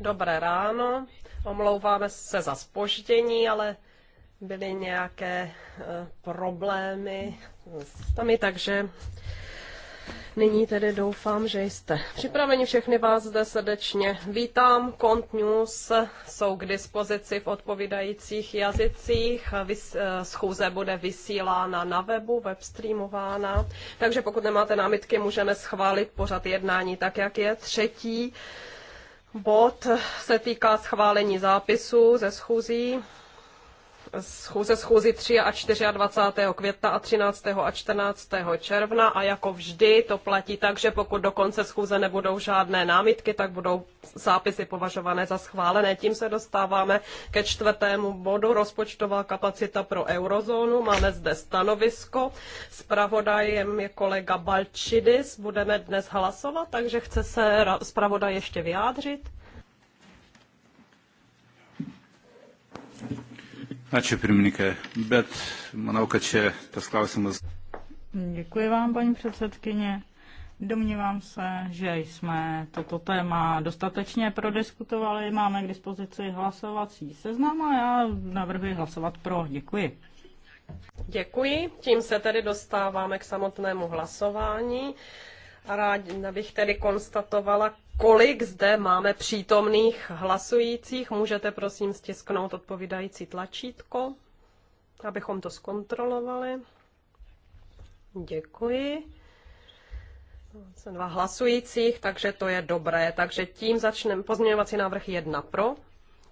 Dobré ráno, omlouváme se za spoždění, ale byly nějaké eh, problémy s tam, takže Nyní tedy doufám, že jste připraveni. Všechny vás zde srdečně vítám. Kont News jsou k dispozici v odpovídajících jazycích. Eh, schůze bude vysílána na webu, webstreamována. Takže pokud nemáte námitky, můžeme schválit pořad jednání tak, jak je. Třetí bod se týká schválení zápisu ze schůzí schůze schůzi 3 a 24. května a 13. a 14. června a jako vždy to platí tak, že pokud do konce schůze nebudou žádné námitky, tak budou zápisy považované za schválené. Tím se dostáváme ke čtvrtému bodu rozpočtová kapacita pro eurozónu. Máme zde stanovisko. Spravodajem je kolega Balčidis. Budeme dnes hlasovat, takže chce se zpravodaj ještě vyjádřit. Ačiū pirmininkė, bet manau, kad čia tas klausimas. Děkuji vám, paní předsedkyně. Domnívám se, že jsme toto téma dostatečně prodiskutovali, máme k dispozici hlasovací seznam a já navrhuji hlasovat pro. Děkuji. Děkuji, tím se tedy dostáváme k samotnému hlasování. Rád bych tedy konstatovala kolik zde máme přítomných hlasujících. Můžete prosím stisknout odpovídající tlačítko, abychom to zkontrolovali. Děkuji. Jsem dva hlasujících, takže to je dobré. Takže tím začneme. Pozměňovací návrh 1 pro,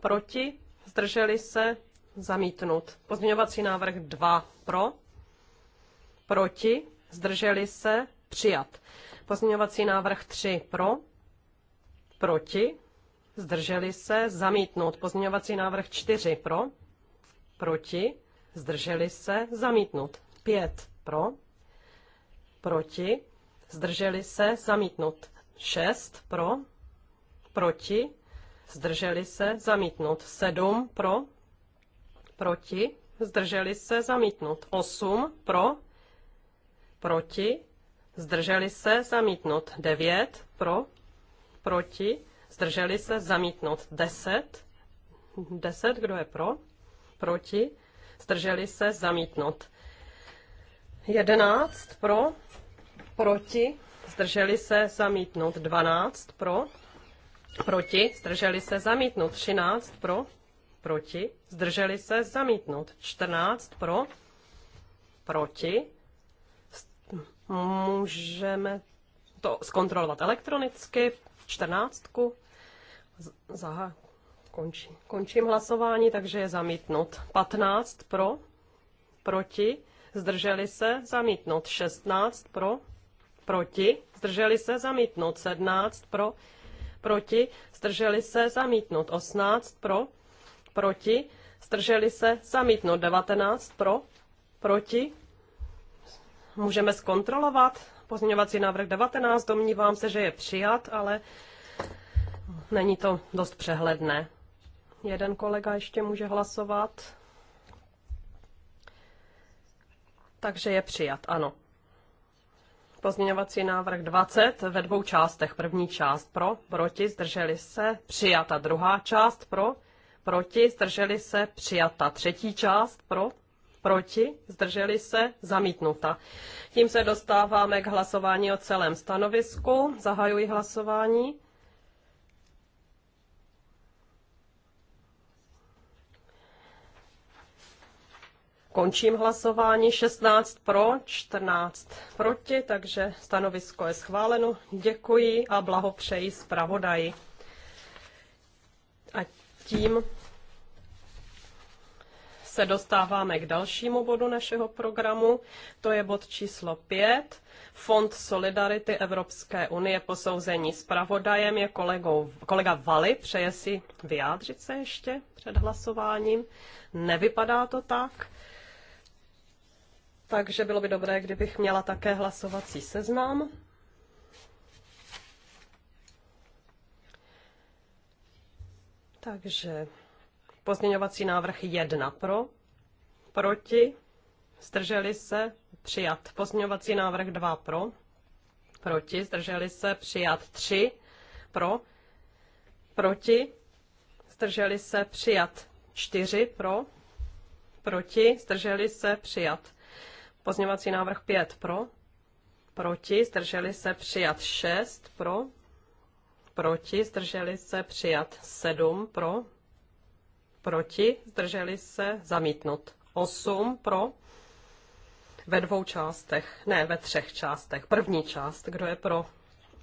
proti, zdrželi se, zamítnut. Pozměňovací návrh 2 pro, proti, zdrželi se, přijat. Pozměňovací návrh 3 pro, proti, zdrželi se, zamítnout. Pozměňovací návrh 4 pro, proti, zdrželi se, zamítnout. 5 pro, proti, zdrželi se, zamítnout. 6 pro, proti, zdrželi se, zamítnout. 7 pro, proti, zdrželi se, zamítnout. 8 pro, proti, zdrželi se, zamítnout. 9 pro, proti, zdrželi se, zamítnout 10, 10, kdo je pro, proti, zdrželi se, zamítnout 11 pro, proti, zdrželi se, zamítnout 12 pro, proti, zdrželi se, zamítnout 13 pro, proti, zdrželi se, zamítnout 14 pro, proti, můžeme to zkontrolovat elektronicky čtrnáctku. Zaha, končí. Končím hlasování, takže je zamítnut. 15 pro, proti, zdrželi se, zamítnut. 16 pro, proti, zdrželi se, zamítnut. 17 pro, proti, zdrželi se, zamítnut. 18 pro, proti, zdrželi se, zamítnut. 19 pro, proti, můžeme zkontrolovat. Pozměňovací návrh 19, domnívám se, že je přijat, ale není to dost přehledné. Jeden kolega ještě může hlasovat. Takže je přijat, ano. Pozměňovací návrh 20 ve dvou částech. První část pro, proti, zdrželi se, přijata. Druhá část pro, proti, zdrželi se, přijata. Třetí část pro, proti, zdrželi se, zamítnuta. Tím se dostáváme k hlasování o celém stanovisku. Zahajuji hlasování. Končím hlasování 16 pro, 14 proti, takže stanovisko je schváleno. Děkuji a blahopřeji zpravodaji. A tím se dostáváme k dalšímu bodu našeho programu, to je bod číslo 5. Fond Solidarity Evropské unie posouzení pravodajem je kolegou, kolega Vali. Přeje si vyjádřit se ještě před hlasováním. Nevypadá to tak. Takže bylo by dobré, kdybych měla také hlasovací seznam. Takže Pozměňovací návrh 1 pro, proti, zdrželi se, přijat. Pozměňovací návrh 2 pro, proti, zdrželi se, přijat. 3 pro, proti, zdrželi se, přijat. 4 pro, proti, zdrželi se, přijat. Pozměňovací návrh 5 pro, proti, zdrželi se, přijat. 6 pro, proti, zdrželi se, přijat. 7 pro, proti, zdrželi se, zamítnut. 8 pro, ve dvou částech, ne, ve třech částech. První část, kdo je pro,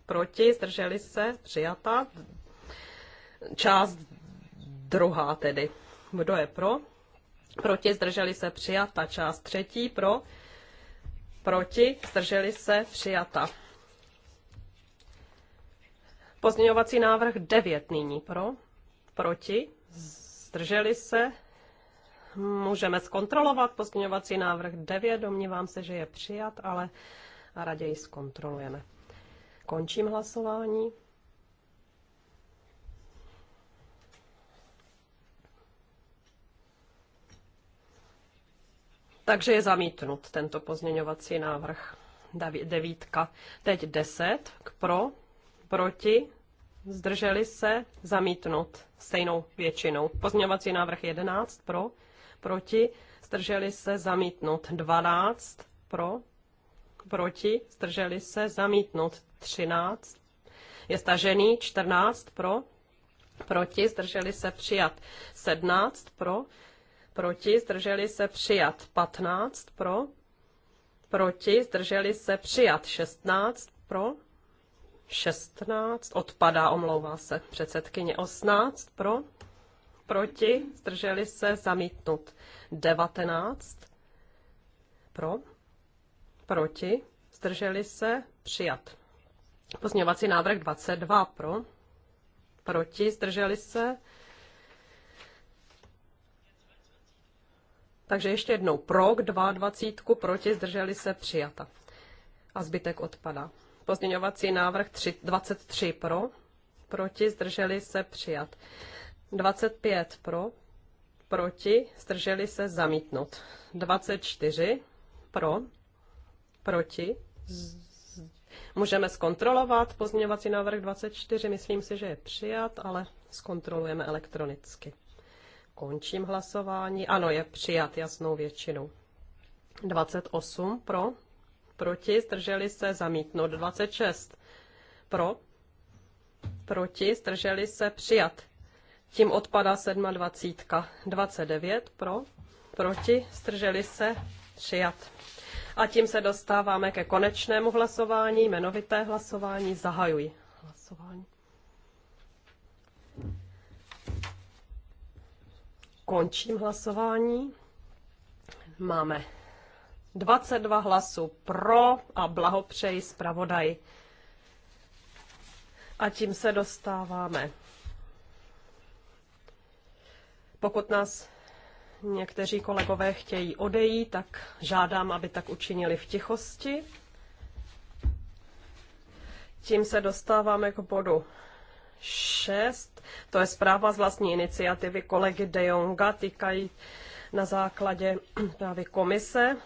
proti, zdrželi se, přijata. Část druhá tedy, kdo je pro, proti, zdrželi se, přijata. Část třetí pro, proti, zdrželi se, přijata. Pozměňovací návrh 9 nyní pro, proti, zdrželi se. Můžeme zkontrolovat pozměňovací návrh 9, domnívám se, že je přijat, ale raději zkontrolujeme. Končím hlasování. Takže je zamítnut tento pozměňovací návrh. Devítka. Teď 10 k pro, proti, zdrželi se, zamítnout stejnou většinou. Pozměňovací návrh 11 pro, proti, zdrželi se, zamítnout 12 pro, proti, zdrželi se, zamítnout 13, je stažený 14 pro, proti, zdrželi se, přijat 17 pro, proti, zdrželi se, přijat 15 pro, proti, zdrželi se, přijat 16 pro, 16, odpadá, omlouvá se předsedkyně 18, pro, proti, zdrželi se, zamítnut 19, pro, proti, zdrželi se, přijat. Pozměňovací návrh 22, pro, proti, zdrželi se. Takže ještě jednou pro k 22, proti, zdrželi se, přijata. A zbytek odpadá. Pozměňovací návrh 3, 23 pro, proti, zdrželi se přijat. 25 pro, proti, zdrželi se zamítnout. 24 pro, proti, z... Můžeme zkontrolovat pozměňovací návrh 24, myslím si, že je přijat, ale zkontrolujeme elektronicky. Končím hlasování. Ano, je přijat jasnou většinou. 28 pro, proti, zdrželi se, zamítnout. 26 pro, proti, zdrželi se, přijat. Tím odpadá 27. 29 pro, proti, zdrželi se, přijat. A tím se dostáváme ke konečnému hlasování, jmenovité hlasování. Zahajuji hlasování. Končím hlasování. Máme 22 hlasů pro a blahopřeji zpravodaj. A tím se dostáváme. Pokud nás někteří kolegové chtějí odejít, tak žádám, aby tak učinili v tichosti. Tím se dostáváme k bodu 6. To je zpráva z vlastní iniciativy kolegy De Jonga, týkají na základě právě komise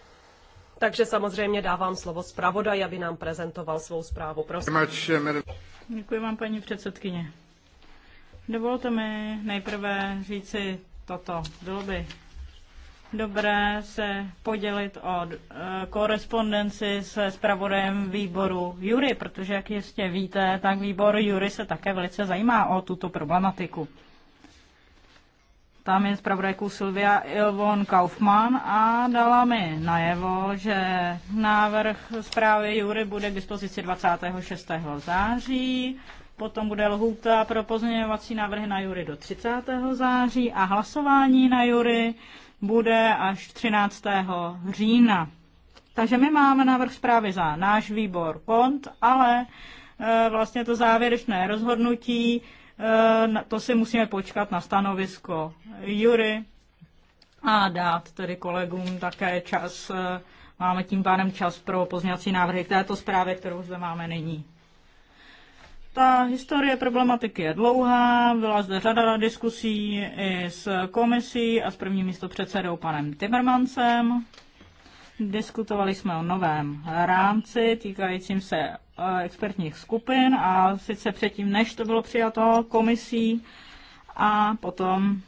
takže samozřejmě dávám slovo zpravodaj, aby nám prezentoval svou zprávu. Prosím. Děkuji vám, paní předsedkyně. Dovolte mi nejprve říci toto. Bylo by dobré se podělit o eh, korespondenci se zpravodajem výboru Jury, protože jak jistě víte, tak výbor Jury se také velice zajímá o tuto problematiku. Tam je zpravodajkou Silvia Ilvon Kaufmann a dala mi najevo, že návrh zprávy Jury bude k dispozici 26. září, potom bude lhůta pro pozměňovací návrhy na Jury do 30. září a hlasování na Jury bude až 13. října. Takže my máme návrh zprávy za náš výbor KONT, ale e, vlastně to závěrečné rozhodnutí Eh, to si musíme počkat na stanovisko Jury a dát tedy kolegům také čas. Eh, máme tím pádem čas pro pozněvací návrhy k této zprávě, kterou zde máme nyní. Ta historie problematiky je dlouhá, byla zde řada diskusí i s komisí a s prvním místopředsedou panem Timmermansem. Diskutovali jsme o novém rámci týkajícím se Eh, expertních skupin a sice předtím, než to bylo přijato komisí a potom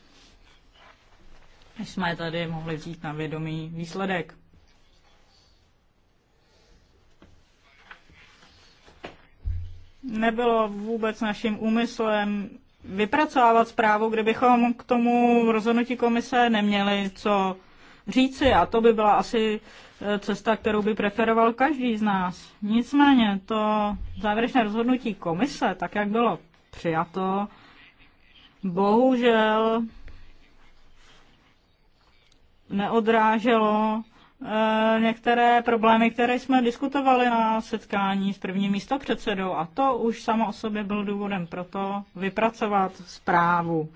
jsme tady mohli vzít na vědomý výsledek. Nebylo vůbec naším úmyslem vypracovávat zprávu, kdybychom k tomu rozhodnutí komise neměli co říci a to by byla asi cesta, kterou by preferoval každý z nás. Nicméně to závěrečné rozhodnutí komise, tak jak bylo přijato, bohužel neodráželo eh, některé problémy, které jsme diskutovali na setkání s prvním místopředsedou a to už samo o sobě byl důvodem pro to vypracovat zprávu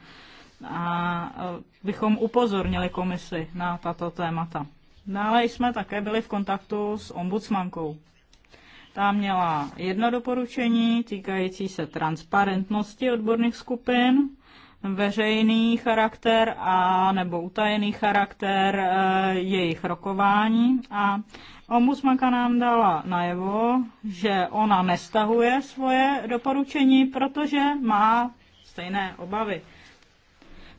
a eh, bychom upozornili komisi na tato témata. Dále no, jsme také byli v kontaktu s ombudsmankou. Ta měla jedno doporučení týkající se transparentnosti odborných skupin, veřejný charakter a nebo utajený charakter e, jejich rokování a ombudsmanka nám dala najevo, že ona nestahuje svoje doporučení, protože má stejné obavy.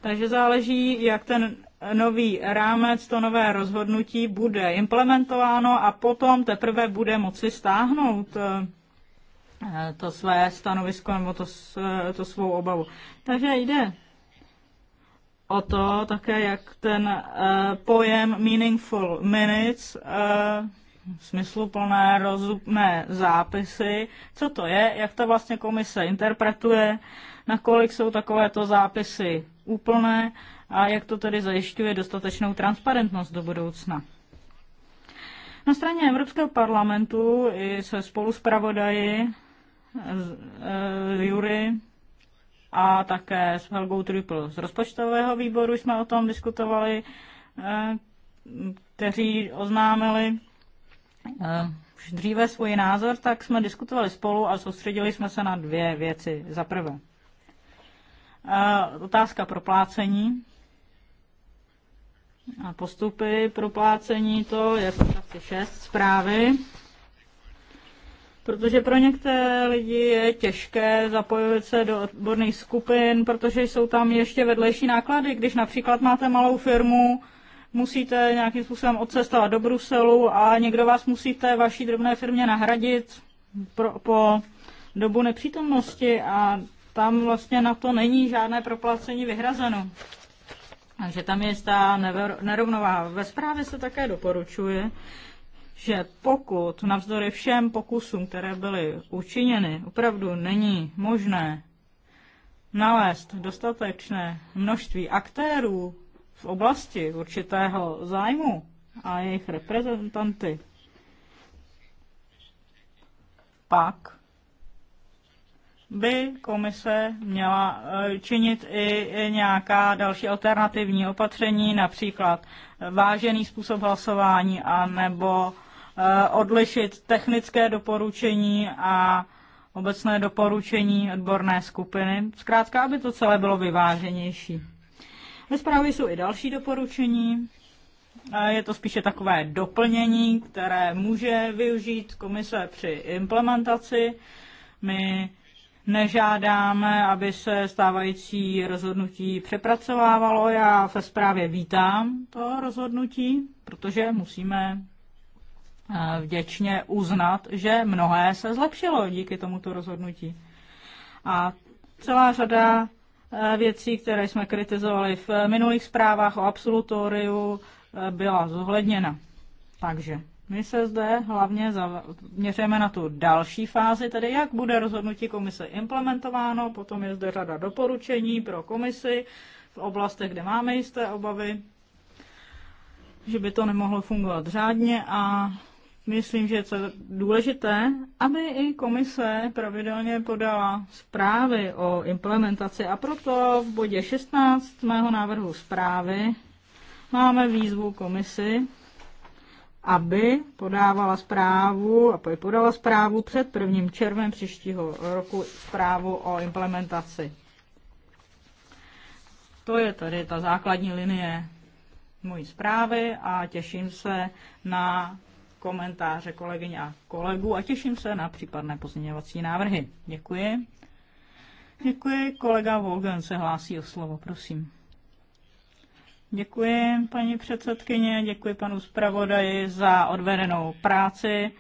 Takže záleží, jak ten nový rámec, to nové rozhodnutí bude implementováno a potom teprve bude moci stáhnout eh, to své stanovisko nebo to, eh, to svou obavu. Takže jde o to také, jak ten eh, pojem meaningful minutes, smysluplné, rozumné zápisy, co to je, jak to vlastně komise interpretuje, nakolik jsou takovéto zápisy úplné a jak to tedy zajišťuje dostatečnou transparentnost do budoucna. Na straně Evropského parlamentu i se spolu zpravodaji e, eh, Jury a také s Helgou Triple z rozpočtového výboru jsme o tom diskutovali, e, kteří oznámili eh, už dříve svůj názor, tak jsme diskutovali spolu a soustředili jsme se na dvě věci. Za prvé, otázka proplácení postupy plácení, to je v odstavci 6 zprávy. Protože pro některé lidi je těžké zapojit se do odborných skupin, protože jsou tam ještě vedlejší náklady. Když například máte malou firmu, musíte nějakým způsobem odcestovat do Bruselu a někdo vás musíte vaší drobné firmě nahradit pro, po dobu nepřítomnosti a tam vlastně na to není žádné proplacení vyhrazeno. Takže tam je ta nerovnováha. Ve zprávě se také doporučuje, že pokud navzdory všem pokusům, které byly učiněny, opravdu není možné nalézt dostatečné množství aktérů v oblasti určitého zájmu a jejich reprezentanty, pak by komise měla eh, činit i nějaká další alternativní opatření, například vážený způsob hlasování a nebo eh, odlišit technické doporučení a obecné doporučení odborné skupiny. Zkrátka, aby to celé bylo vyváženější. Ve zprávě jsou i další doporučení. Eh, je to spíše takové doplnění, které může využít komise při implementaci. My Nežádáme, aby se stávající rozhodnutí přepracovávalo. Já ve zprávě vítám to rozhodnutí, protože musíme eh, vděčně uznat, že mnohé se zlepšilo díky tomuto rozhodnutí. A celá řada eh, věcí, které jsme kritizovali v minulých zprávách o absolutoriu, eh, byla zohledněna. Takže my se zde hlavně zaměřujeme na tu další fázi, tedy jak bude rozhodnutí komise implementováno, potom je zde řada doporučení pro komisi v oblastech, kde máme jisté obavy, že by to nemohlo fungovat řádně a myslím, že je to důležité, aby i komise pravidelně podala zprávy o implementaci a proto v bodě 16 mého návrhu zprávy máme výzvu komisi, aby podávala zprávu, aby podala zprávu před 1. červem příštího roku zprávu o implementaci. To je tedy ta základní linie mojí zprávy a těším se na komentáře kolegyň a kolegů a těším se na případné pozměňovací návrhy. Děkuji. Děkuji. Kolega Volgen se hlásí o slovo, prosím. Děkuji, paní předsedkyně, děkuji panu zpravodaji za odvedenou práci.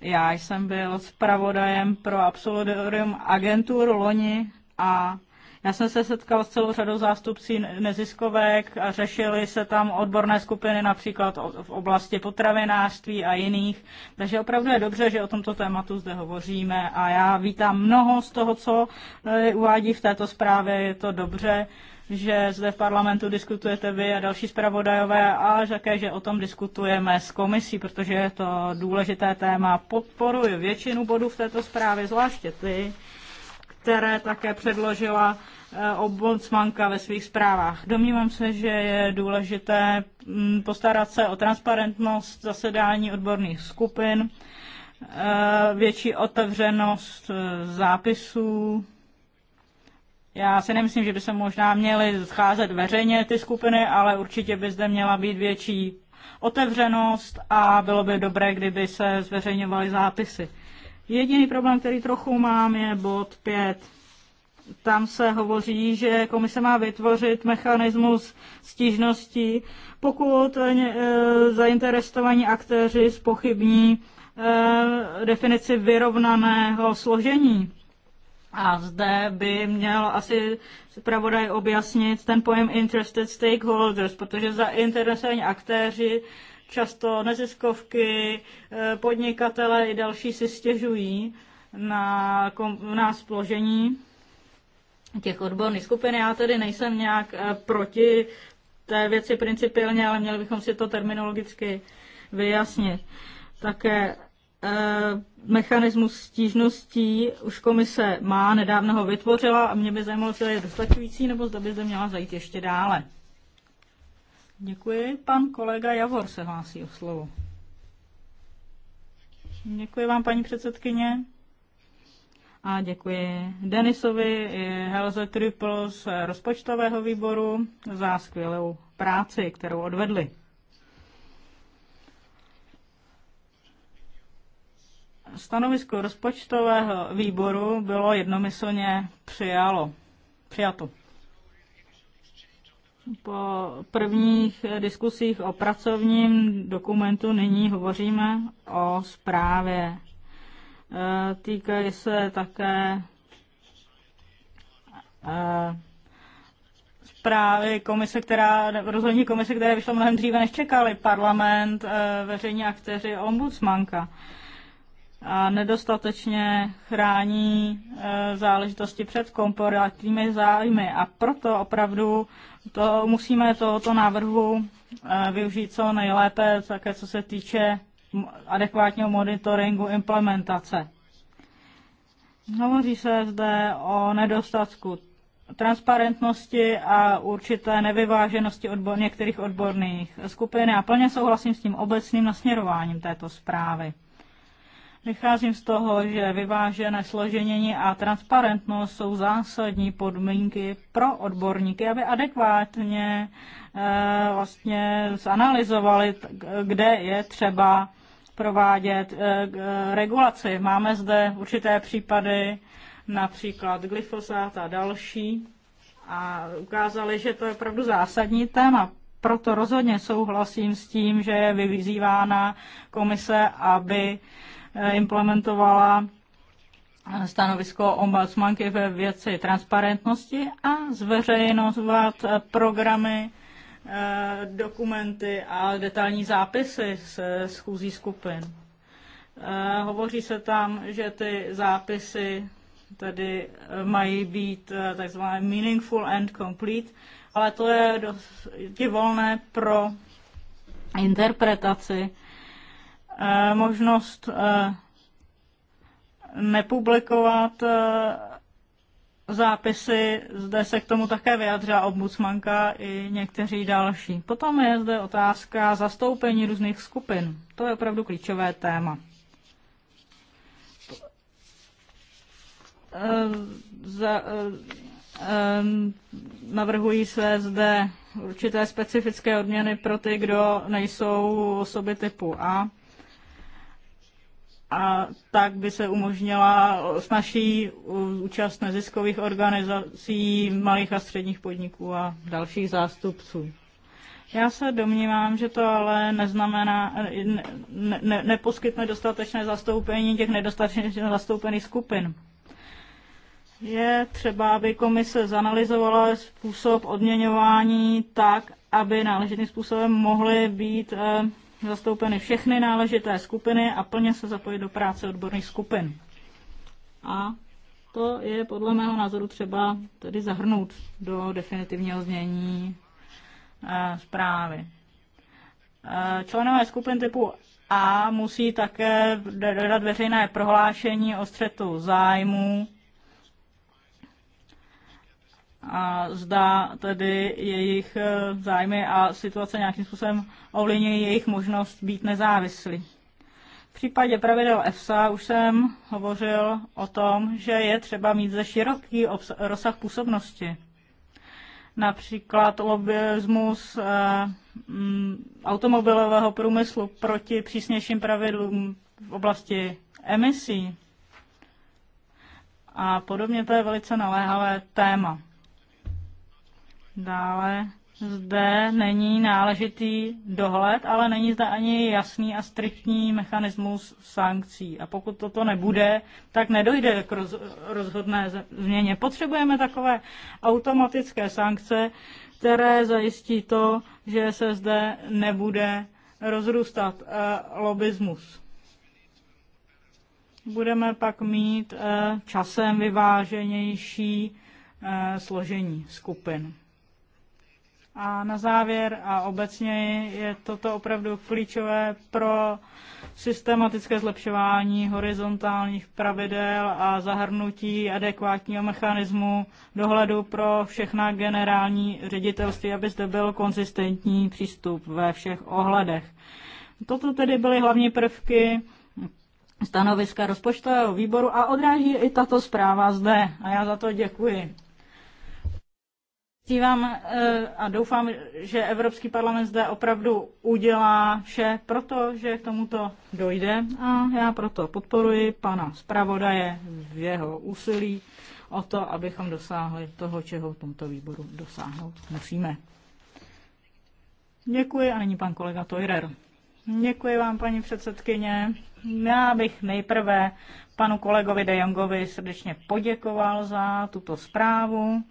Já jsem byl zpravodajem pro absolutorium agentur loni a já jsem se setkal s celou řadou zástupcí neziskovek a řešily se tam odborné skupiny například v oblasti potravinářství a jiných. Takže opravdu je dobře, že o tomto tématu zde hovoříme a já vítám mnoho z toho, co eh, uvádí v této zprávě. Je to dobře, že zde v parlamentu diskutujete vy a další zpravodajové a také, že o tom diskutujeme s komisí, protože je to důležité téma. Podporuji většinu bodů v této zprávě, zvláště ty, které také předložila eh, ombudsmanka ve svých zprávách. Domnívám se, že je důležité mm, postarat se o transparentnost zasedání odborných skupin, eh, větší otevřenost eh, zápisů já si nemyslím, že by se možná měly scházet veřejně ty skupiny, ale určitě by zde měla být větší otevřenost a bylo by dobré, kdyby se zveřejňovaly zápisy. Jediný problém, který trochu mám, je bod 5. Tam se hovoří, že komise má vytvořit mechanismus stížností, pokud eh, eh, zainteresovaní aktéři spochybní eh, definici vyrovnaného složení a zde by měl asi zpravodaj objasnit ten pojem interested stakeholders, protože zainteresovaní aktéři, často neziskovky, eh, podnikatele i další si stěžují na, na spložení těch odborných skupin. Já tedy nejsem nějak eh, proti té věci principiálně, ale měli bychom si to terminologicky vyjasnit. Také Eh, mechanismus stížností už komise má, nedávno ho vytvořila a mě by zajímalo, jestli je dostačující nebo zda by zde měla zajít ještě dále. Děkuji. Pan kolega Javor se hlásí o slovo. Děkuji vám, paní předsedkyně. A děkuji Denisovi i Helze Triple z rozpočtového výboru za skvělou práci, kterou odvedli. stanovisko rozpočtového výboru bylo jednomyslně přijalo, přijato. Po prvních diskusích o pracovním dokumentu nyní hovoříme o zprávě. E, týkají se také e, zprávy komise, která, rozhodní komise, které vyšlo mnohem dříve, než čekali parlament, e, veřejní aktéři, ombudsmanka a nedostatečně chrání e, záležitosti před komporátními zájmy a proto opravdu to musíme tohoto návrhu e, využít co nejlépe, také co se týče adekvátního monitoringu implementace. Hovoří se zde o nedostatku transparentnosti a určité nevyváženosti odbor, některých odborných skupin. a plně souhlasím s tím obecným nasměrováním této zprávy. Vycházím z toho, že vyvážené složenění a transparentnost jsou zásadní podmínky pro odborníky, aby adekvátně eh, vlastně zanalizovali, kde je třeba provádět eh, regulaci. Máme zde určité případy, například glyfosát a další, a ukázali, že to je opravdu zásadní téma. Proto rozhodně souhlasím s tím, že je vyzývána komise, aby Eh, implementovala eh, stanovisko ombudsmanky ve věci transparentnosti a zveřejnovat eh, programy, dokumenty a detailní zápisy z schůzí skupin. Hovoří se tam, že ty zápisy tedy mají být takzvané meaningful and complete, ale to je dosti volné pro interpretaci Eh, možnost eh, nepublikovat eh, zápisy. Zde se k tomu také vyjadřila ombudsmanka i někteří další. Potom je zde otázka zastoupení různých skupin. To je opravdu klíčové téma. Za, navrhují se zde určité specifické odměny pro ty, kdo nejsou osoby typu A a tak by se umožnila snažší účast neziskových organizací, malých a středních podniků a dalších zástupců. Já se domnívám, že to ale neznamená, ne, ne, neposkytne dostatečné zastoupení těch nedostatečně zastoupených skupin. Je třeba, aby komise zanalizovala způsob odměňování tak, aby náležitým způsobem mohly být eh, zastoupeny všechny náležité skupiny a plně se zapojit do práce odborných skupin. A to je podle mého názoru třeba tedy zahrnout do definitivního znění e, zprávy. E, členové skupin typu A musí také dodat veřejné prohlášení o střetu zájmů a zda tedy jejich eh, zájmy a situace nějakým způsobem ovlivňují jejich možnost být nezávislí. V případě pravidel EFSA už jsem hovořil o tom, že je třeba mít ze široký rozsah působnosti. Například lobbyismus eh, mm, automobilového průmyslu proti přísnějším pravidlům v oblasti emisí a podobně. To je velice naléhavé téma. Dále zde není náležitý dohled, ale není zde ani jasný a striktní mechanismus sankcí. A pokud toto nebude, tak nedojde k rozhodné změně. Potřebujeme takové automatické sankce, které zajistí to, že se zde nebude rozrůstat eh, lobismus. Budeme pak mít eh, časem vyváženější eh, složení skupin. A na závěr a obecně je toto opravdu klíčové pro systematické zlepšování horizontálních pravidel a zahrnutí adekvátního mechanismu dohledu pro všechna generální ředitelství, aby zde byl konzistentní přístup ve všech ohledech. Toto tedy byly hlavní prvky stanoviska rozpočtového výboru a odráží i tato zpráva zde. A já za to děkuji. Dívám eh, a doufám, že Evropský parlament zde opravdu udělá vše proto, že k tomuto dojde a já proto podporuji pana zpravodaje v jeho úsilí o to, abychom dosáhli toho, čeho v tomto výboru dosáhnout musíme. Děkuji a nyní pan kolega Tojrer. Děkuji vám, paní předsedkyně. Já bych nejprve panu kolegovi De Jongovi srdečně poděkoval za tuto zprávu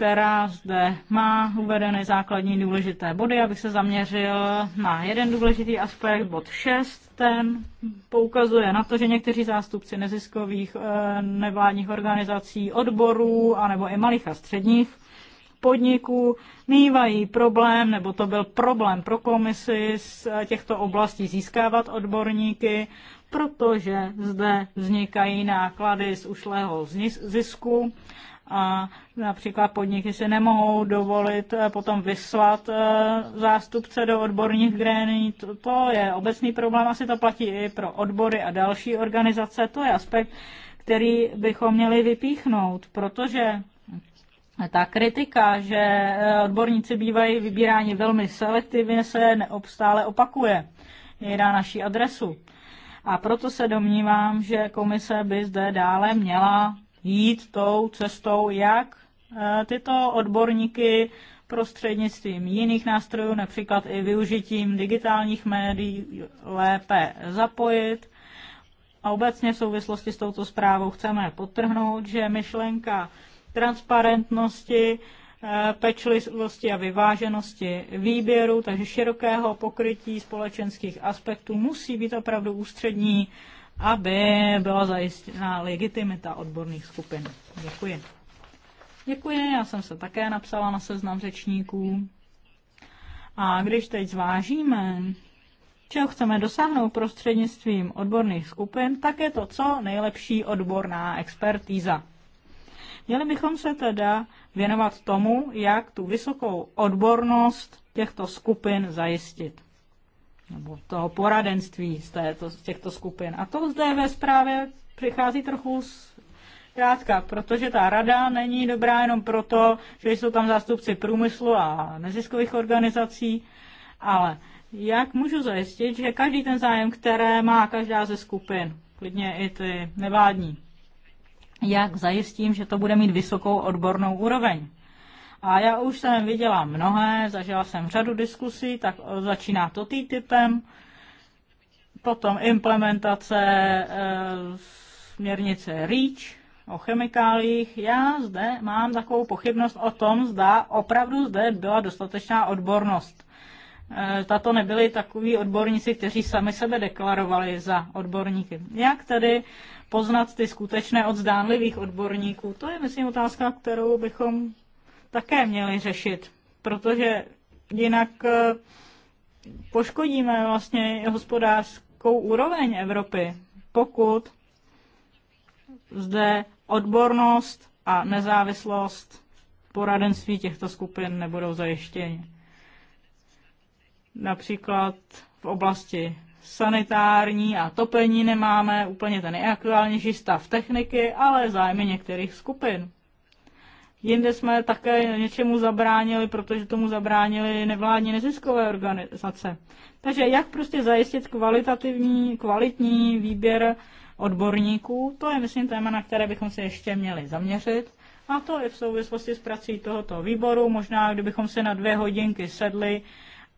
která zde má uvedeny základní důležité body, abych se zaměřil na jeden důležitý aspekt, bod 6. Ten poukazuje na to, že někteří zástupci neziskových eh, nevládních organizací, odborů anebo i malých a středních podniků mývají problém, nebo to byl problém pro komisi z eh, těchto oblastí získávat odborníky, protože zde vznikají náklady z ušlého zisku a například podniky si nemohou dovolit eh, potom vyslat eh, zástupce do odborných gréní. To je obecný problém, asi to platí i pro odbory a další organizace. To je aspekt, který bychom měli vypíchnout, protože ta kritika, že eh, odborníci bývají vybíráni velmi selektivně, se neobstále opakuje. Je na naší adresu. A proto se domnívám, že komise by zde dále měla jít tou cestou, jak eh, tyto odborníky prostřednictvím jiných nástrojů, například i využitím digitálních médií, lépe zapojit. A obecně v souvislosti s touto zprávou chceme podtrhnout, že myšlenka transparentnosti, eh, pečlivosti a vyváženosti výběru, takže širokého pokrytí společenských aspektů musí být opravdu ústřední aby byla zajištěna legitimita odborných skupin. Děkuji. Děkuji, já jsem se také napsala na seznam řečníků. A když teď zvážíme, čeho chceme dosáhnout prostřednictvím odborných skupin, tak je to co nejlepší odborná expertíza. Měli bychom se teda věnovat tomu, jak tu vysokou odbornost těchto skupin zajistit nebo toho poradenství z, této, z těchto skupin. A to zde ve zprávě přichází trochu z krátka, protože ta rada není dobrá jenom proto, že jsou tam zástupci průmyslu a neziskových organizací, ale jak můžu zajistit, že každý ten zájem, které má každá ze skupin, klidně i ty nevádní, jak zajistím, že to bude mít vysokou odbornou úroveň? A já už jsem viděla mnohé, zažila jsem řadu diskusí, tak začíná to TTIPem, potom implementace e, směrnice REACH o chemikáliích. Já zde mám takovou pochybnost o tom, zda opravdu zde byla dostatečná odbornost. E, tato nebyli takoví odborníci, kteří sami sebe deklarovali za odborníky. Jak tedy poznat ty skutečné od zdánlivých odborníků? To je, myslím, otázka, kterou bychom také měli řešit, protože jinak eh, poškodíme vlastně hospodářskou úroveň Evropy, pokud zde odbornost a nezávislost poradenství těchto skupin nebudou zajištěni. Například v oblasti sanitární a topení nemáme úplně ten nejaktuálnější stav techniky, ale zájmy některých skupin. Jinde jsme také něčemu zabránili, protože tomu zabránili nevládní neziskové organizace. Takže jak prostě zajistit kvalitativní, kvalitní výběr odborníků, to je, myslím, téma, na které bychom se ještě měli zaměřit. A to i v souvislosti s prací tohoto výboru. Možná, kdybychom se na dvě hodinky sedli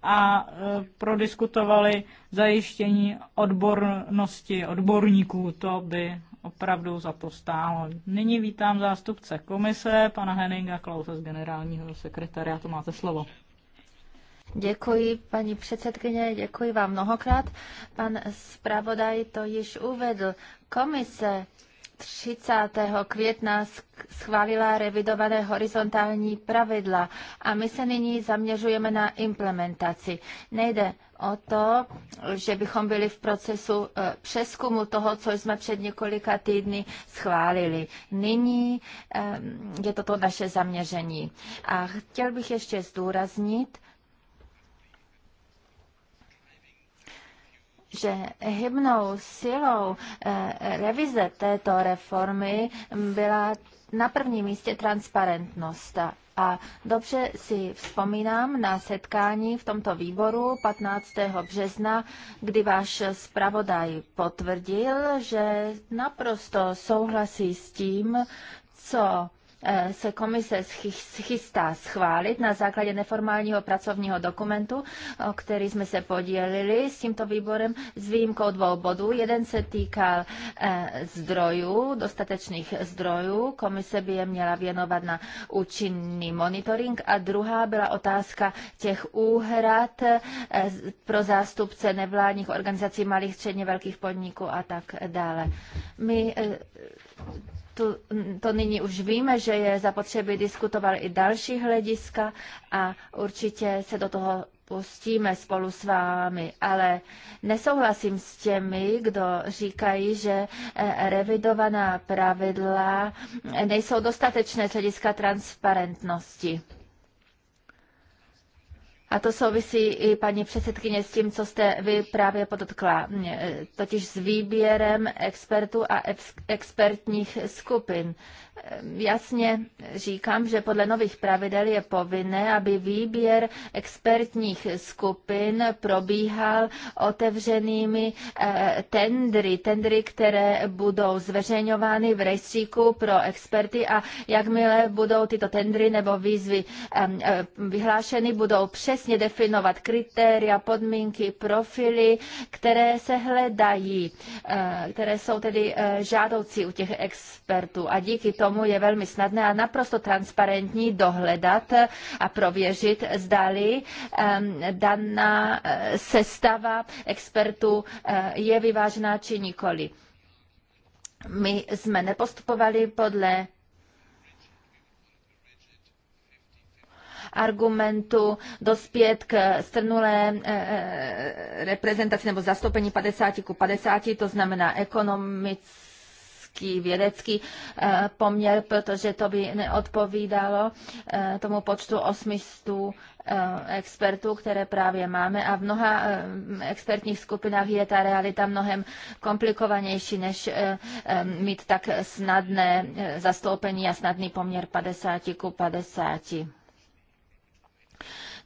a e, prodiskutovali zajištění odbornosti odborníků, to by opravdu za to stálo. Nyní vítám zástupce komise, pana Henninga Klause z generálního to Máte slovo. Děkuji, paní předsedkyně, děkuji vám mnohokrát. Pan zpravodaj to již uvedl. Komise 30. května schválila revidované horizontální pravidla a my se nyní zaměřujeme na implementaci. Nejde o to, že bychom byli v procesu e, přeskumu toho, co jsme před několika týdny schválili. Nyní e, je toto naše zaměření. A chtěl bych ještě zdůraznit, že hybnou silou eh, revize této reformy byla na prvním místě transparentnost. A dobře si vzpomínám na setkání v tomto výboru 15. března, kdy váš zpravodaj potvrdil, že naprosto souhlasí s tím, co Eh, se komise chystá schválit na základě neformálního pracovního dokumentu, o který jsme se podělili s tímto výborem s výjimkou dvou bodů. Jeden se týkal eh, zdrojů, dostatečných zdrojů. Komise by je měla věnovat na účinný monitoring a druhá byla otázka těch úhrad eh, pro zástupce nevládních organizací malých, středně velkých podniků a tak dále. My to, to nyní už víme, že je zapotřebí diskutovat i další hlediska a určitě se do toho pustíme spolu s vámi, ale nesouhlasím s těmi, kdo říkají, že eh, revidovaná pravidla eh, nejsou dostatečné z hlediska transparentnosti. A to souvisí i paní předsedkyně s tím, co jste vy právě podotkla, e, totiž s výběrem expertů a ex- expertních skupin jasně říkám, že podle nových pravidel je povinné, aby výběr expertních skupin probíhal otevřenými eh, tendry, tendry, které budou zveřejňovány v rejstříku pro experty a jakmile budou tyto tendry nebo výzvy eh, vyhlášeny, budou přesně definovat kritéria, podmínky, profily, které se hledají, eh, které jsou tedy žádoucí u těch expertů a díky tomu tomu je velmi snadné a naprosto transparentní dohledat a prověřit, zdali daná eh, sestava expertů eh, je vyvážená či nikoli. My jsme nepostupovali podle argumentu dospět k strnulé eh, reprezentaci nebo zastoupení 50 ku 50, to znamená ekonomic vědecký, vědecký eh, poměr, protože to by neodpovídalo eh, tomu počtu 800 eh, expertů, které právě máme a v mnoha expertních skupinách je ta realita mnohem komplikovanější, než mít tak snadné zastoupení a snadný poměr 50 ku 50.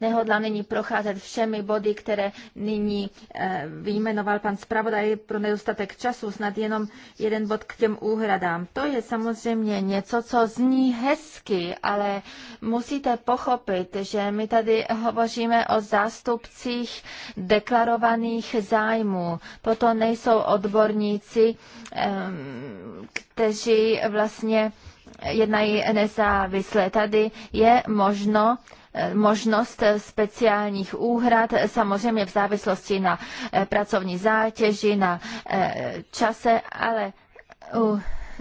Nehodlám nyní procházet všemi body, které nyní eh, vyjmenoval pan zpravodaj pro nedostatek času, snad jenom jeden bod k těm úhradám. To je samozřejmě něco, co zní hezky, ale musíte pochopit, že my tady hovoříme o zástupcích deklarovaných zájmů. Toto nejsou odborníci, ehm, kteří vlastně jednají nezávisle. Tady je možno možnost speciálních úhrad, samozřejmě v závislosti na eh, pracovní zátěži, na eh, čase, ale u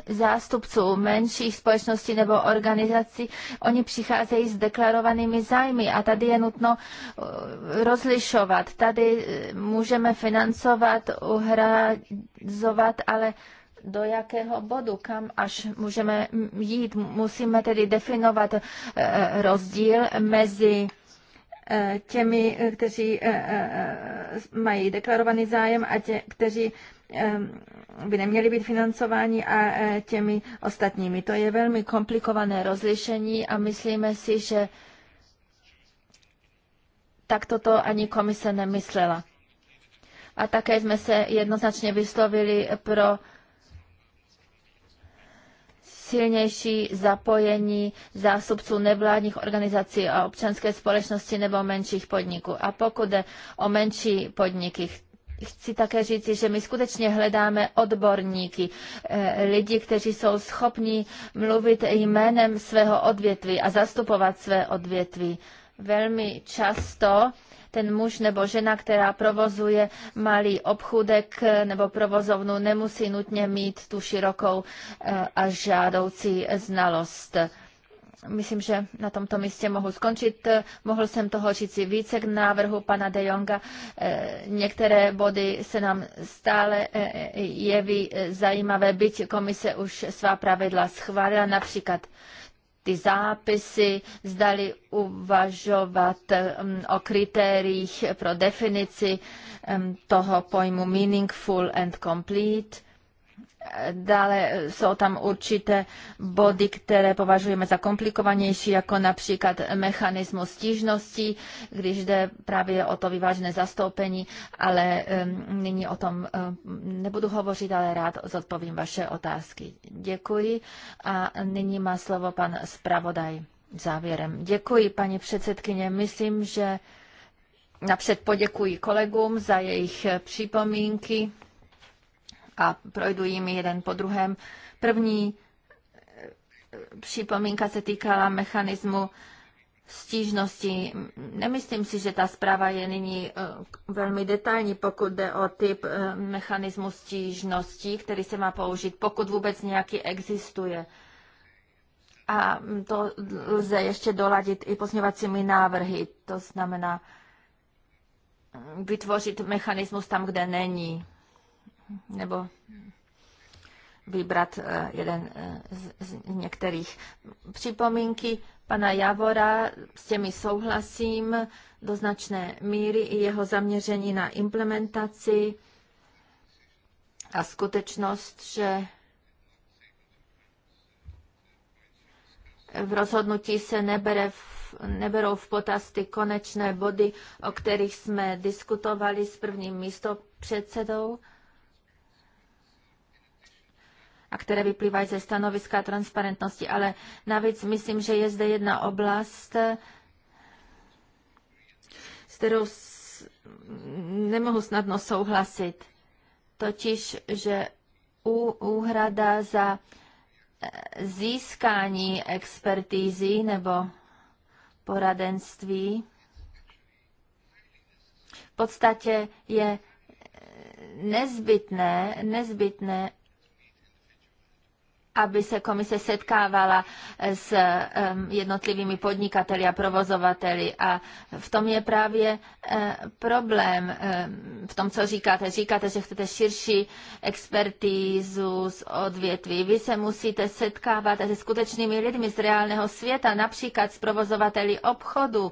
zástupců menších společností nebo organizací, oni přicházejí s deklarovanými zájmy a tady je nutno eh, rozlišovat. Tady můžeme financovat, uhrazovat, ale do jakého bodu, kam až můžeme jít. Musíme tedy definovat eh, rozdíl mezi eh, těmi, eh, kteří mají deklarovaný zájem a tě, kteří by neměli být financováni a těmi ostatními. To je velmi komplikované rozlišení a myslíme si, že tak toto ani komise nemyslela. A také jsme se jednoznačně vyslovili pro silnější zapojení zásobců nevládních organizací a občanské společnosti nebo menších podniků. A pokud jde o menší podniky, chci také říci, že my skutečně hledáme odborníky, eh, lidi, kteří jsou schopni mluvit jménem svého odvětví a zastupovat své odvětví. Velmi často ten muž nebo žena, která provozuje malý obchůdek nebo provozovnu, nemusí nutně mít tu širokou eh, a žádoucí znalost myslím, že na tomto místě mohu skončit. Mohl jsem toho říci více k návrhu pana De Jonga. Eh, některé body se nám stále eh, jeví zajímavé, byť komise už svá pravidla schválila, například ty zápisy, zdali uvažovat um, o kritériích pro definici um, toho pojmu meaningful and complete, Dále e, jsou tam určité body, které považujeme za komplikovanější, jako například mechanismus stížností, když jde právě o to vyvážené zastoupení, ale nyní o tom nebudu hovořit, ale rád zodpovím vaše otázky. Děkuji a nyní má slovo pan zpravodaj závěrem. Děkuji, paní předsedkyně. Myslím, že napřed poděkuji kolegům za jejich e, připomínky a projdu jimi jeden po druhém. První eh, připomínka se týkala mechanismu stížnosti. Nemyslím si, že ta zpráva je nyní eh, velmi detailní, pokud jde o typ eh, mechanismu stížnosti, který se má použít, pokud vůbec nějaký existuje. A to lze ještě doladit i pozměvacími návrhy, to znamená vytvořit mechanismus tam, kde není nebo vybrat eh, jeden eh, z některých. Připomínky pana Javora, s těmi souhlasím do značné míry i jeho zaměření na implementaci a skutečnost, že v rozhodnutí se nebere v, neberou v potaz ty konečné body, o kterých jsme diskutovali s prvním místopředsedou. předsedou a které vyplývají ze stanoviska transparentnosti. Ale navíc myslím, že je zde jedna oblast, s kterou nemohu snadno souhlasit. Totiž, že u úhrada za eh, získání expertízy nebo poradenství v podstatě je eh, nezbytné, nezbytné, aby se komise setkávala s jednotlivými podnikateli a provozovateli. A v tom je právě eh, problém, v tom, co říkáte. Říkáte, že chcete širší expertízu z odvětví. Vy se musíte setkávat se skutečnými lidmi z reálného světa, například s provozovateli obchodu,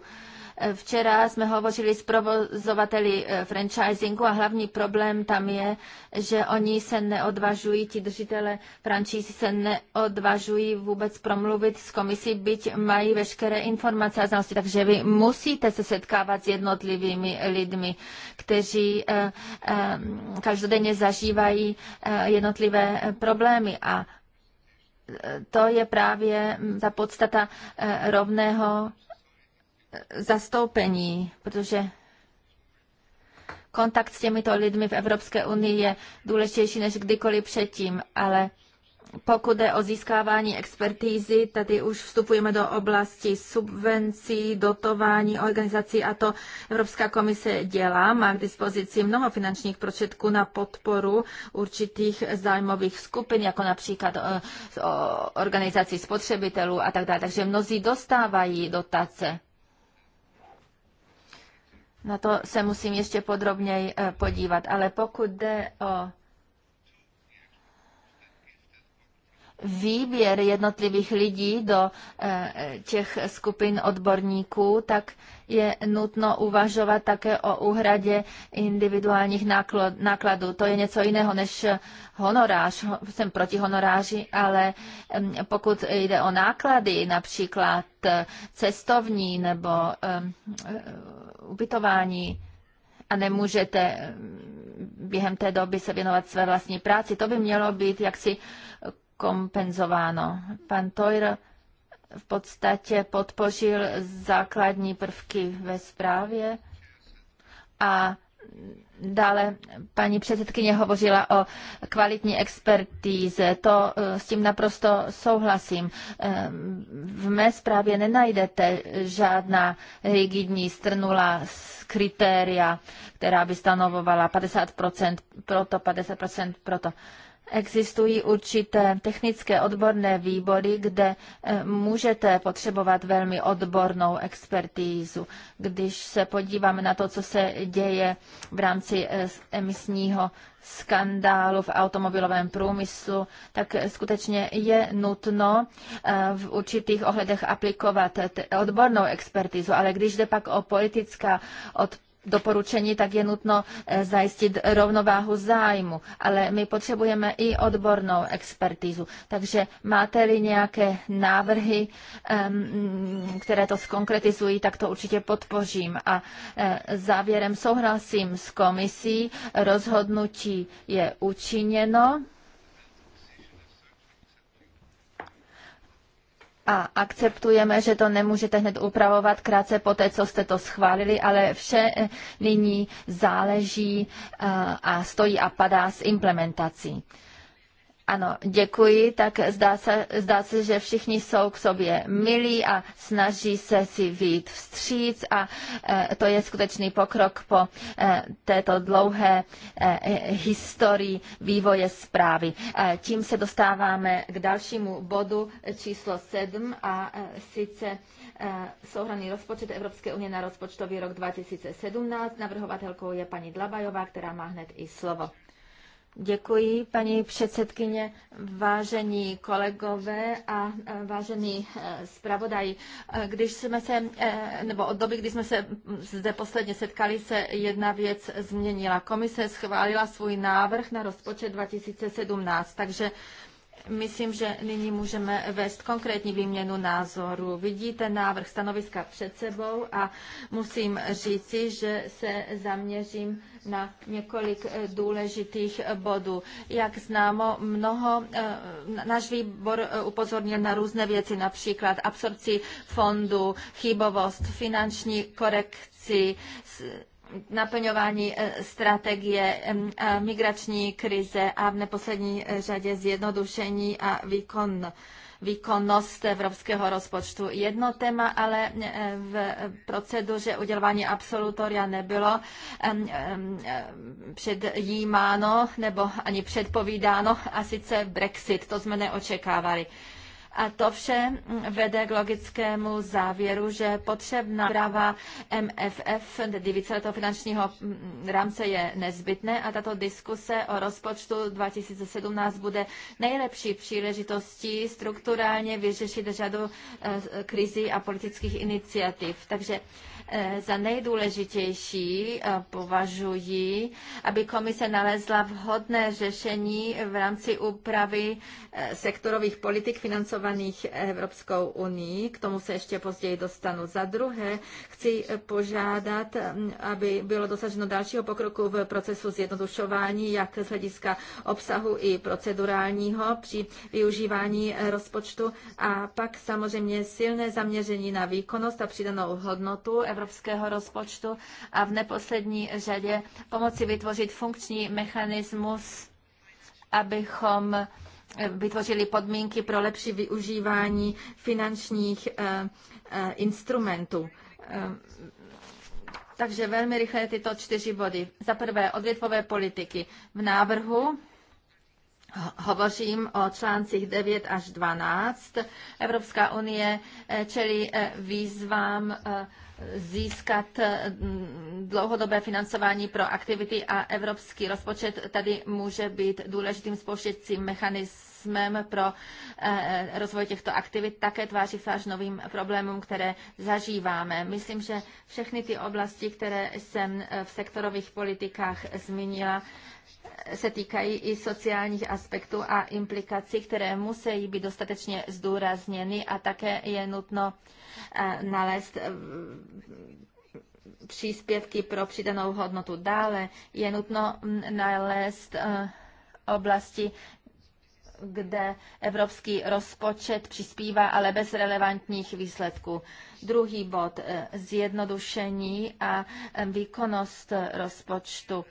Včera jsme hovořili s provozovateli eh, franchisingu a hlavní problém tam je, že oni se neodvažují, ti držitele franchise se neodvažují vůbec promluvit s komisí, byť mají veškeré informace a znalosti. Takže vy musíte se setkávat s jednotlivými lidmi, kteří eh, eh, každodenně zažívají jednotlivé problémy a to je právě mm, ta podstata rovného zastoupení, protože kontakt s těmito lidmi v Evropské unii je důležitější než kdykoliv předtím, ale pokud je o získávání expertízy, tady už vstupujeme do oblasti subvencí, dotování organizací a to Evropská komise dělá. Má k dispozici mnoho finančních prostředků na podporu určitých zájmových skupin, jako například eh, organizací spotřebitelů a tak dále. Takže mnozí dostávají dotace. Na to se musím ještě podrobněji eh, podívat, ale pokud jde o výběr jednotlivých lidí do eh, těch skupin odborníků, tak je nutno uvažovat také o úhradě individuálních nákladů. To je něco jiného než honorář. Jsem proti honoráři, ale pokud jde o náklady, například eh, cestovní nebo eh, ubytování, a nemůžete během té doby se věnovat své vlastní práci. To by mělo být jaksi kompenzováno. Pan Toir v podstatě podpořil základní prvky ve zprávě a Dále paní předsedkyně hovořila o kvalitní expertíze. To eh, s tím naprosto souhlasím. Eh, v mé zprávě nenajdete žádná rigidní strnula kritéria, která by stanovovala 50%, proto 50%, proto existují určité technické odborné výbory, kde eh, můžete potřebovat velmi odbornou expertízu. Když se podíváme na to, co se děje v rámci eh, emisního skandálu v automobilovém průmyslu, tak eh, skutečně je nutno v určitých ohledech aplikovat odbornou expertizu, ale když jde pak o politická odpovědnost, doporučení, tak je nutno eh, zajistit rovnováhu zájmu, ale my potřebujeme i odbornou expertizu. Takže máte-li nějaké návrhy, které to skonkretizují, tak to určitě podpořím. A eh, závěrem souhlasím s komisí, rozhodnutí je učiněno. a akceptujeme, že to nemůžete hned upravovat krátce po té, co jste to schválili, ale vše eh, nyní záleží eh, a stojí a padá s implementací. Ano, děkuji. Tak zdá se, zdá se, že všichni jsou k sobě milí a snaží se si vít vstříc a e, to je skutečný pokrok po e, této dlouhé e, historii vývoje zprávy. E, tím se dostáváme k dalšímu bodu číslo 7 a e, sice e, souhraný rozpočet Evropské unie na rozpočtový rok 2017. Navrhovatelkou je paní Dlabajová, která má hned i slovo. Děkuji, paní předsedkyně, vážení kolegové a e, vážený e, zpravodaj. E, když jsme se, nebo od doby, kdy jsme se zde posledně setkali, se jedna věc změnila. Komise schválila svůj návrh na rozpočet 2017, takže Myslím, že nyní můžeme vést konkrétní výměnu názoru. Vidíte návrh stanoviska před sebou a musím říci, že se zaměřím na několik eh, důležitých eh, bodů. Jak známo, mnoho, eh, náš výbor upozornil na různé věci, například absorpci fondu, chybovost, finanční korekci, naplňování eh, strategie eh, migrační krize a v neposlední eh, řadě zjednodušení a výkon výkonnost evropského rozpočtu. Jedno téma ale v proceduře udělování absolutoria nebylo předjímáno nebo ani předpovídáno a sice Brexit, to jsme neočekávali. A to vše vede k logickému závěru, že potřebná práva MFF, tedy víceletého finančního rámce, je nezbytné a tato diskuse o rozpočtu 2017 bude nejlepší příležitostí strukturálně vyřešit řadu eh, krizí a politických iniciativ. Takže E, za nejdůležitější e, považuji, aby komise nalezla vhodné řešení v rámci úpravy e, sektorových politik financovaných Evropskou unii. K tomu se ještě později dostanu. Za druhé chci požádat, aby bylo dosaženo dalšího pokroku v procesu zjednodušování, jak z hlediska obsahu i procedurálního při využívání rozpočtu a pak samozřejmě silné zaměření na výkonnost a přidanou hodnotu Evropské evropského rozpočtu a v neposlední řadě pomoci vytvořit funkční mechanismus, abychom eh, vytvořili podmínky pro lepší využívání finančních eh, eh, instrumentů. Takže velmi rychle tyto čtyři body. Za prvé odvětvové politiky. V návrhu Hovořím o článcích 9 až 12. Evropská unie čelí výzvám získat mm, dlouhodobé financování pro aktivity a evropský rozpočet tady může být důležitým spouštěcím mechanismem pro eh, rozvoj těchto aktivit, také tváří se až novým problémům, které zažíváme. Myslím, že všechny ty oblasti, které jsem eh, v sektorových politikách zmínila, se týkají i sociálních aspektů a implikací, které musí být dostatečně zdůrazněny a také je nutno eh, nalézt eh, příspěvky pro přidanou hodnotu. Dále je nutno mm, nalézt eh, oblasti, kde evropský rozpočet přispívá, ale bez relevantních výsledků. Druhý bod, zjednodušení a výkonnost rozpočtu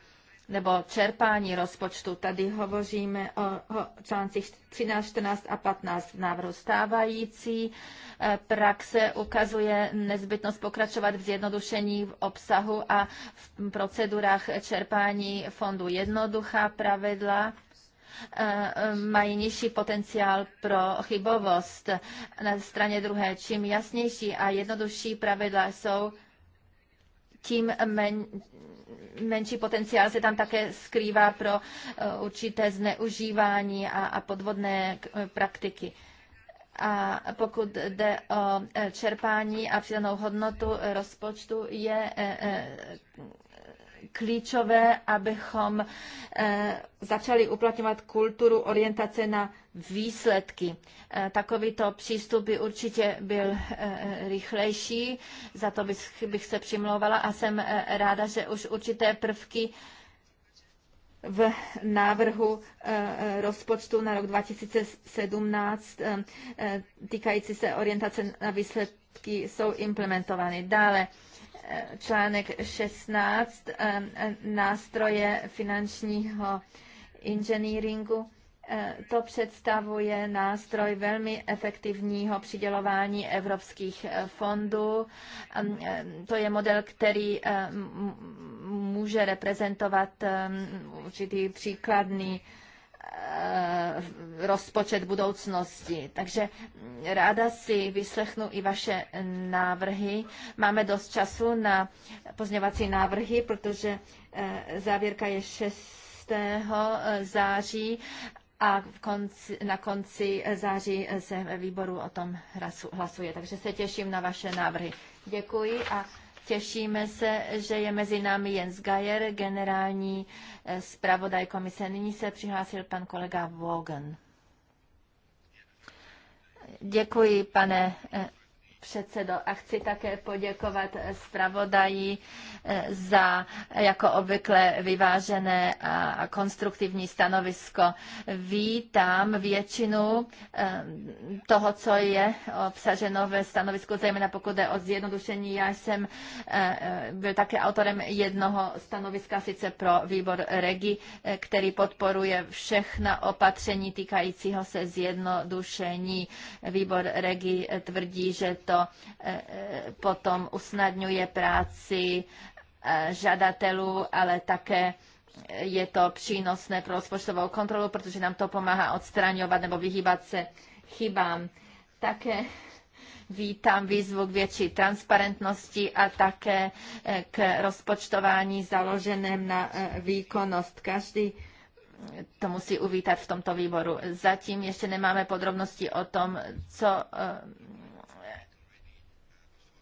nebo čerpání rozpočtu. Tady hovoříme o, o článcích 13, 14 a 15 v návrhu stávající. Eh, praxe ukazuje nezbytnost pokračovat v zjednodušení v obsahu a v procedurách čerpání fondu. Jednoduchá pravidla eh, eh, mají nižší potenciál pro chybovost. Na straně druhé, čím jasnější a jednodušší pravidla jsou, tím men, menší potenciál se tam také skrývá pro eh, určité zneužívání a, a podvodné eh, praktiky. A pokud jde o eh, čerpání a přidanou hodnotu rozpočtu, je klíčové, abychom eh, začali uplatňovat kulturu orientace na výsledky. Eh, takovýto přístup by určitě byl eh, rychlejší, za to bych, se přimlouvala a jsem ráda, že už určité prvky v návrhu rozpočtu na rok 2017 týkající se orientace na výsledky jsou implementovány. Dále článek 16 eh, nástroje finančního inženýringu. Eh, to představuje nástroj velmi efektivního přidělování evropských eh, fondů. Ehm, to je model, který může reprezentovat ehm, určitý příkladný Eh, rozpočet budoucnosti. Takže ráda si vyslechnu i vaše návrhy. Máme dost času na pozněvací návrhy, protože eh, závěrka je 6. Eh, září a konci, na konci září se výboru o tom hlasuje. Takže se těším na vaše návrhy. Děkuji a Těšíme se, že je mezi námi Jens Geier, generální eh, zpravodaj komise. Nyní se přihlásil pan kolega Wogen. Děkuji, pane eh, předsedo. A chci také poděkovat zpravodaji eh, za jako obvykle vyvážené a konstruktivní stanovisko. Vítám většinu eh, toho, co je obsaženo ve stanovisku, zejména pokud je o zjednodušení. Já jsem eh, byl také autorem jednoho stanoviska, sice pro výbor REGI, který podporuje všechna opatření týkajícího se zjednodušení. Výbor REGI tvrdí, že to to eh, eh, potom usnadňuje práci eh, žadatelů, ale také je to přínosné pro rozpočtovou kontrolu, protože nám to pomáhá odstraňovat nebo vyhýbat se chybám. Také vítám výzvu k větší transparentnosti a také k rozpočtování založeném na výkonnost. Každý to musí uvítat v tomto výboru. Zatím ještě nemáme podrobnosti o tom, co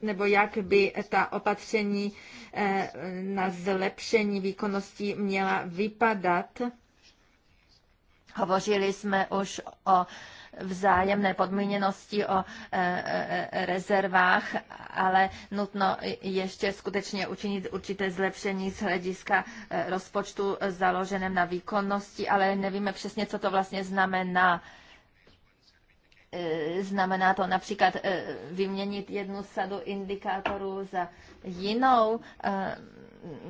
nebo jak by ta opatření eh, na zlepšení výkonnosti měla vypadat. Hovořili jsme už o vzájemné podmíněnosti o eh, eh, rezervách, ale nutno ještě skutečně učinit určité zlepšení z hlediska rozpočtu založeném na výkonnosti, ale nevíme přesně, co to vlastně znamená. Eh, znamená to například eh, vyměnit jednu sadu indikátorů za jinou. Eh,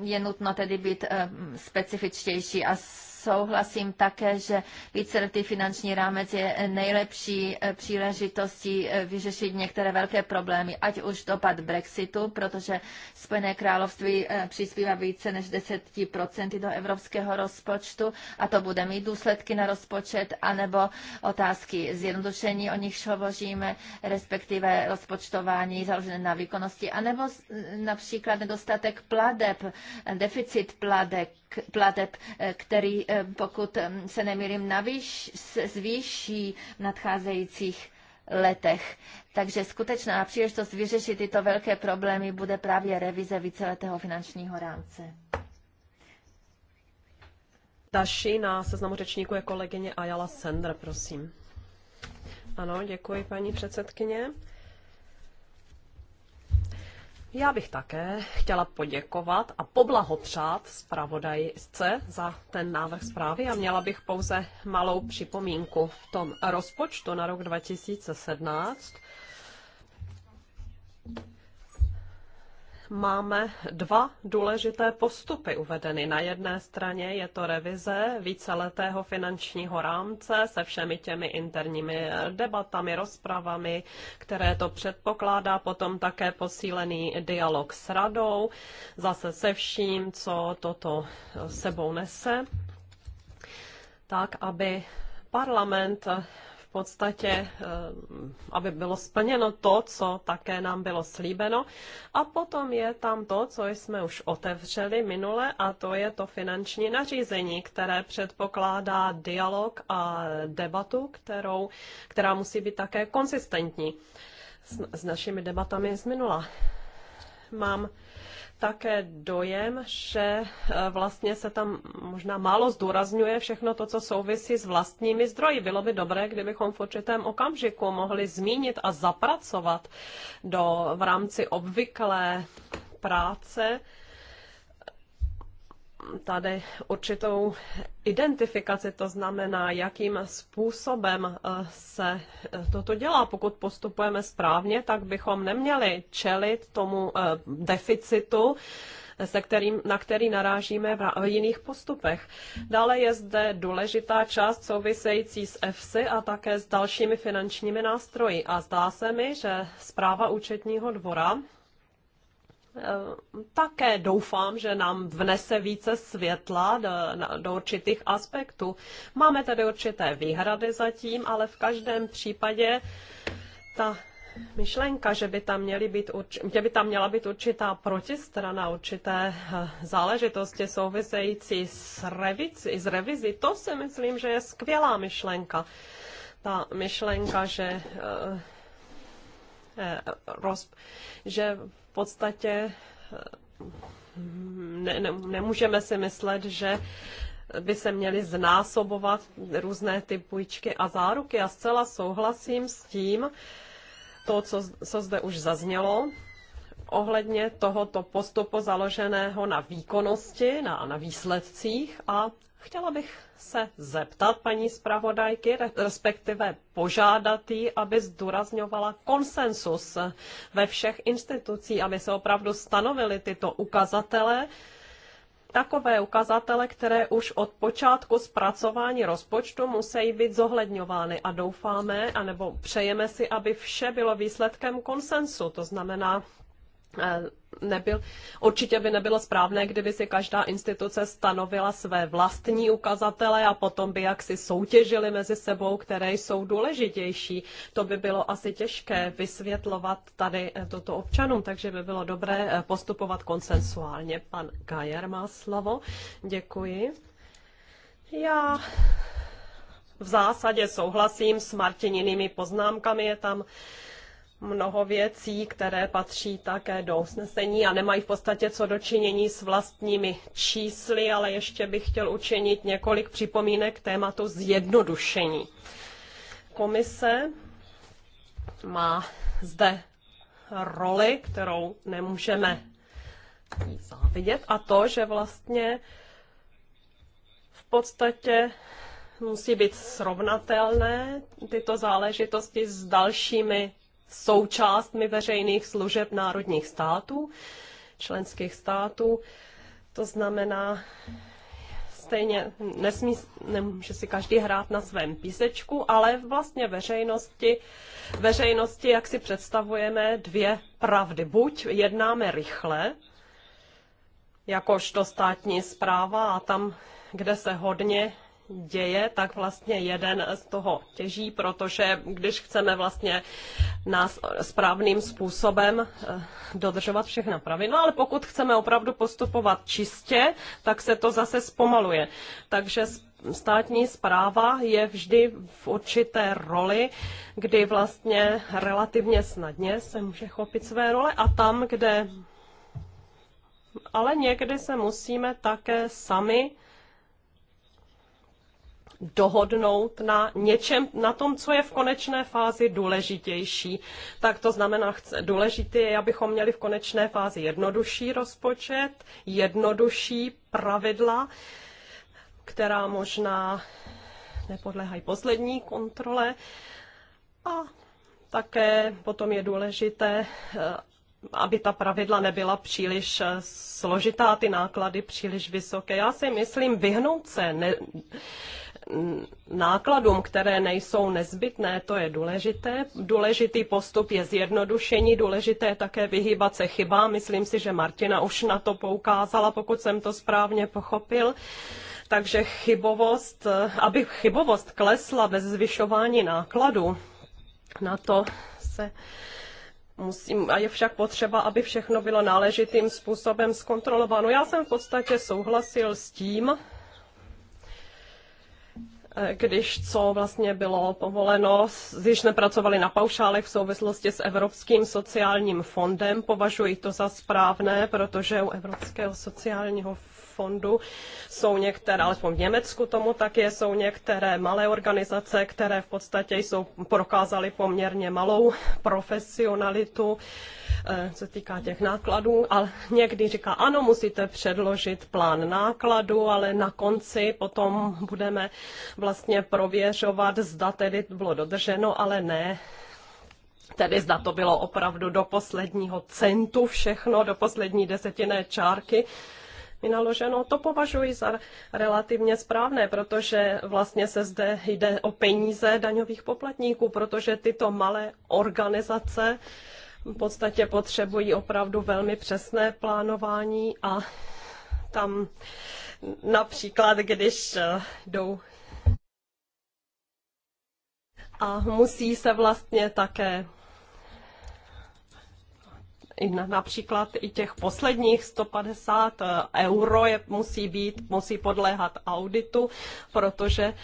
je nutno tedy být specifičtější a souhlasím také, že víceletý finanční rámec je nejlepší eh, příležitostí eh, vyřešit některé velké problémy, ať už dopad Brexitu, protože Spojené království eh, přispívá více než 10% do evropského rozpočtu a to bude mít důsledky na rozpočet, anebo otázky zjednodušení, o nichž hovoříme, respektive rozpočtování založené na výkonnosti, anebo například nedostatek pladeb, deficit pladeb, plateb, eh, který, eh, pokud eh, se nemýlím, navýš, zvýší v nadcházejících letech. Takže skutečná příležitost vyřešit tyto velké problémy bude právě revize víceletého finančního rámce. Další na seznamu řečníku je kolegyně Ayala Sender, prosím. Ano, děkuji paní předsedkyně. Já bych také chtěla poděkovat a poblahopřát zpravodajce za ten návrh zprávy a měla bych pouze malou připomínku. V tom rozpočtu na rok 2017 máme dva důležité postupy uvedeny. Na jedné straně je to revize víceletého finančního rámce se všemi těmi interními debatami, rozpravami, které to předpokládá, potom také posílený dialog s radou, zase se vším, co toto sebou nese, tak aby parlament podstatě, eh, aby bylo splněno to, co také nám bylo slíbeno. A potom je tam to, co jsme už otevřeli minule, a to je to finanční nařízení, které předpokládá dialog a debatu, kterou, která musí být také konsistentní s, s našimi debatami z minula. Mám také dojem, že e, vlastně se tam možná málo zdůrazňuje všechno to, co souvisí s vlastními zdroji. Bylo by dobré, kdybychom v určitém okamžiku mohli zmínit a zapracovat do, v rámci obvyklé práce tady určitou identifikaci, to znamená, jakým způsobem eh, se eh, toto dělá. Pokud postupujeme správně, tak bychom neměli čelit tomu eh, deficitu, se kterým, na který narážíme v jiných postupech. Dále je zde důležitá část související s EFSI a také s dalšími finančními nástroji. A zdá se mi, že zpráva účetního dvora Ehm, také doufám, že nám vnese více světla do, do určitých aspektů. Máme tedy určité výhrady zatím, ale v každém případě ta myšlenka, že by tam, měly být, že by tam měla být určitá protistrana, určité eh, záležitosti související s, revici, s revizi, to si myslím, že je skvělá myšlenka. Ta myšlenka, že, eh, eh, roz, že v podstatě eh, ne, ne, nemůžeme si myslet, že by se měly znásobovat různé ty půjčky a záruky. Já zcela souhlasím s tím, to, co, co zde už zaznělo, ohledně tohoto postupu založeného na výkonnosti, na, na výsledcích a Chtěla bych se zeptat paní zpravodajky, respektive požádat jí, aby zdůrazňovala konsensus ve všech institucích, aby se opravdu stanovily tyto ukazatele, takové ukazatele, které už od počátku zpracování rozpočtu musí být zohledňovány a doufáme, anebo přejeme si, aby vše bylo výsledkem konsensu, to znamená Eh, nebyl, určitě by nebylo správné, kdyby si každá instituce stanovila své vlastní ukazatele a potom by jaksi soutěžili mezi sebou, které jsou důležitější. To by bylo asi těžké vysvětlovat tady eh, toto občanům, takže by bylo dobré eh, postupovat konsensuálně. Pan Gajer má slovo. Děkuji. Já v zásadě souhlasím s Martininými poznámkami, je tam mnoho věcí, které patří také do usnesení a nemají v podstatě co dočinění s vlastními čísly, ale ještě bych chtěl učinit několik připomínek k tématu zjednodušení. Komise má zde roli, kterou nemůžeme závidět a to, že vlastně v podstatě musí být srovnatelné tyto záležitosti s dalšími součástmi veřejných služeb národních států, členských států. To znamená, stejně nesmí, nemůže si každý hrát na svém písečku, ale vlastně veřejnosti, veřejnosti, jak si představujeme, dvě pravdy. Buď jednáme rychle, jakožto státní zpráva a tam, kde se hodně děje, tak vlastně jeden z toho těží, protože když chceme vlastně nás správným způsobem eh, dodržovat všechna pravidla, ale pokud chceme opravdu postupovat čistě, tak se to zase zpomaluje. Takže státní zpráva je vždy v určité roli, kdy vlastně relativně snadně se může chopit své role a tam, kde ale někdy se musíme také sami dohodnout na něčem, na tom, co je v konečné fázi důležitější. Tak to znamená, důležité je, abychom měli v konečné fázi jednodušší rozpočet, jednodušší pravidla, která možná nepodléhají poslední kontrole. A také potom je důležité, eh, aby ta pravidla nebyla příliš eh, složitá, ty náklady příliš vysoké. Já si myslím, vyhnout se ne, nákladům, které nejsou nezbytné, to je důležité. Důležitý postup je zjednodušení, důležité je také vyhýbat se chybám. Myslím si, že Martina už na to poukázala, pokud jsem to správně pochopil. Takže chybovost, eh, aby chybovost klesla bez zvyšování nákladů, na to se Musím, a je však potřeba, aby všechno bylo náležitým způsobem zkontrolováno. Já jsem v podstatě souhlasil s tím, když co vlastně bylo povoleno, když pracovali na paušálech v souvislosti s Evropským sociálním fondem, považuji to za správné, protože u Evropského sociálního fondu. Jsou některé, alespoň v Německu tomu tak je, jsou některé malé organizace, které v podstatě jsou prokázaly poměrně malou profesionalitu, eh, co týká těch nákladů, A někdy říká, ano, musíte předložit plán nákladu, ale na konci potom budeme vlastně prověřovat, zda tedy bylo dodrženo, ale ne tedy zda to bylo opravdu do posledního centu všechno, do poslední desetinné čárky, vynaloženo, to považuji za relativně správné, protože vlastně se zde jde o peníze daňových poplatníků, protože tyto malé organizace v podstatě potřebují opravdu velmi přesné plánování a tam například, když eh, jdou a musí se vlastně také i na, například i těch posledních 150 eh, euro je, musí být, musí podléhat auditu, protože uh,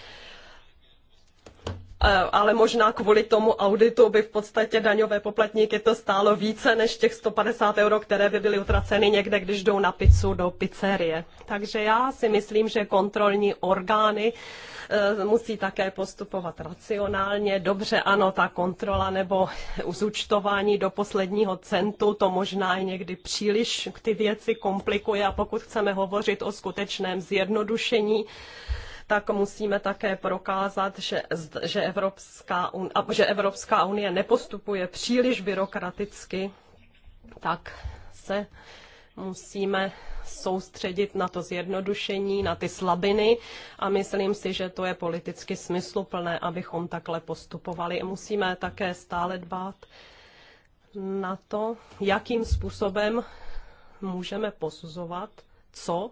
Eh, ale možná kvůli tomu auditu by v podstatě daňové poplatníky to stálo více než těch 150 euro, které by byly utraceny někde, když jdou na pizzu do pizzerie. Takže já si myslím, že kontrolní orgány eh, musí také postupovat racionálně. Dobře, ano, ta kontrola nebo zúčtování do posledního centu, to možná je někdy příliš ty věci komplikuje a pokud chceme hovořit o skutečném zjednodušení, tak musíme také prokázat, že, že, Evropská, unie, že Evropská unie nepostupuje příliš byrokraticky, tak se musíme soustředit na to zjednodušení, na ty slabiny a myslím si, že to je politicky smysluplné, abychom takhle postupovali. Musíme také stále dbát na to, jakým způsobem můžeme posuzovat, co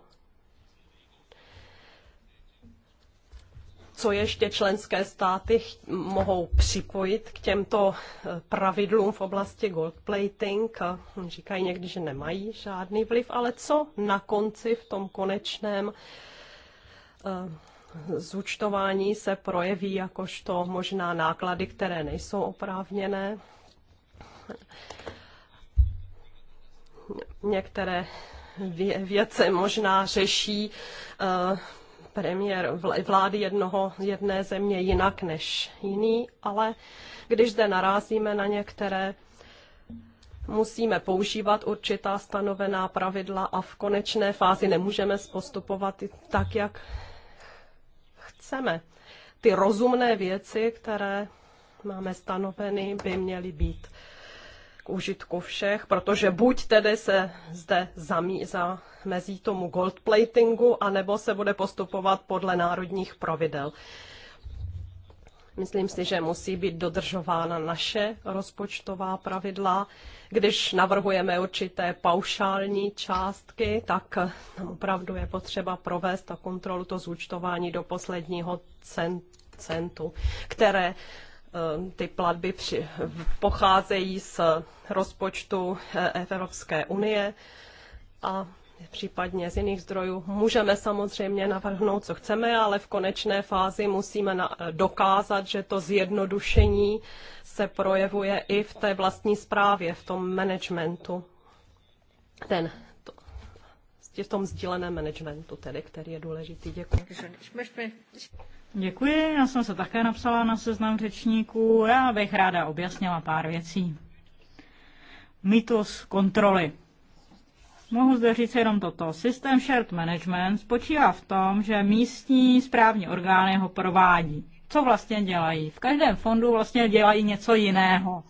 co ještě členské státy mohou připojit k těmto eh, pravidlům v oblasti goldplating. Říkají někdy, že nemají žádný vliv, ale co na konci v tom konečném eh, zúčtování se projeví jakožto možná náklady, které nejsou oprávněné. Některé věce možná řeší eh, premiér vlády jednoho, jedné země jinak než jiný, ale když zde narazíme na některé, musíme používat určitá stanovená pravidla a v konečné fázi nemůžeme postupovat tak, jak chceme. Ty rozumné věci, které máme stanoveny, by měly být k užitku všech, protože buď tedy se zde zamí, zamezí tomu goldplatingu, anebo se bude postupovat podle národních pravidel. Myslím si, že musí být dodržována naše rozpočtová pravidla. Když navrhujeme určité paušální částky, tak tam opravdu je potřeba provést a kontrolu to zúčtování do posledního centu, které Eh, ty platby při, pocházejí z rozpočtu eh, Evropské unie a případně z jiných zdrojů. Můžeme samozřejmě navrhnout, co chceme, ale v konečné fázi musíme na, eh, dokázat, že to zjednodušení se projevuje i v té vlastní správě, v tom managementu. Ten, to, v tom sdíleném managementu, tedy, který je důležitý. Děkuji. Děkuji, já jsem se také napsala na seznam řečníků. Já bych ráda objasnila pár věcí. Mýtus kontroly. Mohu zde říct jenom toto. Systém shared management spočívá v tom, že místní správní orgány ho provádí. Co vlastně dělají? V každém fondu vlastně dělají něco jiného.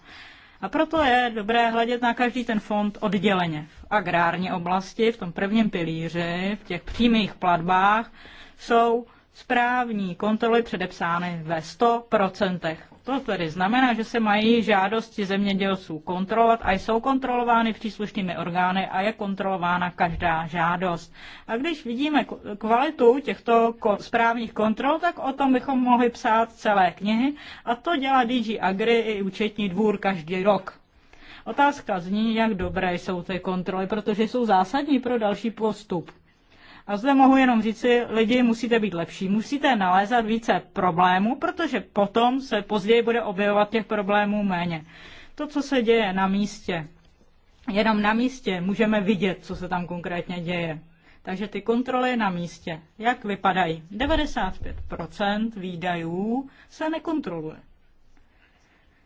A proto je dobré hledět na každý ten fond odděleně. V agrární oblasti, v tom prvním pilíři, v těch přímých platbách jsou správní kontroly předepsány ve 100%. To tedy znamená, že se mají žádosti zemědělců kontrolovat a jsou kontrolovány příslušnými orgány a je kontrolována každá žádost. A když vidíme kvalitu těchto správních kontrol, tak o tom bychom mohli psát celé knihy a to dělá DG Agri i účetní dvůr každý rok. Otázka zní, jak dobré jsou ty kontroly, protože jsou zásadní pro další postup. A zde mohu jenom říci, lidi musíte být lepší, musíte nalézat více problémů, protože potom se později bude objevovat těch problémů méně. To, co se děje na místě, jenom na místě můžeme vidět, co se tam konkrétně děje. Takže ty kontroly na místě, jak vypadají? 95% výdajů se nekontroluje.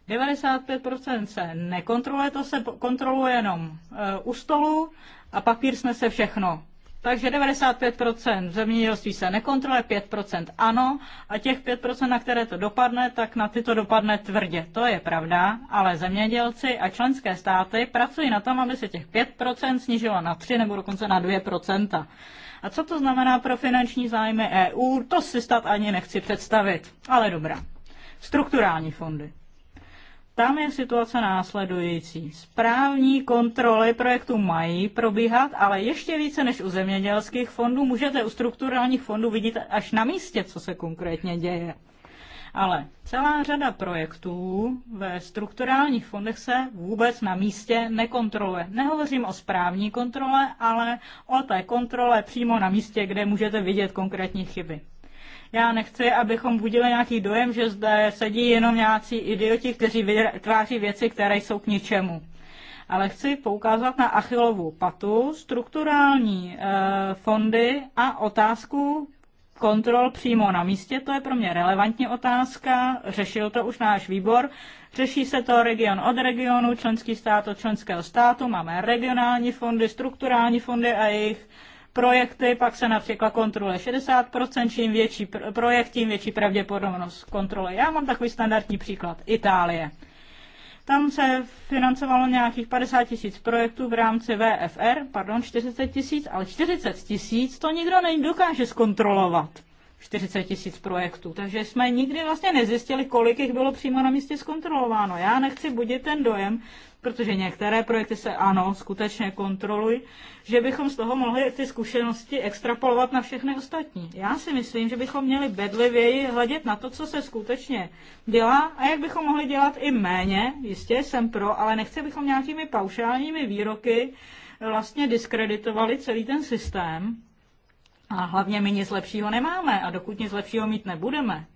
95% se nekontroluje, to se kontroluje jenom e, u stolu a papír snese všechno. Takže 95% zemědělství se nekontroluje, 5% ano, a těch 5%, na které to dopadne, tak na ty to dopadne tvrdě. To je pravda, ale zemědělci a členské státy pracují na tom, aby se těch 5% snížilo na 3 nebo dokonce na 2%. A co to znamená pro finanční zájmy EU, to si stát ani nechci představit. Ale dobrá. Strukturální fondy. Tam je situace následující. Správní kontroly projektu mají probíhat, ale ještě více než u zemědělských fondů můžete u strukturálních fondů vidět až na místě, co se konkrétně děje. Ale celá řada projektů ve strukturálních fondech se vůbec na místě nekontroluje. Nehovořím o správní kontrole, ale o té kontrole přímo na místě, kde můžete vidět konkrétní chyby. Já nechci, abychom budili nějaký dojem, že zde sedí jenom nějací idioti, kteří vytváří věci, které jsou k ničemu. Ale chci poukázat na achilovou patu, strukturální e, fondy a otázku kontrol přímo na místě. To je pro mě relevantní otázka. Řešil to už náš výbor. Řeší se to region od regionu, členský stát od členského státu. Máme regionální fondy, strukturální fondy a jejich projekty, pak se například kontroluje 60%, čím větší projekt, tím větší pravděpodobnost kontrole. Já mám takový standardní příklad. Itálie. Tam se financovalo nějakých 50 tisíc projektů v rámci VFR, pardon, 40 tisíc, ale 40 tisíc to nikdo nedokáže zkontrolovat. 40 tisíc projektů. Takže jsme nikdy vlastně nezjistili, kolik jich bylo přímo na místě zkontrolováno. Já nechci budit ten dojem, protože některé projekty se ano, skutečně kontrolují, že bychom z toho mohli ty zkušenosti extrapolovat na všechny ostatní. Já si myslím, že bychom měli bedlivěji hledět na to, co se skutečně dělá a jak bychom mohli dělat i méně, jistě jsem pro, ale nechci, bychom nějakými paušálními výroky vlastně diskreditovali celý ten systém, a hlavně my nic lepšího nemáme a dokud nic lepšího mít nebudeme,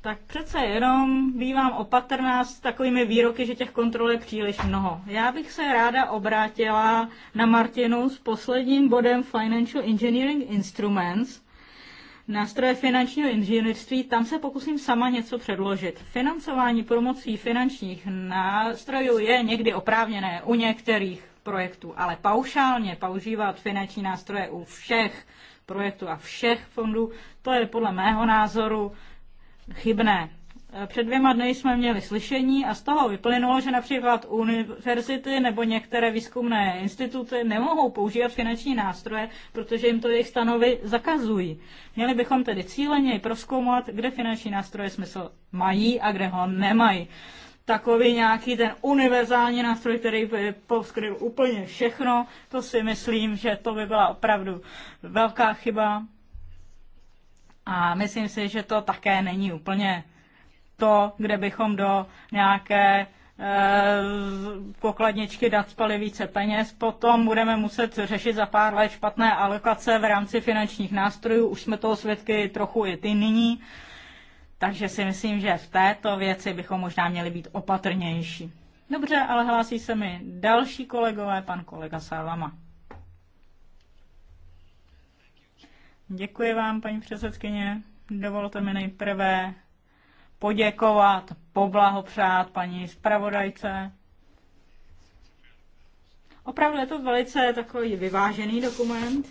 tak přece jenom bývám opatrná s takovými výroky, že těch kontrol je příliš mnoho. Já bych se ráda obrátila na Martinu s posledním bodem Financial Engineering Instruments, nástroje finančního inženýrství, tam se pokusím sama něco předložit. Financování promocí finančních nástrojů je někdy oprávněné u některých projektů, ale paušálně používat finanční nástroje u všech projektů a všech fondů, to je podle mého názoru chybné. Před dvěma dny jsme měli slyšení a z toho vyplynulo, že například univerzity nebo některé výzkumné instituty nemohou používat finanční nástroje, protože jim to jejich stanovy zakazují. Měli bychom tedy cíleně proskoumat, kde finanční nástroje smysl mají a kde ho nemají takový nějaký ten univerzální nástroj, který by poskryl úplně všechno, to si myslím, že to by byla opravdu velká chyba. A myslím si, že to také není úplně to, kde bychom do nějaké eh, pokladničky dát spali více peněz. Potom budeme muset řešit za pár let špatné alokace v rámci finančních nástrojů. Už jsme toho svědky trochu i ty nyní. Takže si myslím, že v této věci bychom možná měli být opatrnější. Dobře, ale hlásí se mi další kolegové, pan kolega Salama. Děkuji vám, paní předsedkyně. Dovolte mi nejprve poděkovat, poblahopřát paní zpravodajce. Opravdu je to velice takový vyvážený dokument,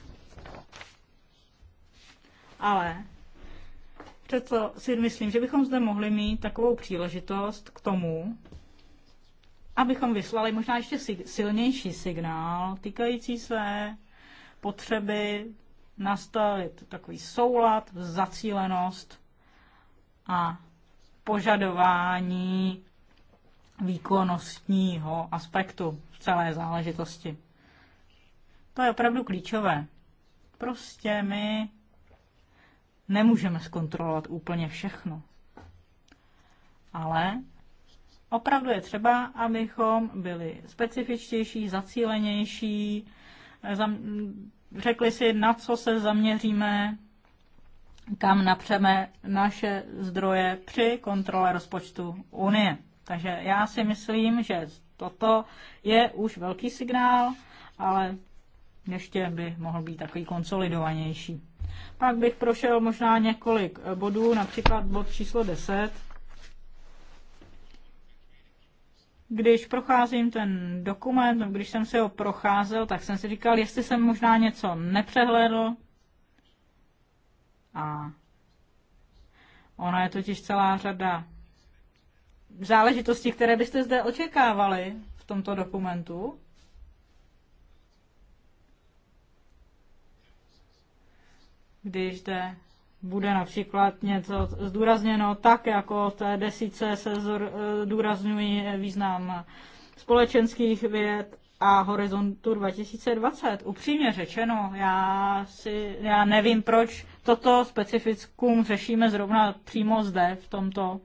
ale Přesto si myslím, že bychom zde mohli mít takovou příležitost k tomu, abychom vyslali možná ještě silnější signál týkající se potřeby nastavit takový soulad, zacílenost a požadování výkonnostního aspektu v celé záležitosti. To je opravdu klíčové. Prostě my nemůžeme zkontrolovat úplně všechno. Ale opravdu je třeba, abychom byli specifičtější, zacílenější, řekli si, na co se zaměříme, kam napřeme naše zdroje při kontrole rozpočtu Unie. Takže já si myslím, že toto je už velký signál, ale ještě by mohl být takový konsolidovanější. Pak bych prošel možná několik eh, bodů, například bod číslo 10. Když procházím ten dokument, když jsem se ho procházel, tak jsem si říkal, jestli jsem možná něco nepřehlédl. A ona je totiž celá řada záležitostí, které byste zde očekávali v tomto dokumentu, když jde, bude například něco zdůrazněno tak, jako v té desíce se zdůrazňují eh, význam společenských věd a horizontu 2020. Upřímně řečeno, já, si, já nevím, proč toto specifikum řešíme zrovna přímo zde, v tomto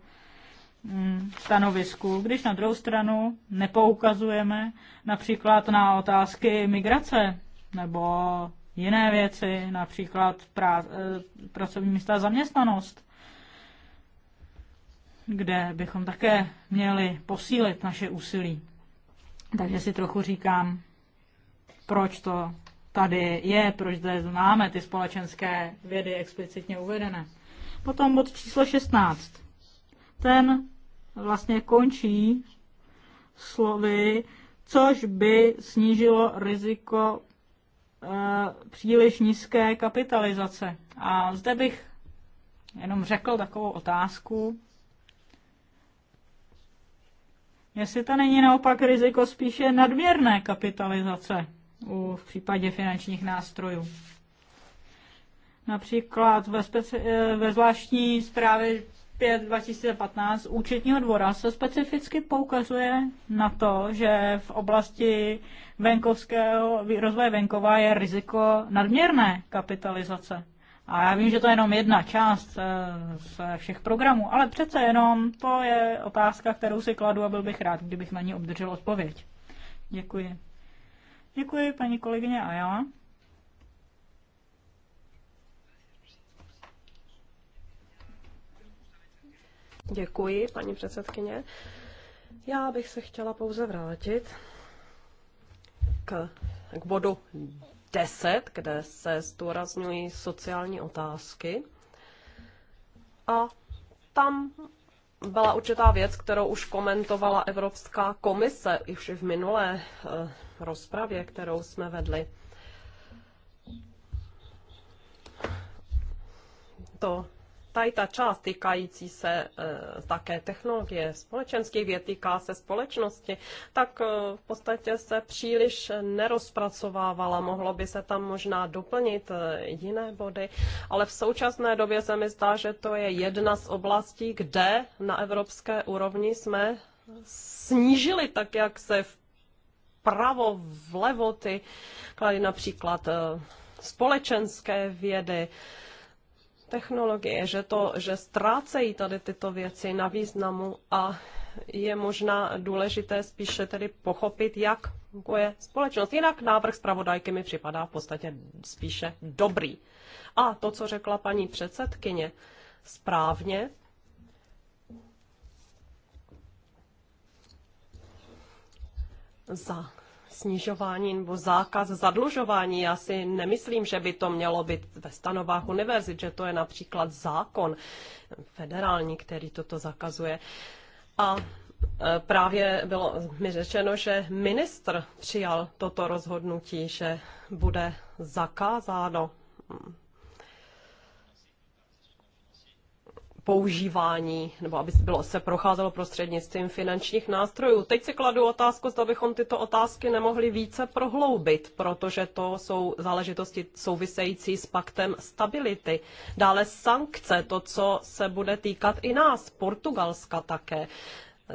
mm, stanovisku, když na druhou stranu nepoukazujeme například na otázky migrace nebo jiné věci, například prá- eh, pracovní místa a zaměstnanost, kde bychom také měli posílit naše úsilí. Takže si trochu říkám, proč to tady je, proč zde známe ty společenské vědy explicitně uvedené. Potom bod číslo 16. Ten vlastně končí slovy, což by snížilo riziko Eh, příliš nízké kapitalizace. A zde bych jenom řekl takovou otázku, jestli to není naopak riziko spíše nadměrné kapitalizace u, v případě finančních nástrojů. Například ve, speci- eh, ve zvláštní zprávě 2015 účetního dvora se specificky poukazuje na to, že v oblasti venkovského rozvoje venkova je riziko nadměrné kapitalizace. A já vím, že to je jenom jedna část eh, z všech programů, ale přece jenom to je otázka, kterou si kladu a byl bych rád, kdybych na ní obdržel odpověď. Děkuji. Děkuji, paní kolegyně Ajala. Děkuji, paní předsedkyně. Já bych se chtěla pouze vrátit k, k bodu 10, kde se zdůrazňují sociální otázky. A tam byla určitá věc, kterou už komentovala Evropská komise už v minulé eh, rozpravě, kterou jsme vedli. To tady ta část týkající se e, také technologie, společenských věd, týká se společnosti, tak e, v podstatě se příliš nerozpracovávala. Mohlo by se tam možná doplnit e, jiné body, ale v současné době se mi zdá, že to je jedna z oblastí, kde na evropské úrovni jsme snížili tak, jak se vpravo, vlevo ty například například e, společenské vědy, technologie, že, to, že ztrácejí tady tyto věci na významu a je možná důležité spíše tedy pochopit, jak funguje společnost. Jinak návrh zpravodajky mi připadá v podstatě spíše dobrý. A to, co řekla paní předsedkyně, správně, za snižování nebo zákaz zadlužování. Já si nemyslím, že by to mělo být ve stanovách univerzit, že to je například zákon federální, který toto zakazuje. A e, Právě bylo mi řečeno, že ministr přijal toto rozhodnutí, že bude zakázáno používání, nebo aby bylo, se procházelo prostřednictvím finančních nástrojů. Teď si kladu otázku, zda bychom tyto otázky nemohli více prohloubit, protože to jsou záležitosti související s paktem stability. Dále sankce, to, co se bude týkat i nás, Portugalska také.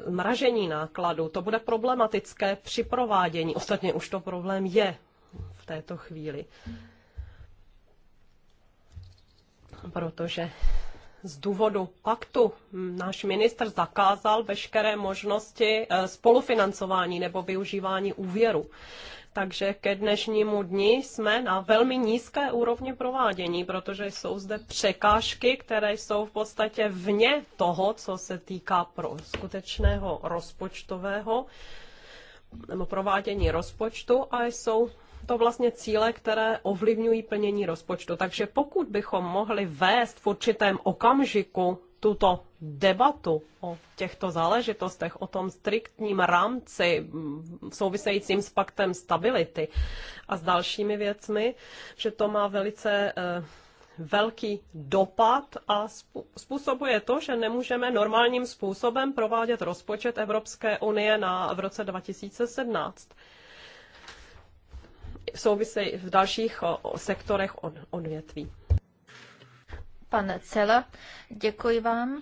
Mražení nákladů, to bude problematické při provádění. Ostatně už to problém je v této chvíli. Protože z důvodu paktu náš ministr zakázal veškeré možnosti eh, spolufinancování nebo využívání úvěru. Takže ke dnešnímu dni jsme na velmi nízké úrovni provádění, protože jsou zde překážky, které jsou v podstatě vně toho, co se týká pro skutečného rozpočtového nebo provádění rozpočtu a jsou to vlastně cíle, které ovlivňují plnění rozpočtu. Takže pokud bychom mohli vést v určitém okamžiku tuto debatu o těchto záležitostech, o tom striktním rámci souvisejícím s paktem stability a s dalšími věcmi, že to má velice eh, velký dopad a způsobuje to, že nemůžeme normálním způsobem provádět rozpočet Evropské unie na, v roce 2017 souvisejí v dalších sektorech odvětví. Pane Cela, děkuji vám.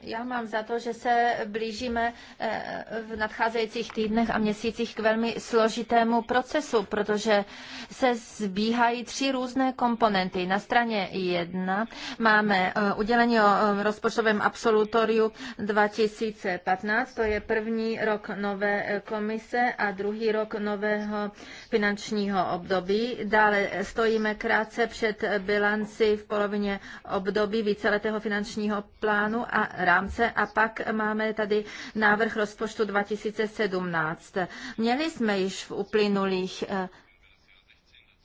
Já mám za to, že se blížíme eh, v nadcházejících týdnech a měsících k velmi složitému procesu, protože se zbíhají tři různé komponenty. Na straně jedna máme eh, udělení o eh, rozpočtovém absolutoriu 2015, to je první rok nové komise a druhý rok nového finančního období. Dále stojíme krátce před bilanci v polovině období víceletého finančního plánu a rád rámce a pak máme tady návrh rozpočtu 2017. Měli jsme již v uplynulých eh,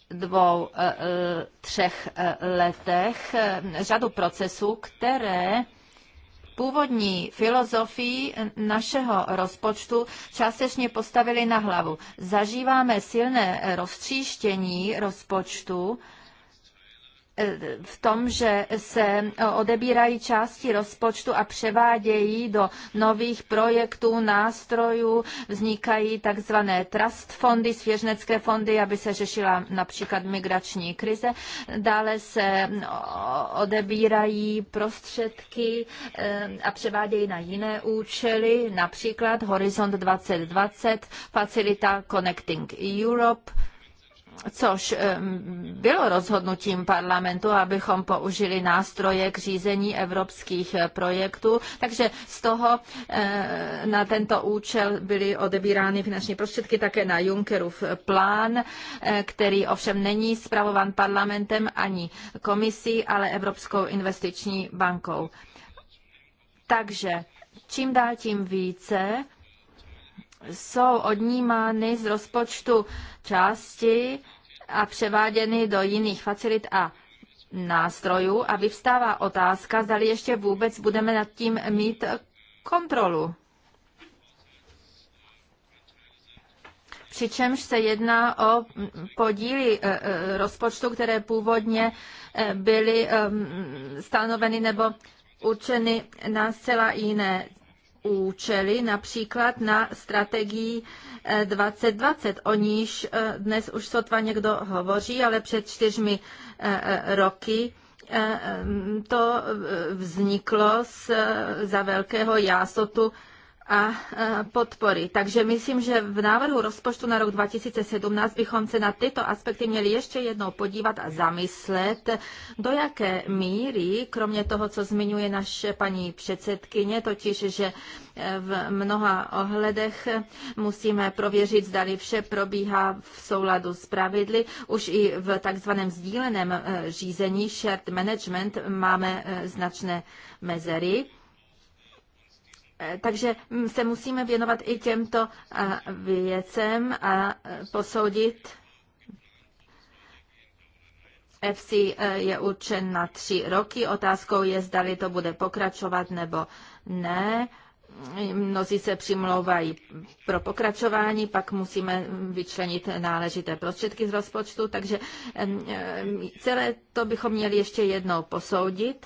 dvou, eh, třech eh, letech řadu procesů, které původní filozofii našeho rozpočtu částečně postavili na hlavu. Zažíváme silné roztříštění rozpočtu, v tom, že se odebírají části rozpočtu a převádějí do nových projektů, nástrojů, vznikají takzvané trust fondy, svěřenecké fondy, aby se řešila například migrační krize. Dále se odebírají prostředky eh, a převádějí na jiné účely, například Horizont 2020, facilita Connecting Europe, což eh, bylo rozhodnutím parlamentu, abychom použili nástroje k řízení evropských eh, projektů, takže z toho eh, na tento účel byly odebírány finanční prostředky také na Junckerův plán, který ovšem není zpravovan parlamentem ani komisí, ale Evropskou investiční bankou. Takže čím dál tím více jsou odnímány z rozpočtu části a převáděny do jiných facilit a nástrojů a vyvstává otázka, zda ještě vůbec budeme nad tím mít kontrolu. přičemž se jedná o podíly eh, eh, rozpočtu, které původně eh, byly ehm, stanoveny nebo určeny na zcela jiné účely, například na strategii 2020, eh, o níž eh, dnes už sotva někdo hovoří, ale před čtyřmi eh, roky to vzniklo z, za velkého jásotu a podpory. Takže myslím, že v návrhu rozpočtu na rok 2017 bychom se na tyto aspekty měli ještě jednou podívat a zamyslet, do jaké míry, kromě toho, co zmiňuje naše paní předsedkyně, totiž, že e, v mnoha ohledech musíme prověřit, zdali vše probíhá v souladu s pravidly. Už i v takzvaném sdíleném e, řízení, shared management, máme e, značné mezery. Eh, takže mm, se musíme věnovat i těmto eh, věcem a eh, posoudit. FC je určen na tři roky. Otázkou je, zdali to bude pokračovat nebo ne mnozí se přimlouvají pro pokračování, pak musíme mm, vyčlenit náležité prostředky z rozpočtu, takže mm, celé to bychom měli ještě jednou posoudit.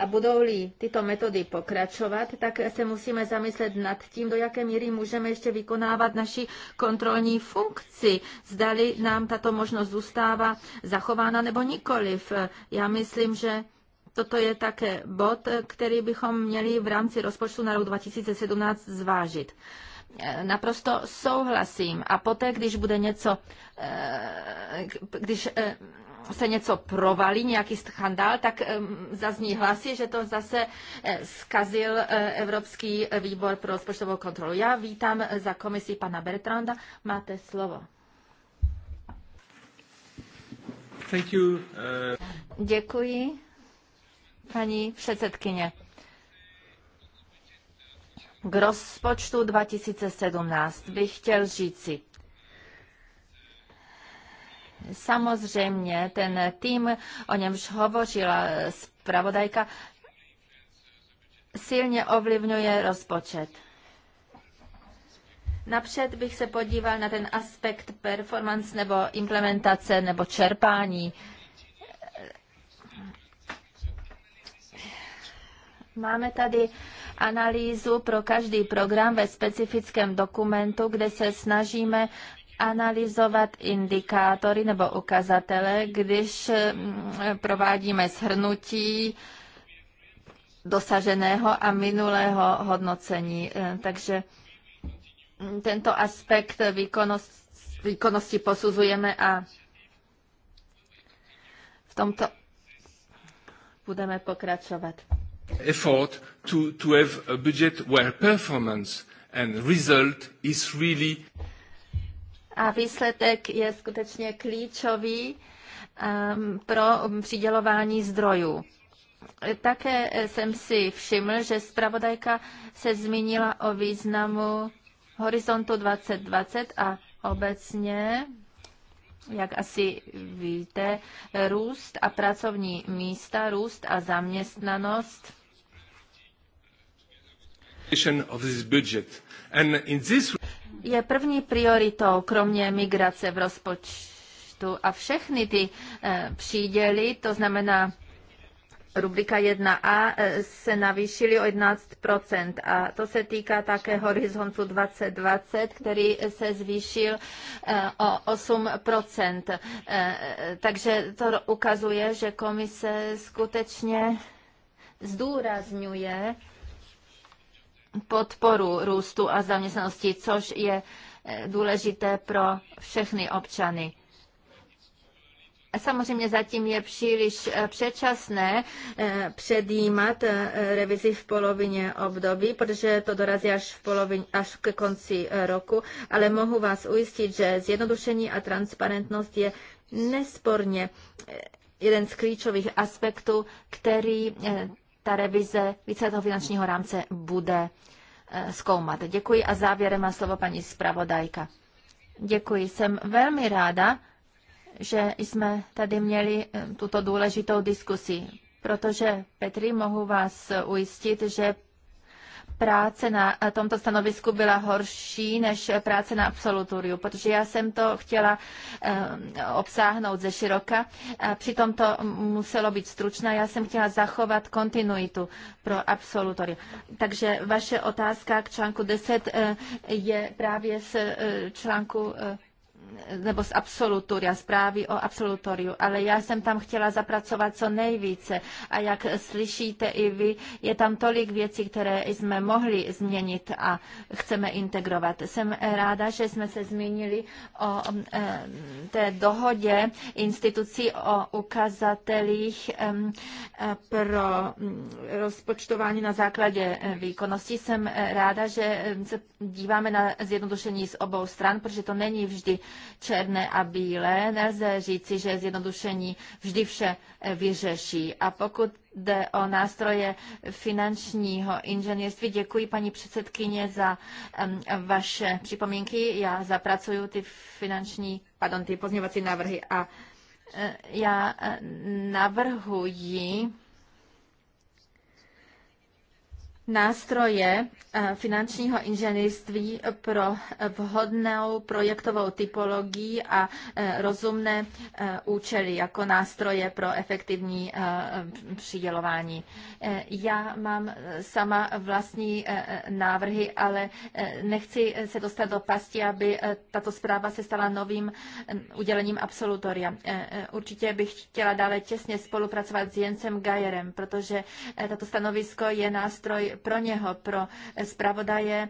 A budou-li tyto metody pokračovat, tak se musíme zamyslet nad tím, do jaké míry můžeme ještě vykonávat naši kontrolní funkci. Zdali nám tato možnost zůstává zachována nebo nikoliv. Já myslím, že toto je také bod, který bychom měli v rámci rozpočtu na rok 2017 zvážit. Naprosto souhlasím. A poté, když bude něco, eh, když eh, se něco provalí, nějaký skandál, tak zazní hlasy, že to zase eh, zkazil eh, Evropský výbor pro rozpočtovou kontrolu. Já vítám eh, za komisi pana Bertranda. Máte slovo. Thank you. Děkuji, paní předsedkyně. K rozpočtu 2017 bych chtěl říci, Samozřejmě ten tým, o němž hovořila zpravodajka, silně ovlivňuje rozpočet. Napřed bych se podíval na ten aspekt performance nebo implementace nebo čerpání. Máme tady analýzu pro každý program ve specifickém dokumentu, kde se snažíme analyzovat indikátory nebo ukazatele, když mm, provádíme shrnutí dosaženého a minulého hodnocení. Eh, takže mm, tento aspekt výkonnosti, výkonnosti posuzujeme a v tomto budeme pokračovat. Effort to, to have a budget where performance and result is really a výsledek je skutečně klíčový ehm, pro přidělování zdrojů. Také jsem si všiml, že zpravodajka se zmínila o významu Horizontu 2020 a obecně, jak asi víte, růst a pracovní místa, růst a zaměstnanost. Of this budget. And in this je první prioritou, kromě migrace v rozpočtu. A všechny ty eh, příděly, to znamená rubrika 1a, eh, se navýšily o 11 A to se týká také horizontu 2020, který se zvýšil eh, o 8 Takže to ukazuje, že komise skutečně zdůrazňuje, podporu růstu a zaměstnanosti, což je eh, důležité pro všechny občany. Samozřejmě zatím je příliš eh, předčasné eh, předjímat revizi v polovině období, protože to dorazí až, v polovině, až ke konci roku, ale mohu vás ujistit, že zjednodušení a transparentnost je nesporně jeden z klíčových aspektů, který ta revize víceletého finančního rámce bude eh, zkoumat. Děkuji a závěrem má slovo paní zpravodajka. Děkuji. Jsem velmi ráda, že jsme tady měli eh, tuto důležitou diskusi, protože Petri, mohu vás ujistit, že práce na tomto stanovisku byla horší než práce na absolutoriu, protože já jsem to chtěla eh, obsáhnout ze široka. Přitom to muselo být stručné, já jsem chtěla zachovat kontinuitu pro absolutoriu. Takže vaše otázka k článku 10 eh, je právě z eh, článku nebo z absolutoria, zprávy o absolutoriu, ale já jsem tam chtěla zapracovat co nejvíce a jak slyšíte i vy, je tam tolik věcí, které jsme mohli změnit a chceme integrovat. Jsem ráda, že jsme se zmínili o té dohodě institucí o ukazatelích e, pro mm, rozpočtování na základě e, výkonnosti. Jsem e, ráda, že se díváme na zjednodušení z obou stran, protože to není vždy černé a bílé. Nelze říci, že zjednodušení vždy vše eh, vyřeší. A pokud jde o nástroje finančního inženýrství, děkuji paní předsedkyně za um, vaše připomínky. Já zapracuju ty finanční, pardon, ty pozměňovací návrhy a eh, já eh, navrhuji nástroje eh, finančního inženýrství pro vhodnou projektovou typologii a eh, rozumné eh, účely jako nástroje pro efektivní přidělování. Já mám sama vlastní návrhy, ale nechci se dostat do pasti, aby tato zpráva se stala novým udělením absolutoria. Určitě bych chtěla dále těsně spolupracovat s Jencem Gajerem, protože tato stanovisko je nástroj pro něho, pro zpravodaje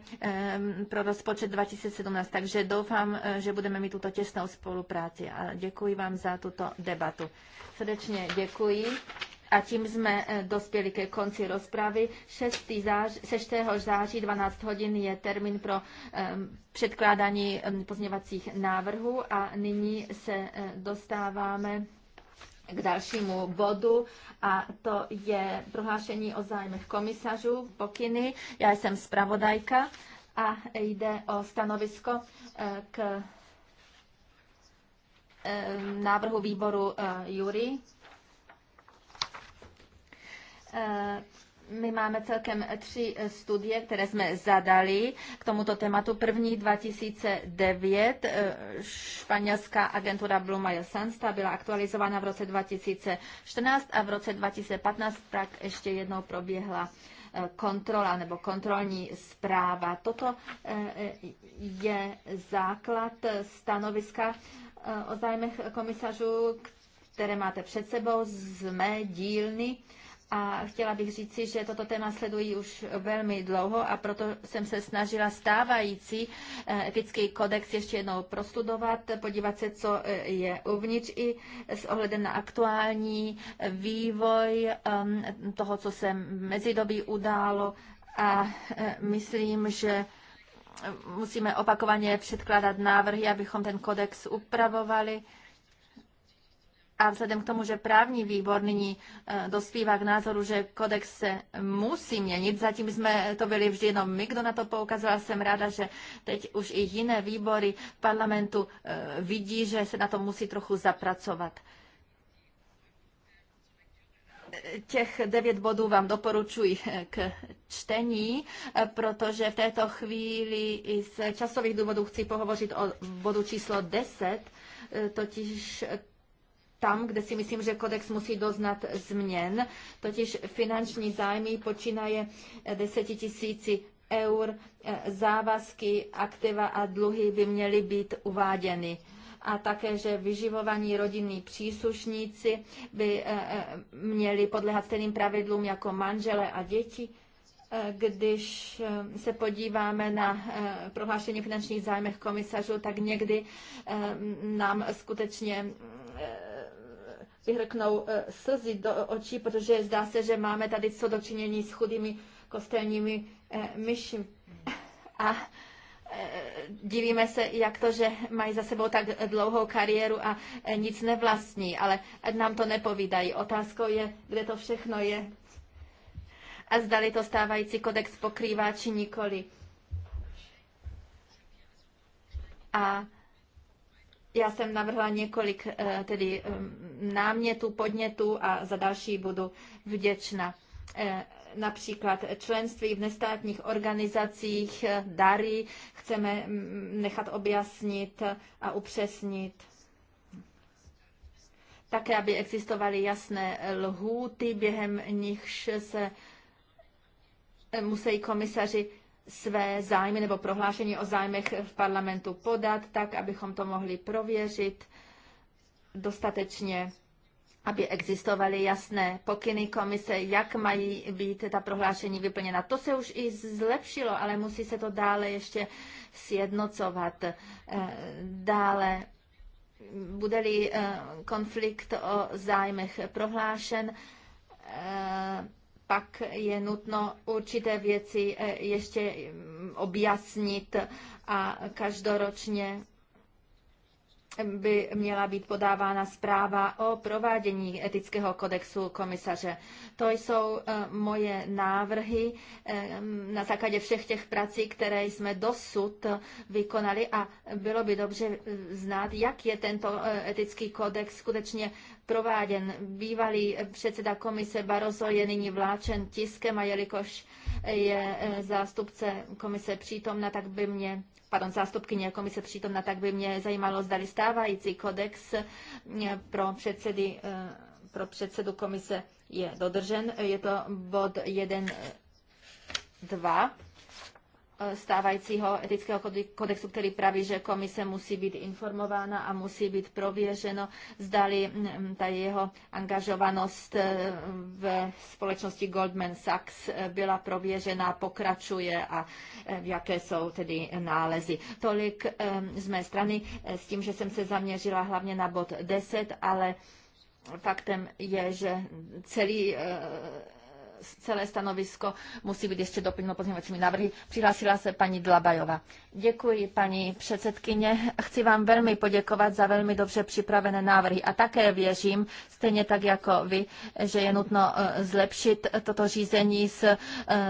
pro rozpočet 2017. Takže doufám, eh, že budeme mít tuto těsnou spolupráci a děkuji vám za tuto debatu. Srdečně děkuji. A tím jsme eh, dospěli ke konci rozpravy. 6. Září, 6. září 12 hodin je termín pro um, předkládání um, pozněvacích návrhů a nyní se uh, dostáváme k dalšímu bodu a to je prohlášení o zájmech komisařů pokyny. Já jsem zpravodajka a jde o stanovisko e, k e, návrhu výboru e, Jury my máme celkem tři studie, které jsme zadali k tomuto tématu. První 2009, eh, španělská agentura Blumile Sansta byla aktualizována v roce 2014 a v roce 2015 tak ještě jednou proběhla eh, kontrola nebo kontrolní zpráva. Toto eh, je základ stanoviska o zájmech komisařů, které máte před sebou z mé dílny. A chtěla bych říci, že toto téma sleduji už velmi dlouho a proto jsem se snažila stávající eh, etický kodex ještě jednou prostudovat, podívat se, co eh, je uvnitř i s ohledem na aktuální vývoj ehm, toho, co se mezidobí událo. A eh, myslím, že musíme opakovaně předkládat návrhy, abychom ten kodex upravovali a vzhledem k tomu, že právní výbor nyní e, dospívá k názoru, že kodex se musí měnit, zatím jsme to byli vždy jenom my, kdo na to poukazoval, jsem ráda, že teď už i jiné výbory parlamentu e, vidí, že se na to musí trochu zapracovat. Těch devět bodů vám doporučuji e, k čtení, protože v této chvíli i z časových důvodů chci pohovořit o bodu číslo 10, totiž tam, kde si myslím, že kodex musí doznat změn, totiž finanční zájmy počínaje 10 tisíci eur, eh, závazky, aktiva a dluhy by měly být uváděny a také, že vyživovaní rodinní příslušníci by eh, eh, měli podléhat stejným pravidlům jako manžele a děti. Když se podíváme na prohlášení finančních zájmech komisařů, tak někdy nám skutečně vždy hrknou e, slzy do očí, protože zdá se, že máme tady co dočinění s chudými kostelními e, myši. A e, divíme se, jak to, že mají za sebou tak dlouhou kariéru a nic nevlastní, ale nám to nepovídají. Otázkou je, kde to všechno je a zdali to stávající kodex pokrývá či nikoli. A já jsem navrhla několik eh, tedy námětů, podnětů a za další budu vděčna. Eh, například členství v nestátních organizacích, eh, dary, chceme mm, nechat objasnit a upřesnit. Také, aby existovaly jasné lhůty, během nichž se musí komisaři své zájmy nebo prohlášení o zájmech v parlamentu podat, tak abychom to mohli prověřit dostatečně, aby existovaly jasné pokyny komise, jak mají být ta prohlášení vyplněna. To se už i zlepšilo, ale musí se to dále ještě sjednocovat. Eh, dále bude-li eh, konflikt o zájmech prohlášen, eh, pak je nutno určité věci eh, ještě mm, objasnit a každoročně by měla být podávána zpráva o provádění etického kodexu komisaře. To jsou eh, moje návrhy eh, na základě všech těch prací, které jsme dosud vykonali a bylo by dobře znát, jak je tento etický kodex skutečně prováděn. Bývalý předseda komise Barroso je nyní vláčen tiskem a jelikož je eh, zástupce komise přítomna, tak by mě pardon, zástupkyně komise přítomna, tak by mě zajímalo, zdali stávající kodex eh, pro, předsedy, eh, pro předsedu komise je dodržen. Je to bod 1.2 stávajícího etického kodexu, který praví, že komise musí být informována a musí být prověřeno, zdali mm, ta jeho angažovanost eh, v společnosti Goldman Sachs eh, byla prověřena, pokračuje a eh, jaké jsou tedy nálezy. Tolik z mé strany s tím, že jsem se zaměřila hlavně na bod 10, ale faktem je, že celý celé stanovisko musí být ještě doplněno pozměňovacími návrhy. Přihlásila se paní Dlabajová. Děkuji, paní předsedkyně. Chci vám velmi poděkovat za velmi dobře připravené návrhy a také věřím, stejně tak jako vy, že je nutno eh, zlepšit toto řízení s eh,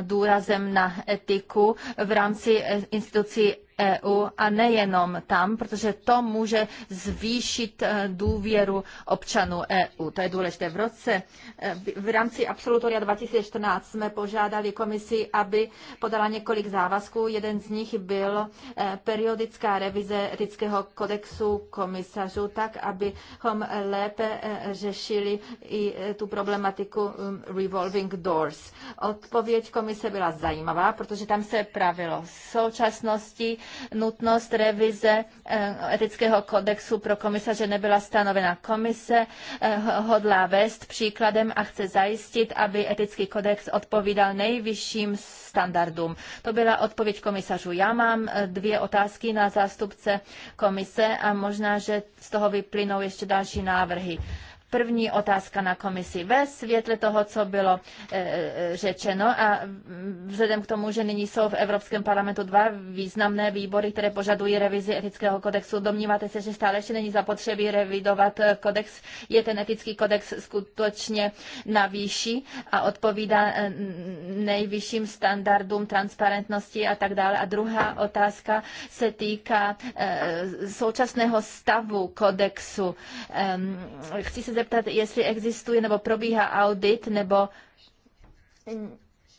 důrazem na etiku v rámci eh, institucí EU a nejenom tam, protože to může zvýšit e, důvěru občanů EU. To je důležité. V roce e, v rámci absolutoria 2014 jsme požádali komisi, aby podala několik závazků. Jeden z nich byl e, periodická revize etického kodexu komisařů, tak abychom lépe řešili i tu problematiku um, revolving doors. Odpověď komise byla zajímavá, protože tam se pravilo v současnosti nutnost revize eh, etického kodexu pro komisaře nebyla stanovena. Komise eh, hodlá vést příkladem a chce zajistit, aby etický kodex odpovídal nejvyšším standardům. To byla odpověď komisařů. Já mám eh, dvě otázky na zástupce komise a možná, že z toho vyplynou ještě další návrhy. První otázka na komisi. Ve světle toho, co bylo e, řečeno a vzhledem k tomu, že nyní jsou v Evropském parlamentu dva významné výbory, které požadují revizi etického kodexu, domníváte se, že stále ještě není zapotřebí revidovat eh, kodex? Je ten etický kodex skutečně na výši a odpovídá nejvyšším standardům transparentnosti a tak dále? A druhá otázka se týká e, současného stavu kodexu. E, chci se zeptat, jestli existuje nebo probíhá audit, nebo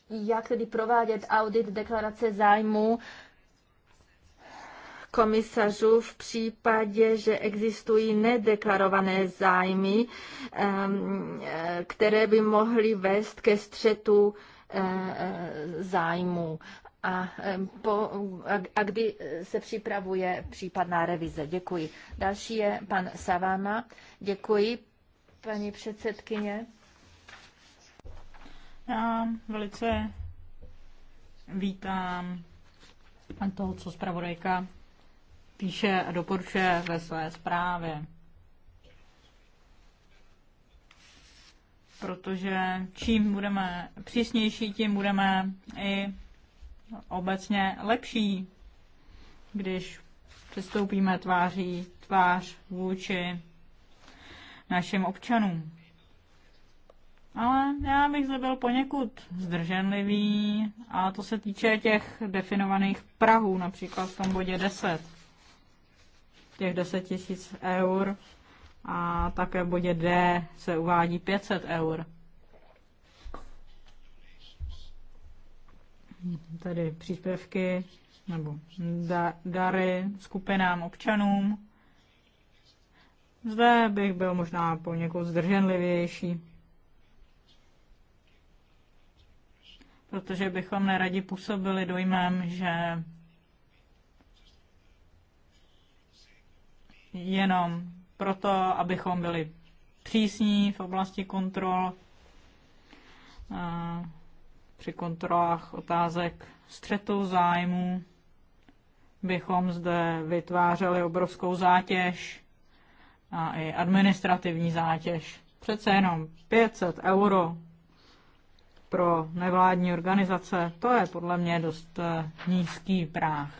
jak tedy provádět audit deklarace zájmu komisařů v případě, že existují nedeklarované zájmy, které by mohly vést ke střetu eh, eh, zájmu. A, po, a, a kdy se připravuje případná revize? Děkuji. Další je pan Savama. Děkuji paní předsedkyně. Já velice vítám toho, co zpravodajka píše a doporučuje ve své zprávě. Protože čím budeme přísnější, tím budeme i obecně lepší, když přistoupíme tváří tvář vůči našim občanům. Ale já bych zde byl poněkud zdrženlivý a to se týče těch definovaných Prahů, například v tom bodě 10, těch 10 tisíc eur a také v bodě D se uvádí 500 eur. Tady příspěvky nebo dary skupinám občanům zde bych byl možná poněkud zdrženlivější, protože bychom neradi působili dojmem, že jenom proto, abychom byli přísní v oblasti kontrol, při kontrolách otázek střetu zájmu bychom zde vytvářeli obrovskou zátěž a i administrativní zátěž. Přece jenom 500 euro pro nevládní organizace, to je podle mě dost eh, nízký práh.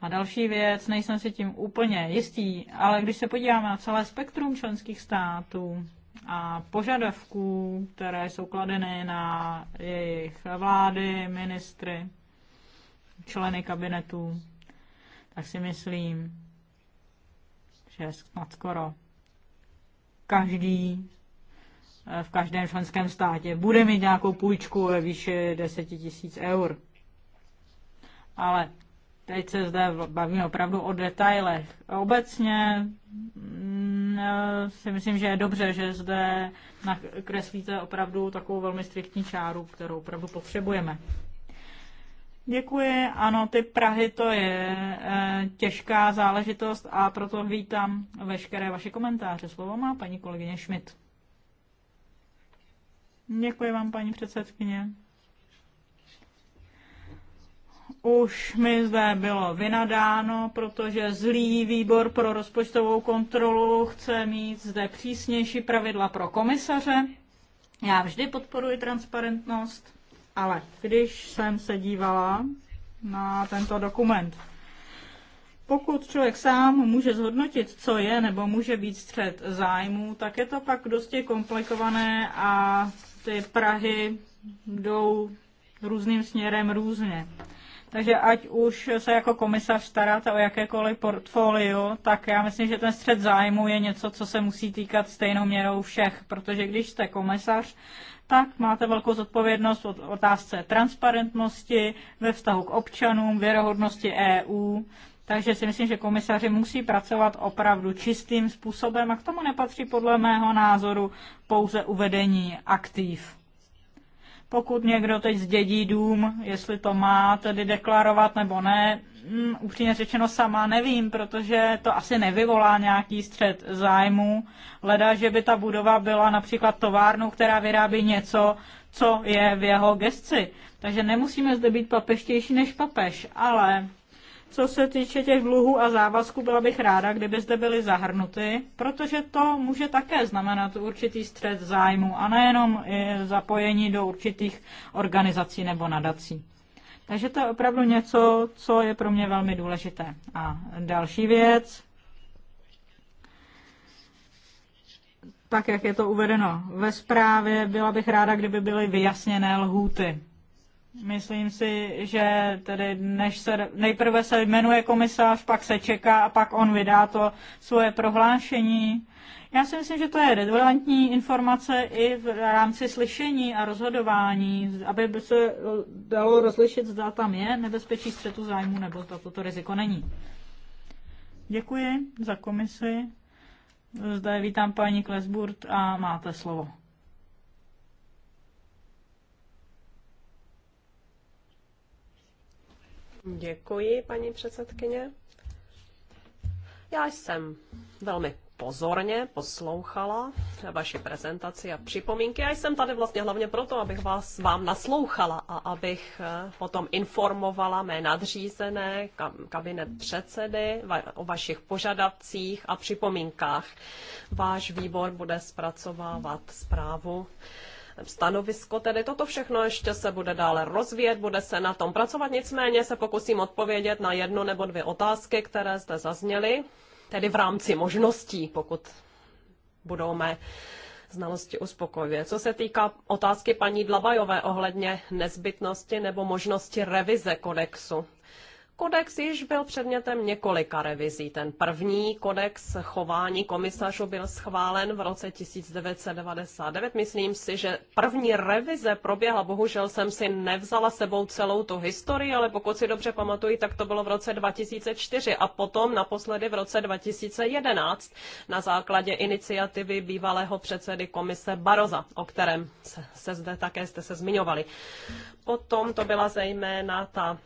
A další věc, nejsem si tím úplně jistý, ale když se podíváme na celé spektrum členských států a požadavků, které jsou kladeny na jejich vlády, ministry, členy kabinetů, tak si myslím, že snad skoro každý eh, v každém členském státě bude mít nějakou půjčku ve výši 10 tisíc eur. Ale teď se zde bavím opravdu o detailech. Obecně mm, eh, si myslím, že je dobře, že zde nakreslíte opravdu takovou velmi striktní čáru, kterou opravdu potřebujeme. Děkuji. Ano, ty Prahy to je e, těžká záležitost a proto vítám veškeré vaše komentáře. Slovo má paní kolegyně Schmidt. Děkuji vám, paní předsedkyně. Už mi zde bylo vynadáno, protože zlý výbor pro rozpočtovou kontrolu chce mít zde přísnější pravidla pro komisaře. Já vždy podporuji transparentnost ale když jsem se dívala na tento dokument, pokud člověk sám může zhodnotit, co je nebo může být střed zájmu, tak je to pak dosti komplikované a ty Prahy jdou různým směrem různě. Takže ať už se jako komisař staráte o jakékoliv portfolio, tak já myslím, že ten střed zájmu je něco, co se musí týkat stejnou měrou všech, protože když jste komisař, tak máte velkou zodpovědnost od otázce transparentnosti ve vztahu k občanům, věrohodnosti EU. Takže si myslím, že komisaři musí pracovat opravdu čistým způsobem a k tomu nepatří podle mého názoru pouze uvedení aktiv. Pokud někdo teď zdědí dům, jestli to má tedy deklarovat nebo ne, um, upřímně řečeno sama nevím, protože to asi nevyvolá nějaký střed zájmu. Leda, že by ta budova byla například továrnou, která vyrábí něco, co je v jeho gesci. Takže nemusíme zde být papeštější než papež, ale co se týče těch dluhů a závazků, byla bych ráda, kdyby zde byly zahrnuty, protože to může také znamenat určitý střed zájmu a nejenom zapojení do určitých organizací nebo nadací. Takže to je opravdu něco, co je pro mě velmi důležité. A další věc, tak jak je to uvedeno ve zprávě, byla bych ráda, kdyby byly vyjasněné lhůty. Myslím si, že tedy než se, nejprve se jmenuje komisář, pak se čeká a pak on vydá to svoje prohlášení já si myslím, že to je relevantní informace i v rámci slyšení a rozhodování, aby by se eh, dalo rozlišit, zda tam je nebezpečí střetu zájmu nebo zda toto riziko není. Děkuji za komisi. Zde vítám paní Klesburt a máte slovo. Děkuji, paní předsedkyně. Já jsem velmi pozorně poslouchala vaši prezentaci a připomínky. Já jsem tady vlastně hlavně proto, abych vás vám naslouchala a abych eh, potom informovala mé nadřízené, kabinet předsedy o vašich požadavcích a připomínkách. Váš výbor bude zpracovávat zprávu stanovisko. Tedy toto všechno ještě se bude dále rozvíjet, bude se na tom pracovat. Nicméně se pokusím odpovědět na jednu nebo dvě otázky, které zde zazněly tedy v rámci možností, pokud budou mé znalosti uspokojivě. Co se týká otázky paní Dlabajové ohledně nezbytnosti nebo možnosti revize kodexu, Kodex již byl předmětem několika revizí. Ten první kodex chování komisařů byl schválen v roce 1999. Myslím si, že první revize proběhla. Bohužel jsem si nevzala sebou celou tu historii, ale pokud si dobře pamatuju, tak to bylo v roce 2004 a potom naposledy v roce 2011 na základě iniciativy bývalého předsedy komise Baroza, o kterém se, se zde také jste se zmiňovali. Potom to byla zejména ta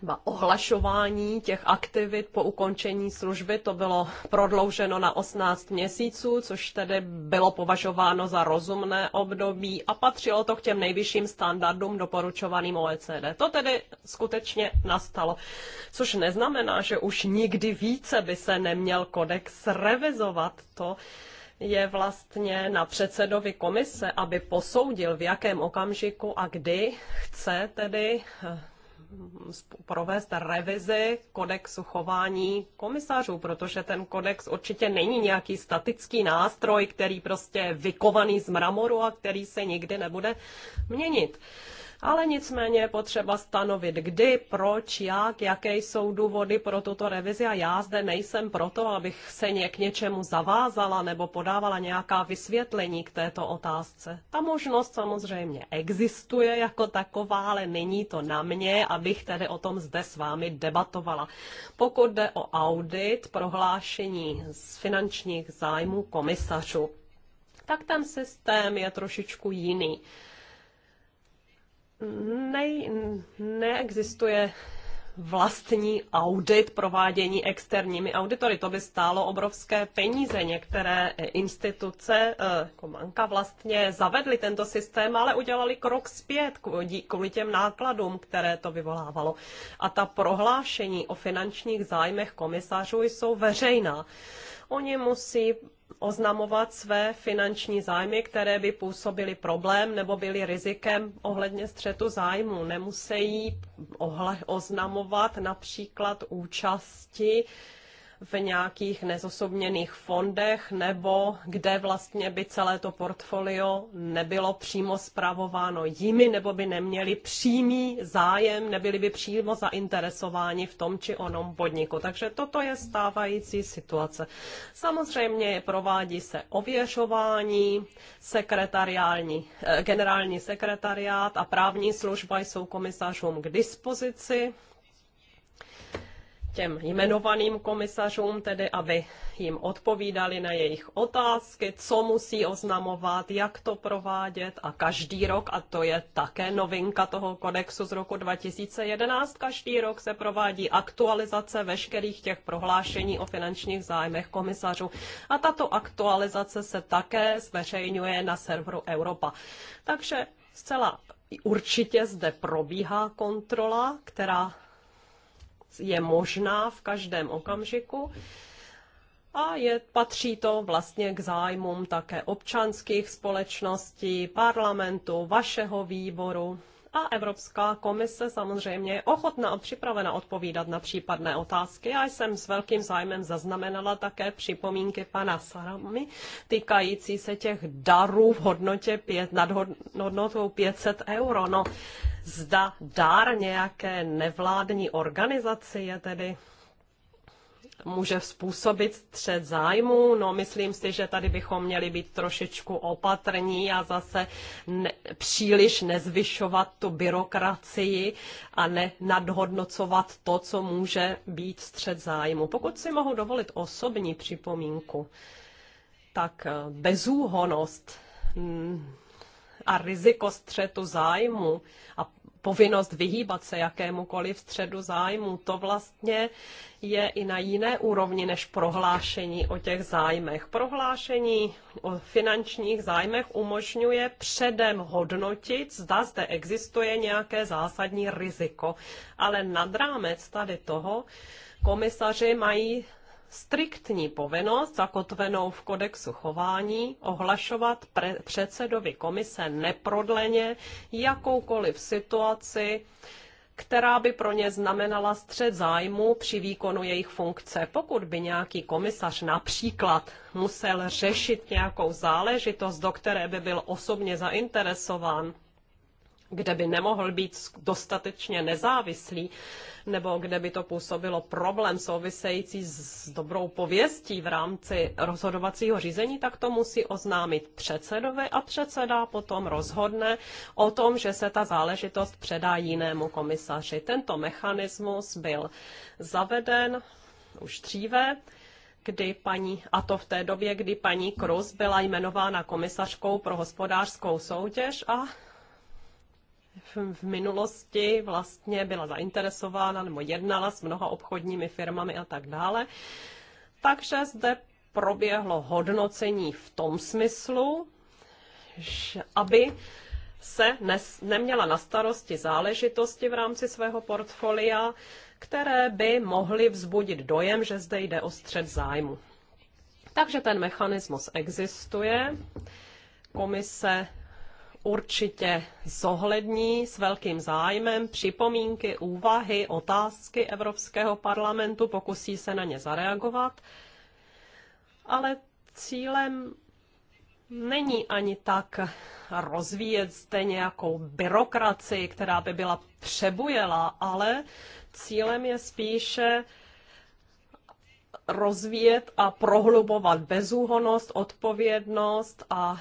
třeba ohlašování těch aktivit po ukončení služby, to bylo prodlouženo na 18 měsíců, což tedy bylo považováno za rozumné období a patřilo to k těm nejvyšším standardům doporučovaným OECD. To tedy skutečně nastalo, což neznamená, že už nikdy více by se neměl kodex revizovat to, je vlastně na předsedovi komise, aby posoudil, v jakém okamžiku a kdy chce tedy eh, provést revizi kodexu chování komisařů, protože ten kodex určitě není nějaký statický nástroj, který prostě je vykovaný z mramoru a který se nikdy nebude měnit ale nicméně je potřeba stanovit kdy, proč, jak, jaké jsou důvody pro tuto revizi a já zde nejsem proto, abych se ně k něčemu zavázala nebo podávala nějaká vysvětlení k této otázce. Ta možnost samozřejmě existuje jako taková, ale není to na mě, abych tedy o tom zde s vámi debatovala. Pokud jde o audit, prohlášení z finančních zájmů komisařů, tak ten systém je trošičku jiný ne, neexistuje vlastní audit provádění externími auditory. To by stálo obrovské peníze. Některé instituce, eh, jako banka vlastně, zavedly tento systém, ale udělali krok zpět kvůli těm nákladům, které to vyvolávalo. A ta prohlášení o finančních zájmech komisařů jsou veřejná. Oni musí oznamovat své finanční zájmy, které by působily problém nebo byly rizikem ohledně střetu zájmu. Nemusí oznamovat například účasti v nějakých nezosobněných fondech nebo kde vlastně by celé to portfolio nebylo přímo zpravováno jimi nebo by neměli přímý zájem, nebyli by přímo zainteresováni v tom či onom podniku. Takže toto je stávající situace. Samozřejmě provádí se ověřování, sekretariální, eh, generální sekretariát a právní služba jsou komisařům k dispozici těm jmenovaným komisařům, tedy aby jim odpovídali na jejich otázky, co musí oznamovat, jak to provádět a každý rok, a to je také novinka toho kodexu z roku 2011, každý rok se provádí aktualizace veškerých těch prohlášení o finančních zájmech komisařů a tato aktualizace se také zveřejňuje na serveru Europa. Takže zcela určitě zde probíhá kontrola, která je možná v každém okamžiku a je, patří to vlastně k zájmům také občanských společností, parlamentu, vašeho výboru. A Evropská komise samozřejmě je ochotná a připravena odpovídat na případné otázky. Já jsem s velkým zájmem zaznamenala také připomínky pana Sarami týkající se těch darů v hodnotě pět, nad hodnotou 500 euro. No, Zda dár nějaké nevládní organizaci je tedy může způsobit střed zájmu. No, myslím si, že tady bychom měli být trošičku opatrní a zase ne, příliš nezvyšovat tu byrokracii a ne nadhodnocovat to, co může být střed zájmu. Pokud si mohu dovolit osobní připomínku, tak bezúhonost mm, a riziko střetu zájmu a povinnost vyhýbat se jakémukoliv středu zájmu, to vlastně je i na jiné úrovni než prohlášení o těch zájmech. Prohlášení o finančních zájmech umožňuje předem hodnotit, zda zde existuje nějaké zásadní riziko. Ale nad rámec tady toho komisaři mají striktní povinnost zakotvenou v kodexu chování ohlašovat pre- předsedovi komise neprodleně jakoukoliv situaci, která by pro ně znamenala střed zájmu při výkonu jejich funkce. Pokud by nějaký komisař například musel řešit nějakou záležitost, do které by byl osobně zainteresován, kde by nemohl být dostatečně nezávislý, nebo kde by to působilo problém související s dobrou pověstí v rámci rozhodovacího řízení, tak to musí oznámit předsedovi a předseda potom rozhodne o tom, že se ta záležitost předá jinému komisaři. Tento mechanismus byl zaveden už dříve kdy paní, a to v té době, kdy paní Krus byla jmenována komisařkou pro hospodářskou soutěž a v minulosti vlastně byla zainteresována nebo jednala s mnoha obchodními firmami a tak dále. Takže zde proběhlo hodnocení v tom smyslu, že aby se nes, neměla na starosti záležitosti v rámci svého portfolia, které by mohly vzbudit dojem, že zde jde o střed zájmu. Takže ten mechanismus existuje. Komise určitě zohlední s velkým zájmem připomínky, úvahy, otázky Evropského parlamentu, pokusí se na ně zareagovat, ale cílem není ani tak rozvíjet zde nějakou byrokracii, která by byla přebujela, ale cílem je spíše rozvíjet a prohlubovat bezúhonost, odpovědnost a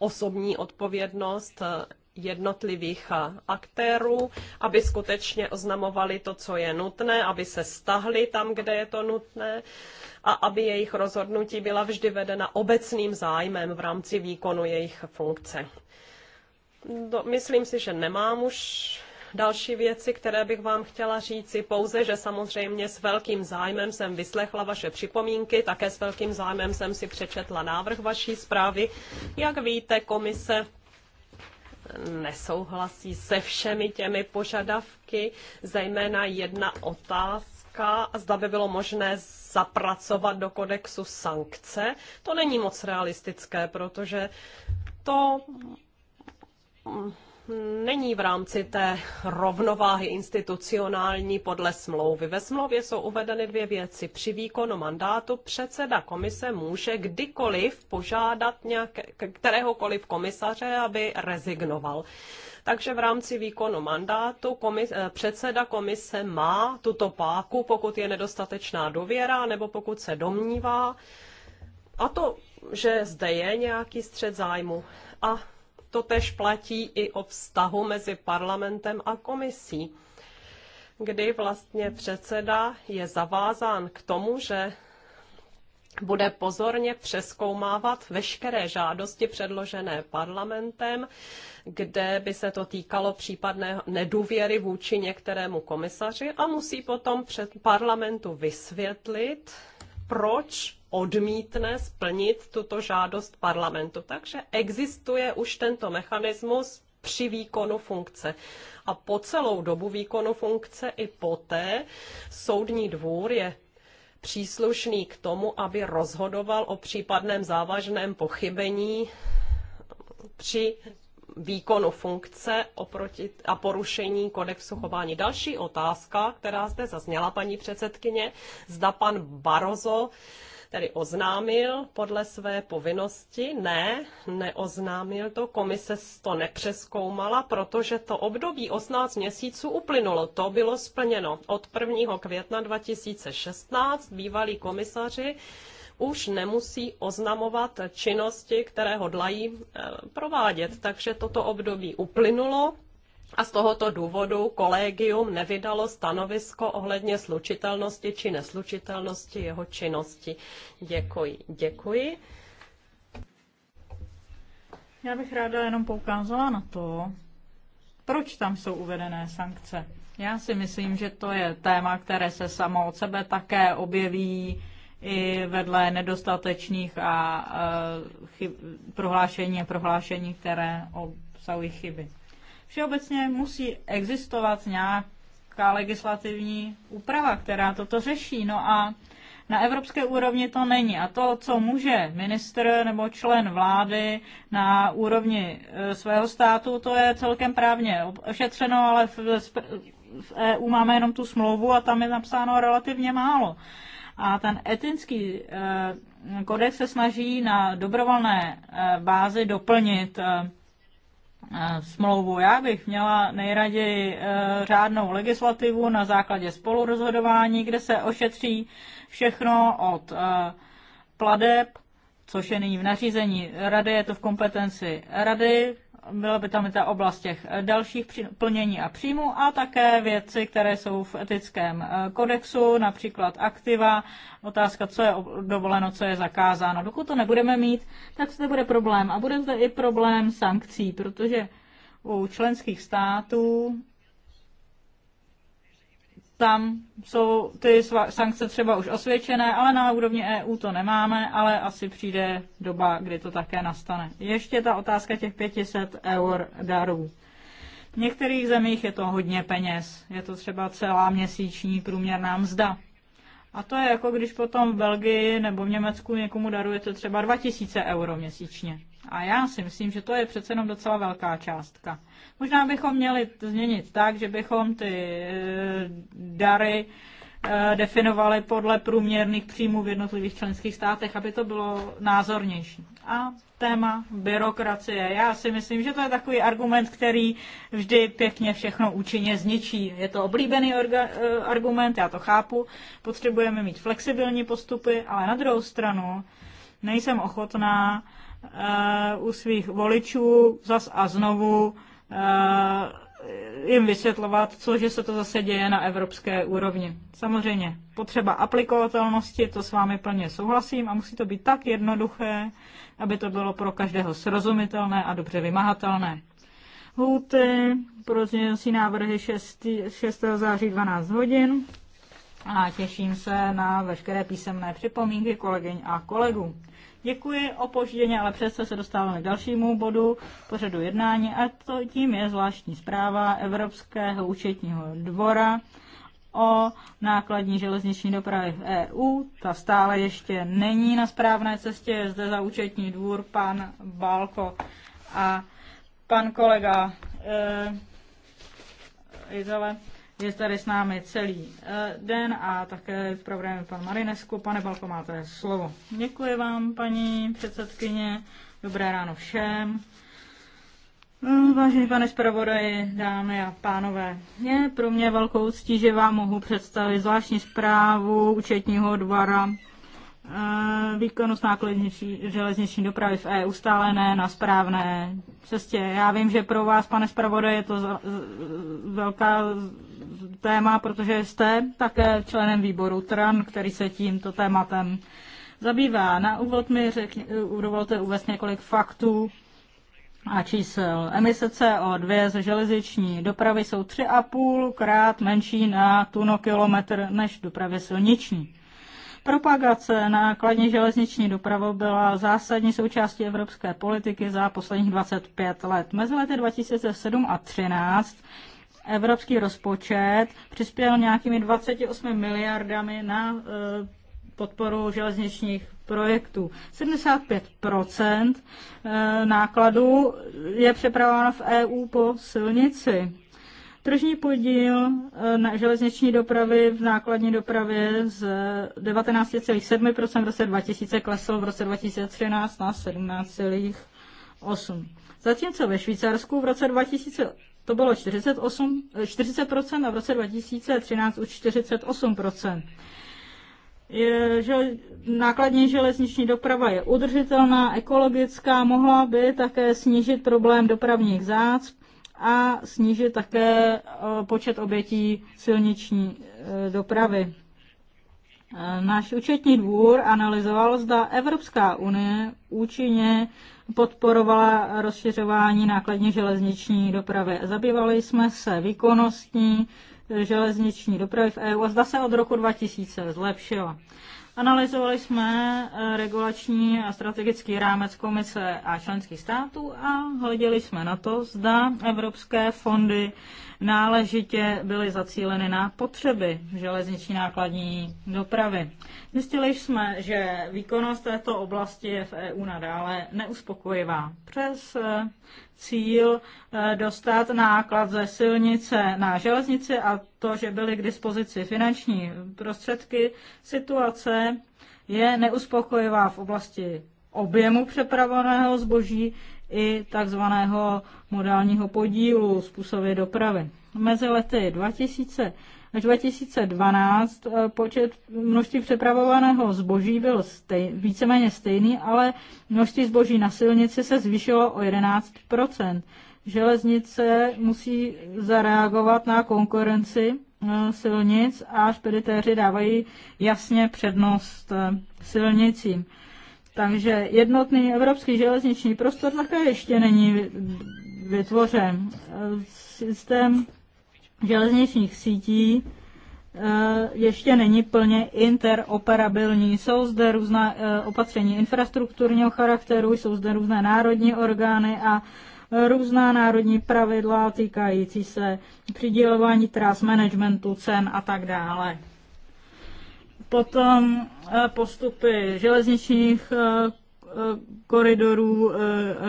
osobní odpovědnost eh, jednotlivých eh, aktérů, aby skutečně oznamovali to, co je nutné, aby se stahli tam, kde je to nutné a aby jejich rozhodnutí byla vždy vedena obecným zájmem v rámci výkonu jejich funkce. Do, no, myslím si, že nemám už další věci, které bych vám chtěla říci, pouze, že samozřejmě s velkým zájmem jsem vyslechla vaše připomínky, také s velkým zájmem jsem si přečetla návrh vaší zprávy. Jak víte, komise nesouhlasí se všemi těmi požadavky, zejména jedna otázka, zda by bylo možné zapracovat do kodexu sankce. To není moc realistické, protože to není v rámci té rovnováhy institucionální podle smlouvy. Ve smlouvě jsou uvedeny dvě věci. Při výkonu mandátu předseda komise může kdykoliv požádat nějaké, kteréhokoliv komisaře, aby rezignoval. Takže v rámci výkonu mandátu komis, eh, předseda komise má tuto páku, pokud je nedostatečná důvěra nebo pokud se domnívá, a to, že zde je nějaký střed zájmu. A to platí i o vztahu mezi parlamentem a komisí, kdy vlastně předseda je zavázán k tomu, že bude pozorně přeskoumávat veškeré žádosti předložené parlamentem, kde by se to týkalo případné nedůvěry vůči některému komisaři a musí potom před parlamentu vysvětlit, proč odmítne splnit tuto žádost parlamentu. Takže existuje už tento mechanismus při výkonu funkce. A po celou dobu výkonu funkce i poté soudní dvůr je příslušný k tomu, aby rozhodoval o případném závažném pochybení při výkonu funkce oproti a porušení kodexu chování. Další otázka, která zde zazněla, paní předsedkyně, zda pan Barozo tedy oznámil podle své povinnosti. Ne, neoznámil to, komise to nepřeskoumala, protože to období 18 měsíců uplynulo. To bylo splněno od 1. května 2016. Bývalí komisaři už nemusí oznamovat činnosti, které hodlají eh, provádět. Takže toto období uplynulo a z tohoto důvodu kolegium nevydalo stanovisko ohledně slučitelnosti či neslučitelnosti jeho činnosti. Děkuji. Děkuji. Já bych ráda jenom poukázala na to, proč tam jsou uvedené sankce. Já si myslím, že to je téma, které se samo od sebe také objeví i vedle nedostatečných a e, chyb, prohlášení a prohlášení, které obsahují chyby. Všeobecně musí existovat nějaká legislativní úprava, která toto řeší. No a na evropské úrovni to není. A to, co může ministr nebo člen vlády na úrovni e, svého státu, to je celkem právně ošetřeno, ale v, v EU máme jenom tu smlouvu a tam je napsáno relativně málo. A ten etický e, kodex se snaží na dobrovolné e, bázi doplnit Eh, smlouvu. Já bych měla nejraději eh, řádnou legislativu na základě spolurozhodování, kde se ošetří všechno od eh, plateb, což je nyní v nařízení rady, je to v kompetenci rady, byla by tam ta oblast těch eh, dalších plnění a příjmů a také věci, které jsou v etickém eh, kodexu, například aktiva, otázka, co je dovoleno, co je zakázáno. Dokud to nebudeme mít, tak zde bude problém. A bude zde i problém sankcí, protože u členských států tam jsou ty sankce třeba už osvědčené, ale na úrovni EU to nemáme, ale asi přijde doba, kdy to také nastane. Ještě ta otázka těch 500 eur darů. V některých zemích je to hodně peněz. Je to třeba celá měsíční průměrná mzda. A to je jako když potom v Belgii nebo v Německu někomu darujete třeba 2000 euro měsíčně. A já si myslím, že to je přece jenom docela velká částka. Možná bychom měli změnit tak, že bychom ty eh, dary eh, definovali podle průměrných příjmů v jednotlivých členských státech, aby to bylo názornější. A téma byrokracie. Já si myslím, že to je takový argument, který vždy pěkně všechno účinně zničí. Je to oblíbený eh, argument, já to chápu. Potřebujeme mít flexibilní postupy, ale na druhou stranu nejsem ochotná u svých voličů zas a znovu Eh, jim vysvětlovat, cože se to zase děje na evropské úrovni. Samozřejmě potřeba aplikovatelnosti, to s vámi plně souhlasím a musí to být tak jednoduché, aby to bylo pro každého srozumitelné a dobře vymahatelné. Hůty, si návrhy 6. 6. září 12 hodin a těším se na veškeré písemné připomínky kolegyň a kolegů. Děkuji opožděně, ale přesto se dostáváme k dalšímu bodu pořadu jednání a to tím je zvláštní zpráva Evropského účetního dvora o nákladní železniční dopravě v EU. Ta stále ještě není na správné cestě, je zde za účetní dvůr pan Balko a pan kolega e, eh, Izele je tady s námi celý eh, den a také zpravodajem pan Marinesku. Pane Balko, máte slovo. Děkuji vám, paní předsedkyně. Dobré ráno všem. Eh, vážený pane zpravodaji, dámy a pánové, je pro mě velkou ctí, že vám mohu představit zvláštní zprávu účetního dvora eh, výkonnost nákladnější železniční dopravy v EU stálené na správné cestě. Já vím, že pro vás, pane zpravodaji, je to velká téma, protože jste také členem výboru TRAN, který se tímto tématem zabývá. Na úvod mi eh, dovolte uvést několik faktů a čísel. Emise CO2 ze železniční dopravy jsou 3,5 krát menší na tuno kilometr, než dopravy silniční. Propagace nákladní železniční dopravy byla zásadní součástí evropské politiky za posledních 25 let. Mezi lety 2007 a 2013 evropský rozpočet přispěl nějakými 28 miliardami na e, podporu železničních projektů. 75% e, nákladů je přepravováno v EU po silnici. Tržní podíl e, na železniční dopravy v nákladní dopravě z 19,7% v roce 2000 klesl v roce 2013 na 17,8%. Zatímco ve Švýcarsku v roce 2000 to bylo 48, 40% a v roce 2013 už 48%. Je, že nákladní železniční doprava je udržitelná, ekologická, mohla by také snížit problém dopravních zácp a snížit také eh, počet obětí silniční eh, dopravy. Eh, náš účetní dvůr analyzoval, zda Evropská unie účinně podporovala rozšiřování nákladně železniční dopravy. Zabývali jsme se výkonnostní železniční dopravy v EU a zda se od roku 2000 zlepšila. Analyzovali jsme eh, regulační a strategický rámec komise a členských států a hleděli jsme na to, zda evropské fondy náležitě byly zacíleny na potřeby železniční nákladní dopravy. Zjistili jsme, že výkonnost této oblasti je v EU nadále neuspokojivá. Přes eh, cíl eh, dostat náklad ze silnice na železnici a to, že byly k dispozici finanční prostředky, situace je neuspokojivá v oblasti objemu přepravovaného zboží i takzvaného modálního podílu způsoby dopravy. Mezi lety 2000 až 2012 eh, počet množství přepravovaného zboží byl stej, víceméně stejný, ale množství zboží na silnici se zvýšilo o 11 Železnice musí zareagovat na konkurenci eh, silnic a špeditéři dávají jasně přednost eh, silnicím. Takže jednotný evropský železniční prostor také ještě není vytvořen. Systém železničních sítí eh, ještě není plně interoperabilní. Jsou zde různá eh, opatření infrastrukturního charakteru, jsou zde různé národní orgány a různá národní pravidla týkající se přidělování tras, managementu, cen a tak dále. Potom eh, postupy železničních eh, eh, koridorů,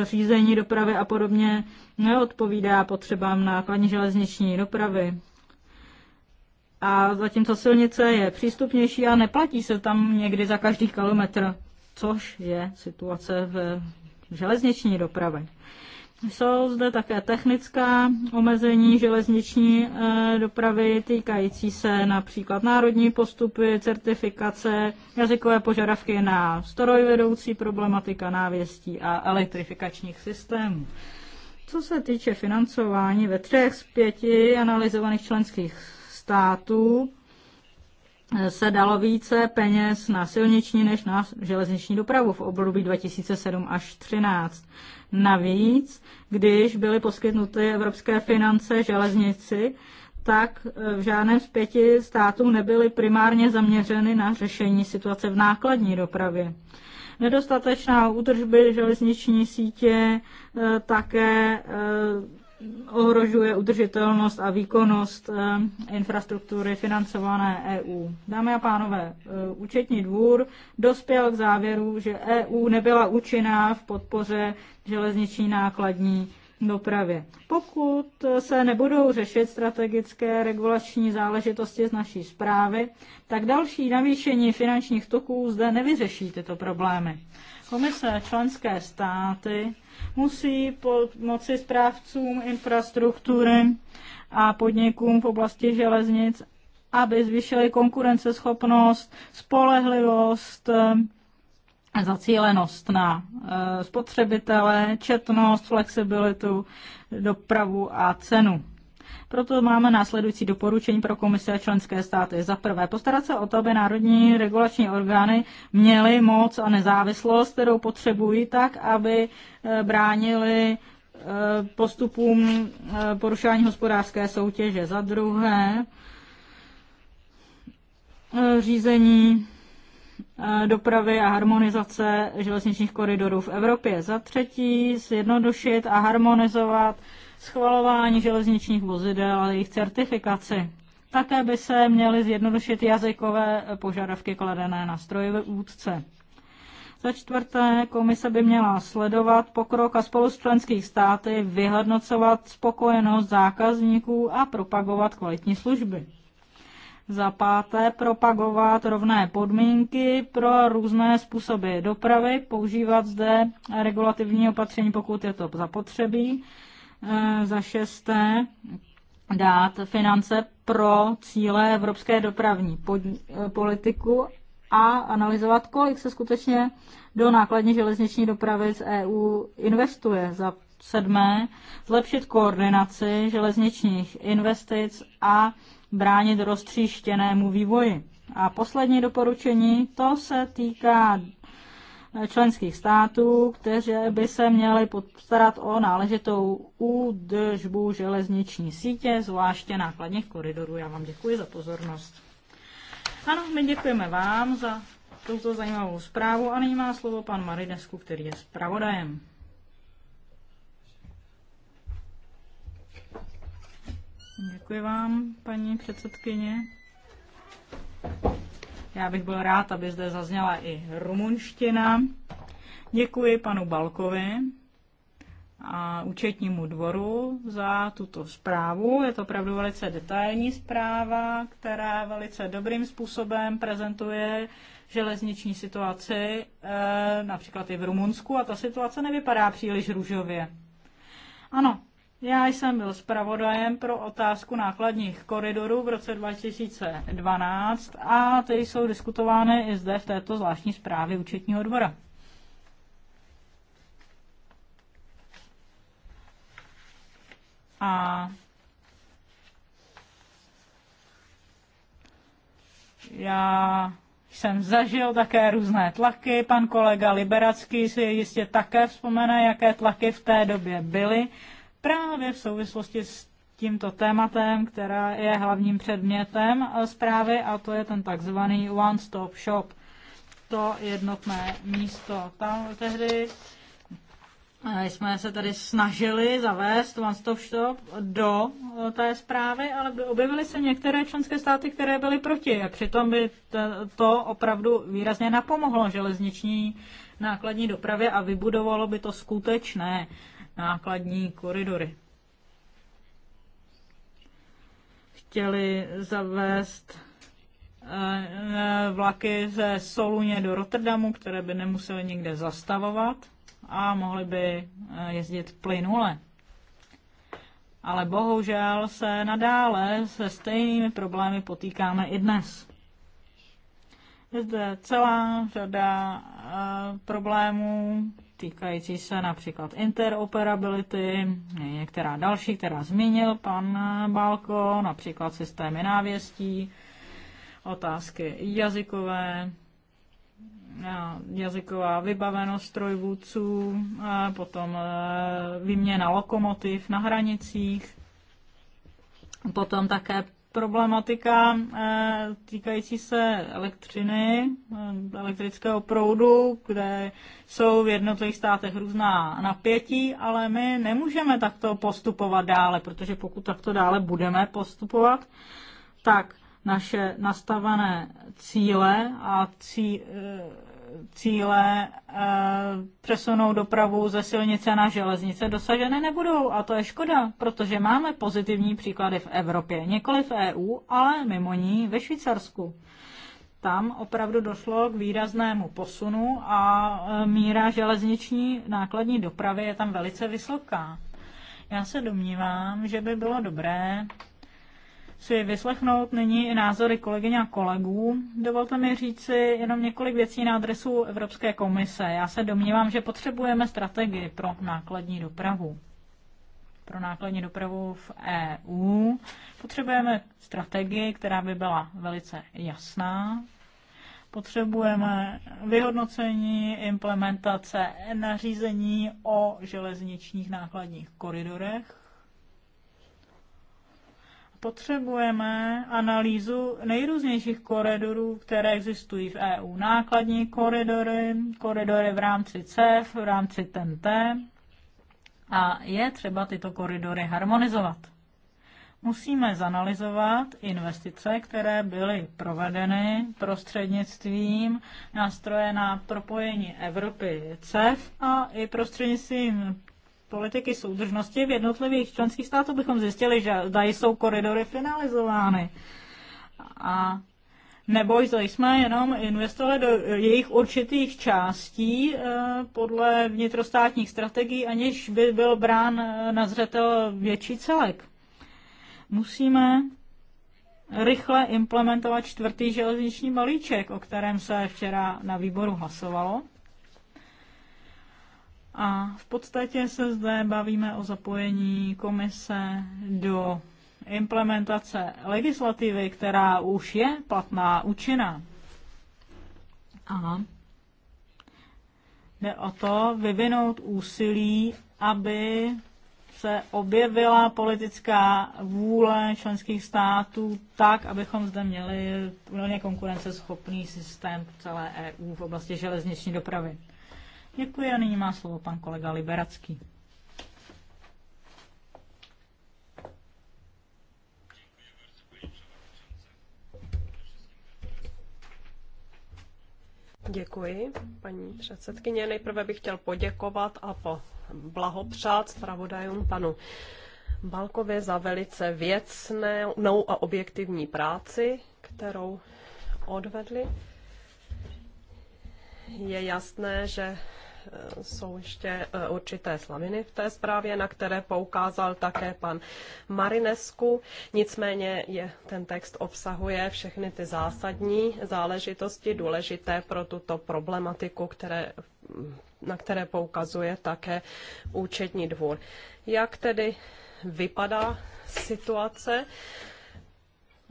řízení dopravy a podobně neodpovídá potřebám nákladní železniční dopravy. A zatímco silnice je přístupnější a neplatí se tam někdy za každý kilometr, což je situace v železniční dopravě. Jsou zde také technická omezení železniční eh, dopravy týkající se například národní postupy, certifikace, jazykové požadavky na strojvedoucí, problematika návěstí a elektrifikačních systémů. Co se týče financování ve třech z pěti analyzovaných členských států, eh, se dalo více peněz na silniční než na železniční dopravu v období 2007 až 2013. Navíc, když byly poskytnuty evropské finance železnici, tak eh, v žádném z pěti států nebyly primárně zaměřeny na řešení situace v nákladní dopravě. Nedostatečná údržby železniční sítě eh, také eh, ohrožuje udržitelnost a výkonnost eh, infrastruktury financované EU. Dámy a pánové, eh, účetní dvůr dospěl k závěru, že EU nebyla účinná v podpoře železniční nákladní dopravě. Pokud eh, se nebudou řešit strategické regulační záležitosti z naší zprávy, tak další navýšení finančních toků zde nevyřeší tyto problémy. Komise členské státy musí pomoci správcům infrastruktury a podnikům v oblasti železnic, aby zvýšili konkurenceschopnost, spolehlivost, eh, zacílenost na eh, spotřebitele, četnost, flexibilitu, dopravu a cenu. Proto máme následující doporučení pro komise a členské státy. Za prvé, postarat se o to, aby národní regulační orgány měly moc a nezávislost, kterou potřebují, tak, aby e, bránili e, postupům e, porušování hospodářské soutěže. Za druhé, řízení dopravy a harmonizace železničních koridorů v Evropě. Za třetí, zjednodušit a harmonizovat schvalování železničních vozidel a jejich certifikaci. Také by se měly zjednodušit jazykové požadavky kladené na strojové údce. Za čtvrté, komise by měla sledovat pokrok a spolu s členských státy vyhodnocovat spokojenost zákazníků a propagovat kvalitní služby. Za páté, propagovat rovné podmínky pro různé způsoby dopravy, používat zde regulativní opatření, pokud je to zapotřebí, Eh, za šesté dát finance pro cíle evropské dopravní eh, politiku a analyzovat, kolik se skutečně do nákladní železniční dopravy z EU investuje. Za sedmé, zlepšit koordinaci železničních investic a bránit roztříštěnému vývoji. A poslední doporučení, to se týká členských států, které by se měli postarat o náležitou údržbu železniční sítě, zvláště nákladních koridorů. Já vám děkuji za pozornost. Ano, my děkujeme vám za tuto zajímavou zprávu a nyní má slovo pan Maridesku, který je zpravodajem. Děkuji vám, paní předsedkyně. Já bych byl rád, aby zde zazněla i rumunština. Děkuji panu Balkovi a účetnímu dvoru za tuto zprávu. Je to opravdu velice detailní zpráva, která velice dobrým způsobem prezentuje železniční situaci, eh, například i v Rumunsku, a ta situace nevypadá příliš růžově. Ano, já jsem byl zpravodajem pro otázku nákladních koridorů v roce 2012 a ty jsou diskutovány i zde v této zvláštní zprávě účetního dvora. A já jsem zažil také různé tlaky. Pan kolega Liberacký si jistě také vzpomene, jaké tlaky v té době byly právě v souvislosti s tímto tématem, která je hlavním předmětem eh, zprávy, a to je ten takzvaný one-stop shop, to jednotné místo. Tam tehdy eh, jsme se tady snažili zavést One Stop Shop do eh, té zprávy, ale objevily se některé členské státy, které byly proti. A přitom by to opravdu výrazně napomohlo železniční nákladní dopravě a vybudovalo by to skutečné nákladní koridory. Chtěli zavést eh, eh, vlaky ze Soluně do Rotterdamu, které by nemuseli nikde zastavovat a mohli by eh, jezdit plynule. Ale bohužel se nadále se stejnými problémy potýkáme i dnes. Je zde celá řada problémů, týkající se například interoperability, některá další, která zmínil pan Balko, například systémy návěstí, otázky jazykové, jazyková vybavenost strojvůdců, potom e, výměna lokomotiv na hranicích, potom také problematika eh, týkající se elektřiny, eh, elektrického proudu, kde jsou v jednotlivých státech různá napětí, ale my nemůžeme takto postupovat dále, protože pokud takto dále budeme postupovat, tak naše nastavené cíle a cí, eh, cíle eh, přesunout dopravu ze silnice na železnice dosažené nebudou. A to je škoda, protože máme pozitivní příklady v Evropě. Nikoli v EU, ale mimo ní ve Švýcarsku. Tam opravdu došlo k výraznému posunu a eh, míra železniční nákladní dopravy je tam velice vysoká. Já se domnívám, že by bylo dobré si vyslechnout nyní i názory kolegyň a kolegů. Dovolte mi říci jenom několik věcí na adresu Evropské komise. Já se domnívám, že potřebujeme strategii pro nákladní dopravu. Pro nákladní dopravu v EU potřebujeme strategii, která by byla velice jasná. Potřebujeme vyhodnocení implementace nařízení o železničních nákladních koridorech potřebujeme analýzu nejrůznějších koridorů, které existují v EU. Nákladní koridory, koridory v rámci CEF, v rámci TNT a je třeba tyto koridory harmonizovat. Musíme zanalizovat investice, které byly provedeny prostřednictvím nástroje na propojení Evropy CEF a i prostřednictvím politiky soudržnosti v jednotlivých členských států, bychom zjistili, že zda jsou koridory finalizovány. A nebo jsme jenom investovali do jejich určitých částí eh, podle vnitrostátních strategií, aniž by byl brán eh, na zřetel větší celek. Musíme rychle implementovat čtvrtý železniční balíček, o kterém se včera na výboru hlasovalo. A v podstatě se zde bavíme o zapojení komise do implementace legislativy, která už je platná, účinná. A jde o to vyvinout úsilí, aby se objevila politická vůle členských států tak, abychom zde měli plně konkurenceschopný systém v celé EU v oblasti železniční dopravy. Děkuji a nyní má slovo pan kolega Liberacký. Děkuji, paní předsedkyně. Nejprve bych chtěl poděkovat a po blahopřát zpravodajům panu Balkově za velice věcnou a objektivní práci, kterou odvedli. Je jasné, že e, jsou ještě e, určité slaviny v té zprávě, na které poukázal také pan Marinesku. Nicméně je, ten text obsahuje všechny ty zásadní záležitosti důležité pro tuto problematiku, které, na které poukazuje také účetní dvůr. Jak tedy vypadá situace?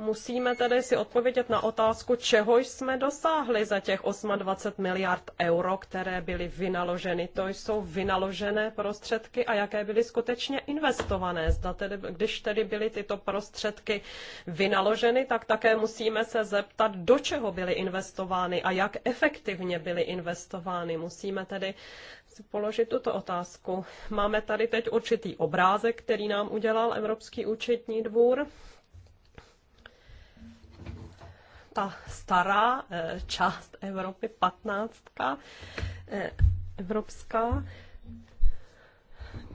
Musíme tedy si odpovědět na otázku, čeho jsme dosáhli za těch 28 miliard euro, které byly vynaloženy. To jsou vynaložené prostředky a jaké byly skutečně investované. Zda tedy, když tedy byly tyto prostředky vynaloženy, tak také musíme se zeptat, do čeho byly investovány a jak efektivně byly investovány. Musíme tedy si položit tuto otázku. Máme tady teď určitý obrázek, který nám udělal Evropský účetní dvůr ta stará eh, část Evropy, patnáctka eh, evropská,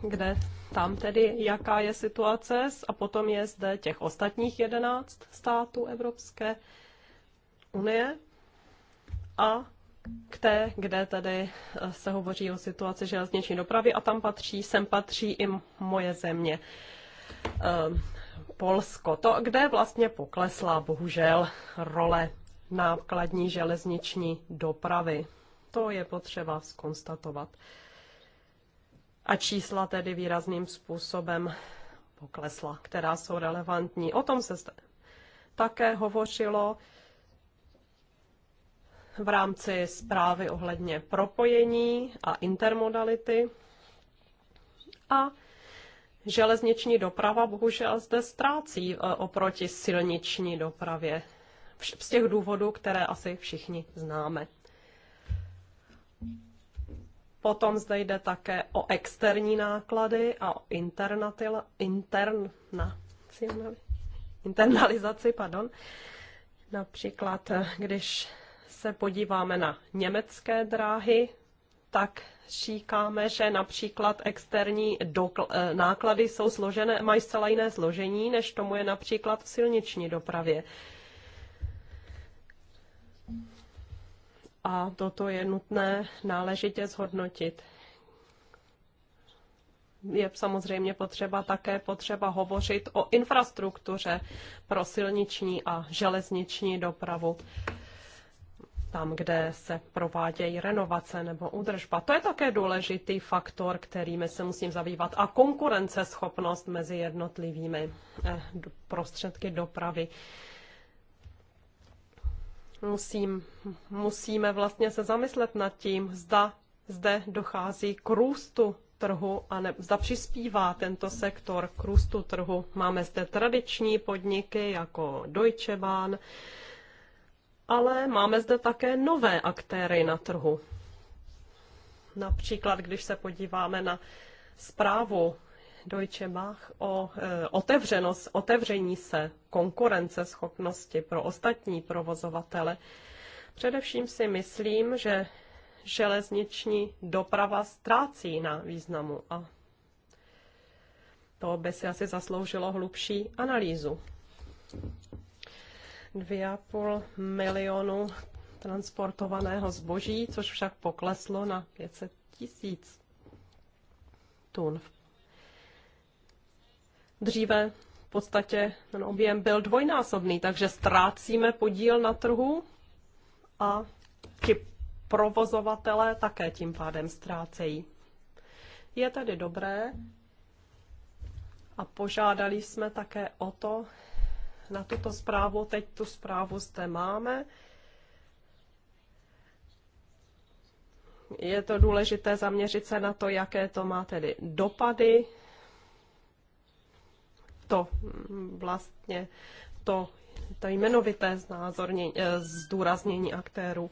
kde tam tedy jaká je situace a potom je zde těch ostatních jedenáct států Evropské unie a k té, kde tedy eh, se hovoří o situaci železniční dopravy a tam patří, sem patří i moje země. Ehm, Polsko, to, kde vlastně poklesla bohužel role nákladní železniční dopravy. To je potřeba skonstatovat. A čísla tedy výrazným způsobem poklesla, která jsou relevantní. O tom se také hovořilo v rámci zprávy ohledně propojení a intermodality. A železniční doprava bohužel zde ztrácí e, oproti silniční dopravě. Z těch důvodů, které asi všichni známe. Potom zde jde také o externí náklady a o interna, internalizaci. Pardon. Například, e, když se podíváme na německé dráhy, tak říkáme, že například externí eh, náklady jsou složené, mají zcela jiné složení, než tomu je například v silniční dopravě. A toto je nutné náležitě zhodnotit je samozřejmě potřeba také potřeba hovořit o infrastruktuře pro silniční a železniční dopravu tam, kde se provádějí renovace nebo údržba. To je také důležitý faktor, kterými se musím zabývat. A konkurenceschopnost mezi jednotlivými eh, prostředky dopravy. Musím, musíme vlastně se zamyslet nad tím, zda zde dochází k růstu trhu a ne, zda přispívá tento sektor k růstu trhu. Máme zde tradiční podniky jako Deutsche Bahn, ale máme zde také nové aktéry na trhu. Například, když se podíváme na zprávu Deutsche Bach o e, otevřenost, otevření se konkurence schopnosti pro ostatní provozovatele. Především si myslím, že železniční doprava ztrácí na významu a to by si asi zasloužilo hlubší analýzu. 2,5 milionu transportovaného zboží, což však pokleslo na 500 tisíc tun. Dříve v podstatě ten objem byl dvojnásobný, takže ztrácíme podíl na trhu a ti provozovatelé také tím pádem ztrácejí. Je tedy dobré a požádali jsme také o to, na tuto zprávu. Teď tu zprávu zde máme. Je to důležité zaměřit se na to, jaké to má tedy dopady. To mm, vlastně to to jmenovité eh, zdůraznění aktérů.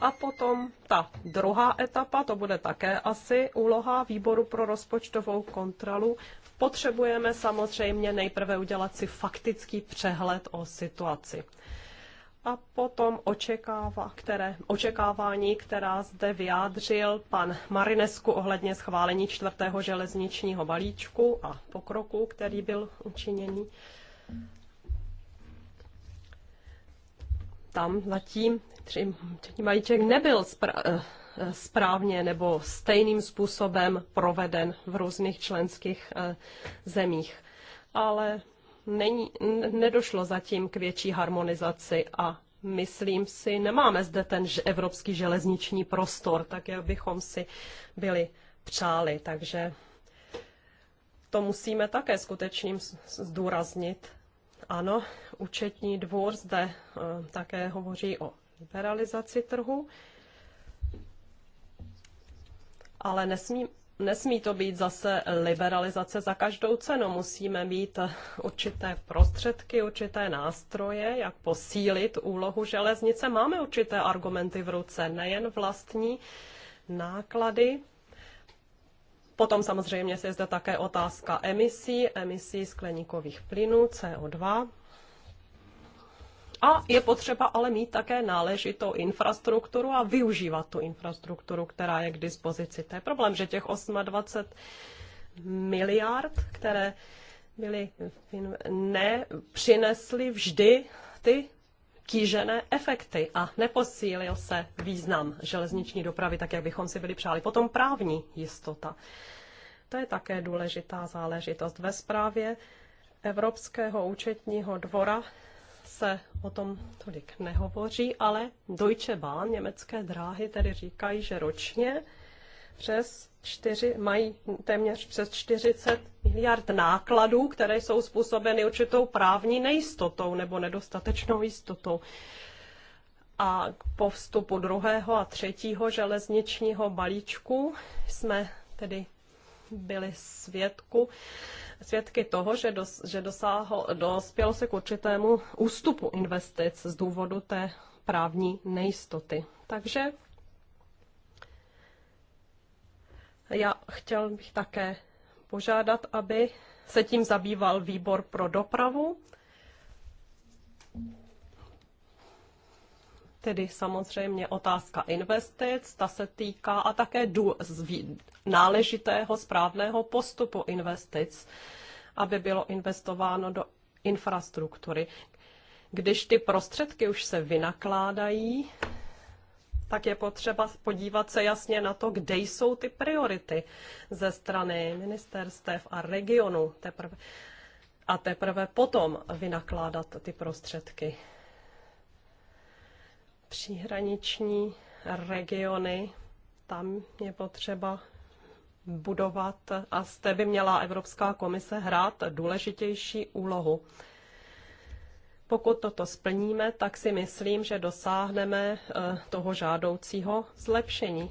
A potom ta druhá etapa, to bude také asi úloha výboru pro rozpočtovou kontrolu. Potřebujeme samozřejmě nejprve udělat si faktický přehled o situaci. A potom očekává, které, očekávání, která zde vyjádřil pan Marinesku ohledně schválení čtvrtého železničního balíčku a pokroku, který byl učiněný. tam zatím třetí malíček nebyl eh, správně nebo stejným způsobem proveden v různých členských eh, zemích. Ale není, nedošlo zatím k větší harmonizaci a myslím si, nemáme zde ten evropský železniční prostor, tak jak bychom si byli přáli. Takže to musíme také skutečně zdůraznit ano, účetní dvůr zde eh, také hovoří o liberalizaci trhu, ale nesmí, nesmí to být zase liberalizace za každou cenu. Musíme mít eh, určité prostředky, určité nástroje, jak posílit úlohu železnice. Máme určité argumenty v ruce, nejen vlastní náklady, Potom samozřejmě se zde také otázka emisí, emisí skleníkových plynů, CO2. A je potřeba ale mít také náležitou infrastrukturu a využívat tu infrastrukturu, která je k dispozici. To je problém, že těch 28 miliard, které byly, ne, přinesly vždy ty kýžené efekty a neposílil se význam železniční dopravy tak, jak bychom si byli přáli. Potom právní jistota. To je také důležitá záležitost. Ve zprávě Evropského účetního dvora se o tom tolik nehovoří, ale Deutsche Bahn, německé dráhy, tedy říkají, že ročně přes 4, mají téměř přes 40 miliard nákladů, které jsou způsobeny určitou právní nejistotou nebo nedostatečnou jistotou. A po vstupu druhého a třetího železničního balíčku jsme tedy byli svědku, svědky toho, že, dos, že dosáhl, dospělo se k určitému ústupu investic z důvodu té právní nejistoty. Takže Já chtěl bych také požádat, aby se tím zabýval výbor pro dopravu. Tedy samozřejmě otázka investic, ta se týká a také dů, náležitého správného postupu investic, aby bylo investováno do infrastruktury. Když ty prostředky už se vynakládají, tak je potřeba podívat se jasně na to, kde jsou ty priority ze strany ministerstev a regionu teprve. A teprve potom vynakládat ty prostředky. Příhraniční regiony, tam je potřeba budovat a zde by měla Evropská komise hrát důležitější úlohu. Pokud toto splníme, tak si myslím, že dosáhneme eh, toho žádoucího zlepšení.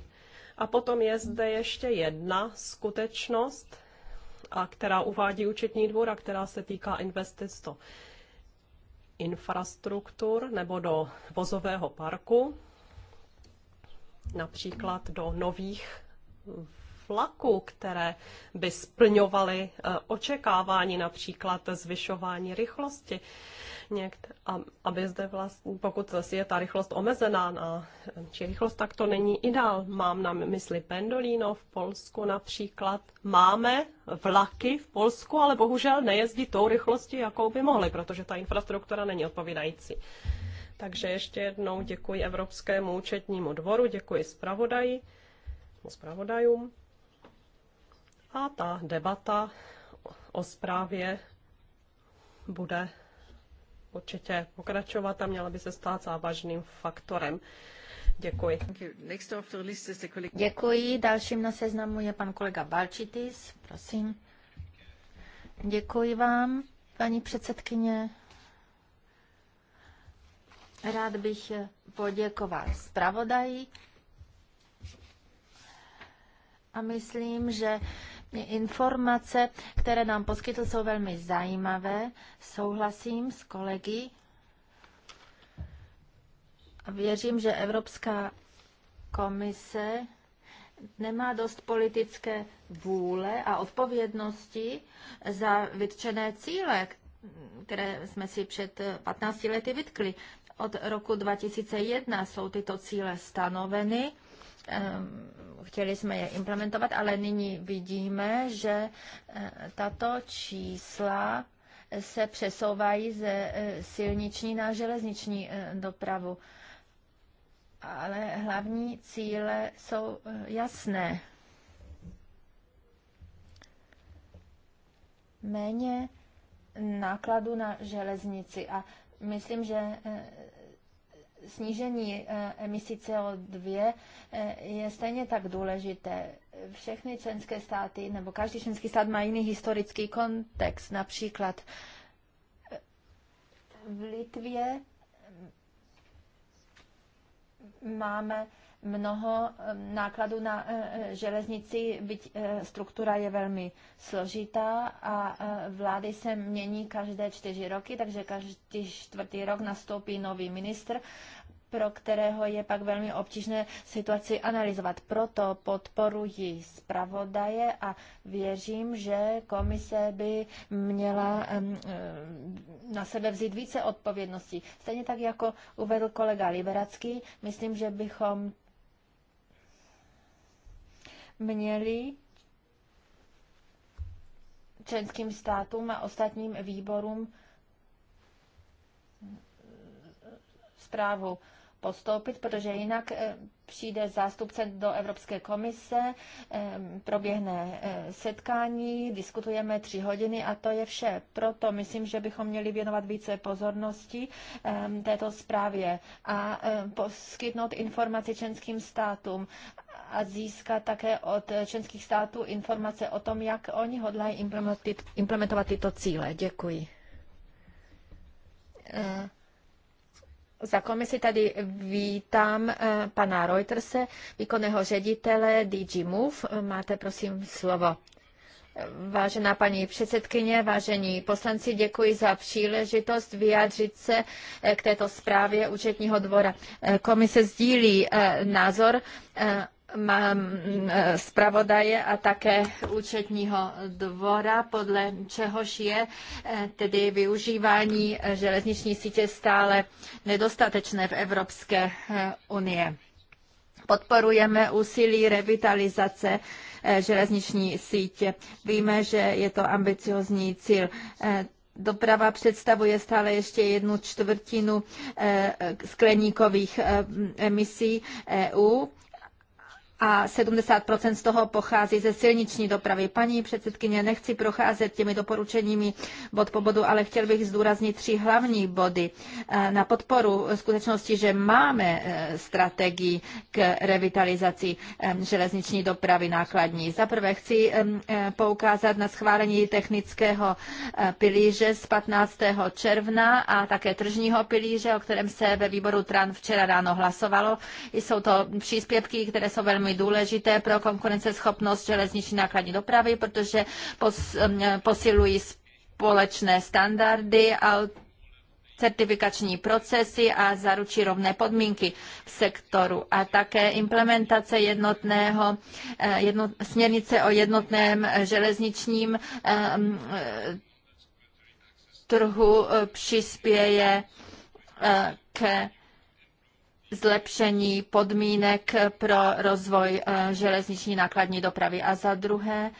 A potom je zde ještě jedna skutečnost, a která uvádí účetní dvůr a která se týká investic do infrastruktur nebo do vozového parku, například do nových tlaku, které by splňovaly eh, očekávání, například zvyšování rychlosti. Někde, aby zde vlastně, pokud je ta rychlost omezená na či rychlost, tak to není ideál. Mám na mysli Pendolino v Polsku například. Máme vlaky v Polsku, ale bohužel nejezdí tou rychlostí, jakou by mohly, protože ta infrastruktura není odpovídající. Takže ještě jednou děkuji Evropskému účetnímu dvoru, děkuji zpravodaji, no, zpravodajům a ta debata o zprávě bude určitě pokračovat a měla by se stát závažným faktorem. Děkuji. Děkuji. Dalším na seznamu je pan kolega Balčitis. Prosím. Děkuji vám, paní předsedkyně. Rád bych poděkoval zpravodaji a myslím, že Informace, které nám poskytl, jsou velmi zajímavé. Souhlasím s kolegy. Věřím, že Evropská komise nemá dost politické vůle a odpovědnosti za vytčené cíle, které jsme si před 15 lety vytkli. Od roku 2001 jsou tyto cíle stanoveny Ehm, chtěli jsme je implementovat, ale nyní vidíme, že eh, tato čísla eh, se přesouvají ze eh, silniční na železniční dopravu. Ale hlavní cíle jsou jasné. Méně nákladu na železnici a myslím, že snížení eh, emisí CO2 eh, je stejně tak důležité. Všechny členské státy, nebo každý členský stát má jiný historický kontext. Například eh, v Litvě mm, máme mnoho eh, nákladů na eh, eh, železnici, byť struktura je velmi složitá a vlády se mění každé čtyři roky, takže každý čtvrtý rok nastoupí nový ministr pro kterého je pak velmi obtížné situaci analyzovat. Proto podporuji zpravodaje a věřím, že komise by měla na sebe vzít více odpovědností. Stejně tak, jako uvedl kolega Liberacký, myslím, že bychom měli členským státům a ostatním výborům zprávu postoupit, protože jinak eh, přijde zástupce do Evropské komise, eh, proběhne eh, setkání, diskutujeme tři hodiny a to je vše. Proto myslím, že bychom měli věnovat více pozornosti této zprávě a poskytnout informaci členským státům a získat také od členských států informace o tom, jak oni hodlají implementovat tyto cíle. Děkuji. Za komisi tady vítám eh, pana Reuterse, výkonného ředitele DG Move. Máte prosím slovo. Vážená paní předsedkyně, vážení poslanci, děkuji za příležitost vyjádřit se eh, k této zprávě účetního dvora. Eh, komise sdílí názor Eh, zpravodaje a také účetního dvora, podle čehož je eh, tedy využívání železniční sítě stále nedostatečné v Evropské eh, unie. Podporujeme úsilí revitalizace železniční sítě. Víme, že je to ambiciozní cíl. Doprava představuje stále ještě jednu čtvrtinu skleníkových emisí EU a 70% z toho pochází ze silniční dopravy. Paní předsedkyně, nechci procházet těmi doporučeními bod po bodu, ale chtěl bych zdůraznit tři hlavní body eh, na podporu skutečnosti, že máme eh, strategii k revitalizaci eh, železniční dopravy nákladní. Za prvé chci poukázat na schválení technického pilíře z 15. června a také tržního pilíře, o kterém se ve výboru TRAN včera ráno hlasovalo. Jsou to příspěvky, které jsou velmi důležité pro konkurenceschopnost železniční nákladní dopravy, protože mm, posilují společné standardy, certifikační procesy a zaručí rovné podmínky v sektoru a také implementace jednotného, eh, jedno, směrnice o jednotném železničním eh, mm, trhu eh, přispěje k zlepšení podmínek pro rozvoj eh, železniční nákladní dopravy. A za druhé,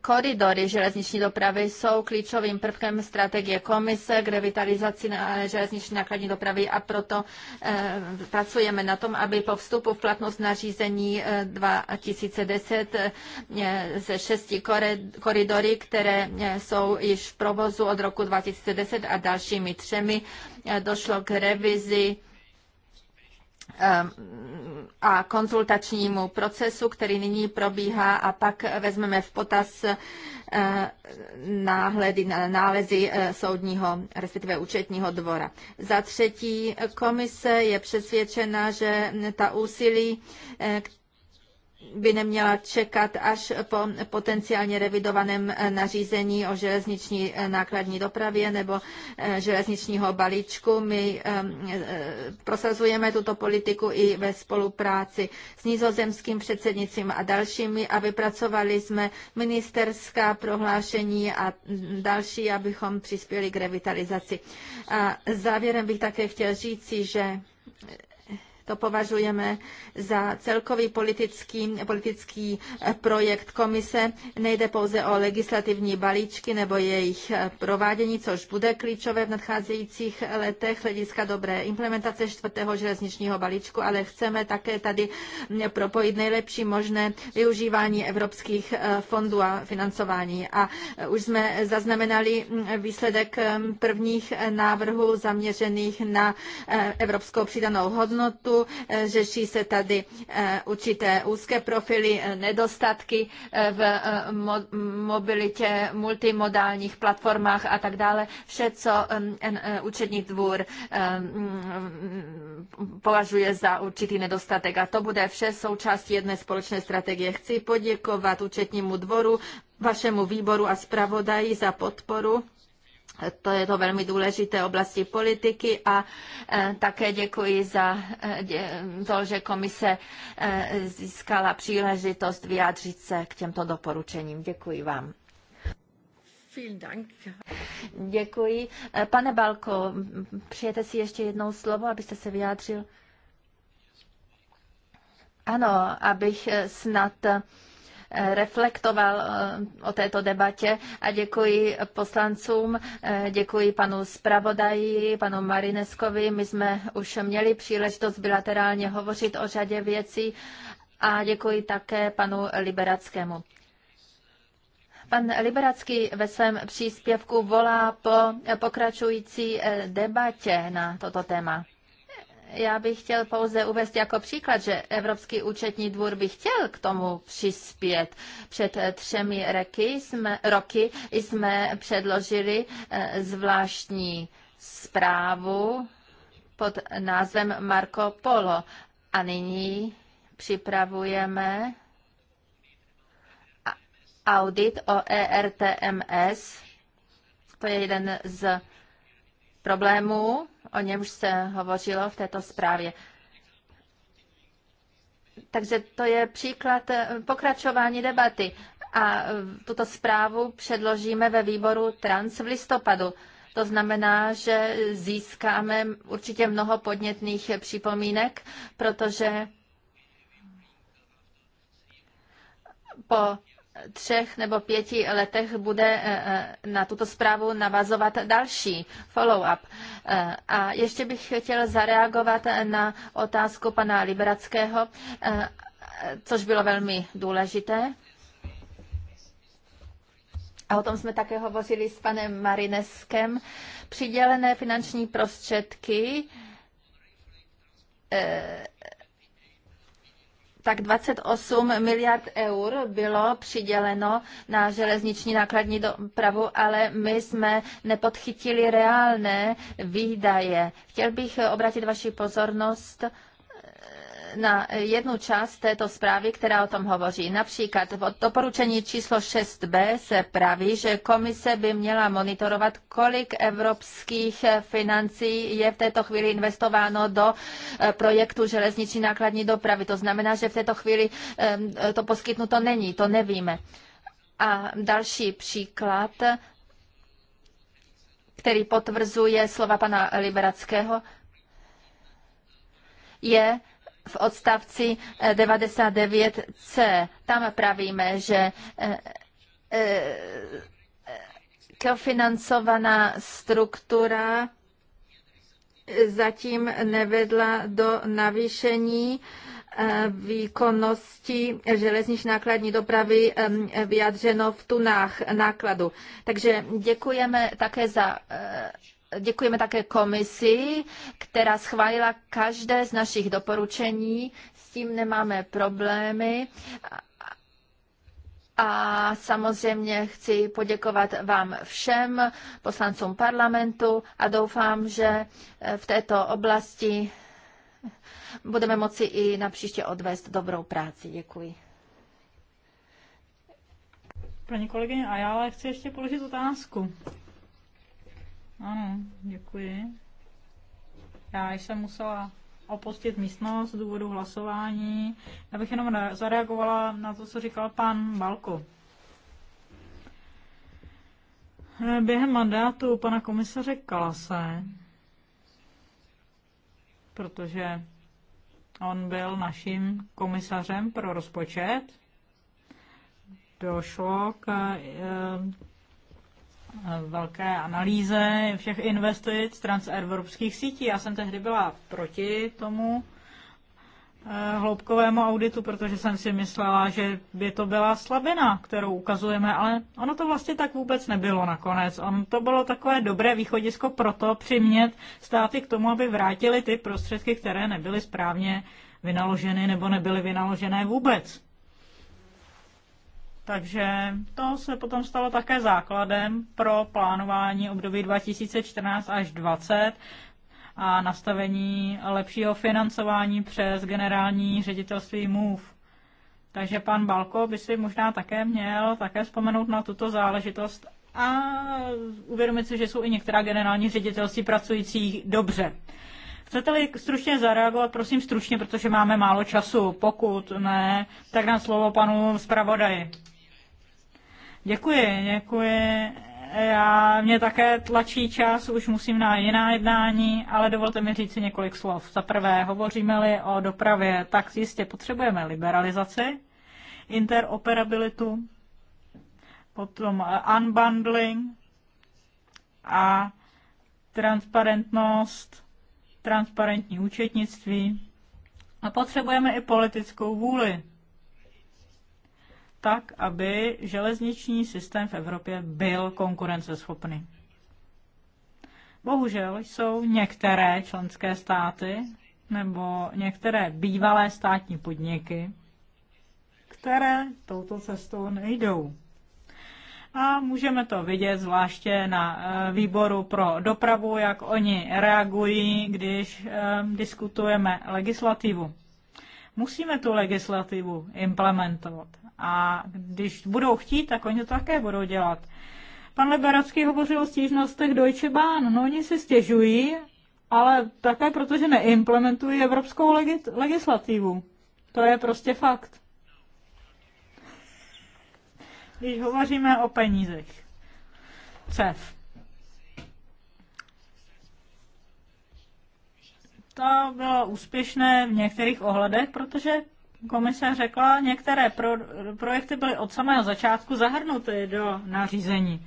koridory železniční dopravy jsou klíčovým prvkem strategie komise k revitalizaci železniční nákladní dopravy a proto eh, pracujeme na tom, aby po vstupu v platnost nařízení 2010 eh, ze šesti koridory, které jsou již v provozu od roku 2010 a dalšími třemi, došlo k revizi Ehm, a konzultačnímu procesu, který nyní probíhá a pak vezmeme v potaz eh, náhledy, nálezy eh, soudního, respektive účetního dvora. Za třetí, komise je přesvědčena, že ta úsilí, eh, by neměla čekat až po potenciálně revidovaném eh, nařízení o železniční eh, nákladní dopravě nebo eh, železničního balíčku. My ehm, prosazujeme tuto politiku i ve spolupráci s nizozemským předsednicím a dalšími a vypracovali jsme ministerská prohlášení a další, abychom přispěli k revitalizaci. A závěrem bych také chtěl říci, že to považujeme za celkový politický, politický eh, projekt komise. Nejde pouze o legislativní balíčky nebo jejich eh, provádění, což bude klíčové v nadcházejících eh, letech hlediska dobré implementace čtvrtého železničního balíčku, ale chceme také tady mm, propojit nejlepší možné využívání evropských fondů a financování. A už jsme zaznamenali mm, výsledek prvních návrhů zaměřených na evropskou přidanou hodnotu státu. Eh, řeší se tady eh, určité úzké profily, eh, nedostatky v mobilitě, multimodálních platformách a tak dále. Vše, co účetní dvůr mm, považuje za určitý nedostatek. A to bude vše součástí jedné společné strategie. Chci poděkovat účetnímu dvoru, vašemu výboru a zpravodaji za podporu to je to velmi důležité oblasti politiky a e, také děkuji za e, to, že komise e, získala příležitost vyjádřit se k těmto doporučením. Děkuji vám. Děkuji. Pane Balko, přijete si ještě jednou slovo, abyste se vyjádřil? Ano, abych snad reflektoval eh, o této debatě a děkuji poslancům, eh, děkuji panu zpravodaji, panu Marineskovi. My jsme už měli příležitost bilaterálně hovořit o řadě věcí a děkuji také panu Liberackému. Pan Liberacký ve svém příspěvku volá po pokračující eh, debatě na toto téma. Já bych chtěl pouze uvést jako příklad, že Evropský účetní dvůr by chtěl k tomu přispět. Před třemi reky jsme, roky jsme předložili eh, zvláštní zprávu pod názvem Marco Polo a nyní připravujeme audit o ERTMS. To je jeden z problému, o němž se hovořilo v této zprávě. Takže to je příklad eh, pokračování debaty a eh, tuto zprávu předložíme ve výboru Trans v listopadu. To znamená, že získáme určitě mnoho podnětných připomínek, protože po třech nebo pěti letech bude eh, eh, na tuto zprávu navazovat další follow-up. Eh, a ještě bych chtěl zareagovat na otázku pana Liberackého, což bylo velmi důležité. A o tom jsme také hovořili s panem Marineskem. Přidělené finanční prostředky tak 28 miliard eur bylo přiděleno na železniční nákladní dopravu, ale my jsme nepodchytili reálné výdaje. Chtěl bych obrátit vaši pozornost na jednu část této zprávy, která o tom hovoří. Například v doporučení číslo 6b se praví, že komise by měla monitorovat, kolik evropských financí je v této chvíli investováno do eh, projektu železniční nákladní dopravy. To znamená, že v této chvíli eh, to poskytnuto není, to nevíme. A další příklad, který potvrzuje slova pana Liberackého, je v odstavci 99c. Eh, Tam pravíme, že eh, eh, kofinancovaná struktura zatím nevedla do navýšení výkonnosti železniční nákladní dopravy vyjadřeno v tunách nákladu. Takže děkujeme také za Děkujeme také komisi, která schválila každé z našich doporučení. S tím nemáme problémy. A samozřejmě chci poděkovat vám všem, poslancům parlamentu a doufám, že v této oblasti budeme moci i na příště odvést dobrou práci. Děkuji. Paní kolegyně a ale chci ještě položit otázku. Ano, děkuji. Já jsem musela opustit místnost z důvodu hlasování. Já bych jenom zareagovala na to, co říkal pan Balko. Během mandátu pana komisaře Kalase, protože on byl naším komisařem pro rozpočet, došlo k eh, velké analýze všech investic transevropských sítí. Já jsem tehdy byla proti tomu eh, hloubkovému auditu, protože jsem si myslela, že by to byla slabina, kterou ukazujeme, ale ono to vlastně tak vůbec nebylo nakonec. Ono to bylo takové dobré východisko pro to přimět státy k tomu, aby vrátili ty prostředky, které nebyly správně vynaloženy nebo nebyly vynaložené vůbec. Takže to se potom stalo také základem pro plánování období 2014 až 2020 a nastavení lepšího financování přes generální ředitelství MOVE. Takže pan Balko by si možná také měl také vzpomenout na tuto záležitost a uvědomit si, že jsou i některá generální ředitelství pracující dobře. Chcete-li stručně zareagovat, prosím stručně, protože máme málo času. Pokud ne, tak dám slovo panu zpravodaji. Děkuji, děkuji. Já, mě také tlačí čas, už musím na jiná jednání, ale dovolte mi říct si několik slov. Za prvé, hovoříme-li o dopravě, tak jistě potřebujeme liberalizaci, interoperabilitu, potom unbundling a transparentnost, transparentní účetnictví a potřebujeme i politickou vůli tak, aby železniční systém v Evropě byl konkurenceschopný. Bohužel jsou některé členské státy nebo některé bývalé státní podniky, které touto cestou nejdou. A můžeme to vidět zvláště na eh, výboru pro dopravu, jak oni reagují, když eh, diskutujeme legislativu. Musíme tu legislativu implementovat. A když budou chtít, tak oni to také budou dělat. Pan Liberacký hovořil o stížnostech Deutsche Bahn. No oni si stěžují, ale také protože neimplementují evropskou legislativu. To je prostě fakt. Když hovoříme o penízech. CEF. To bylo úspěšné v některých ohledech, protože komise řekla, některé pro, projekty byly od samého začátku zahrnuty do nařízení.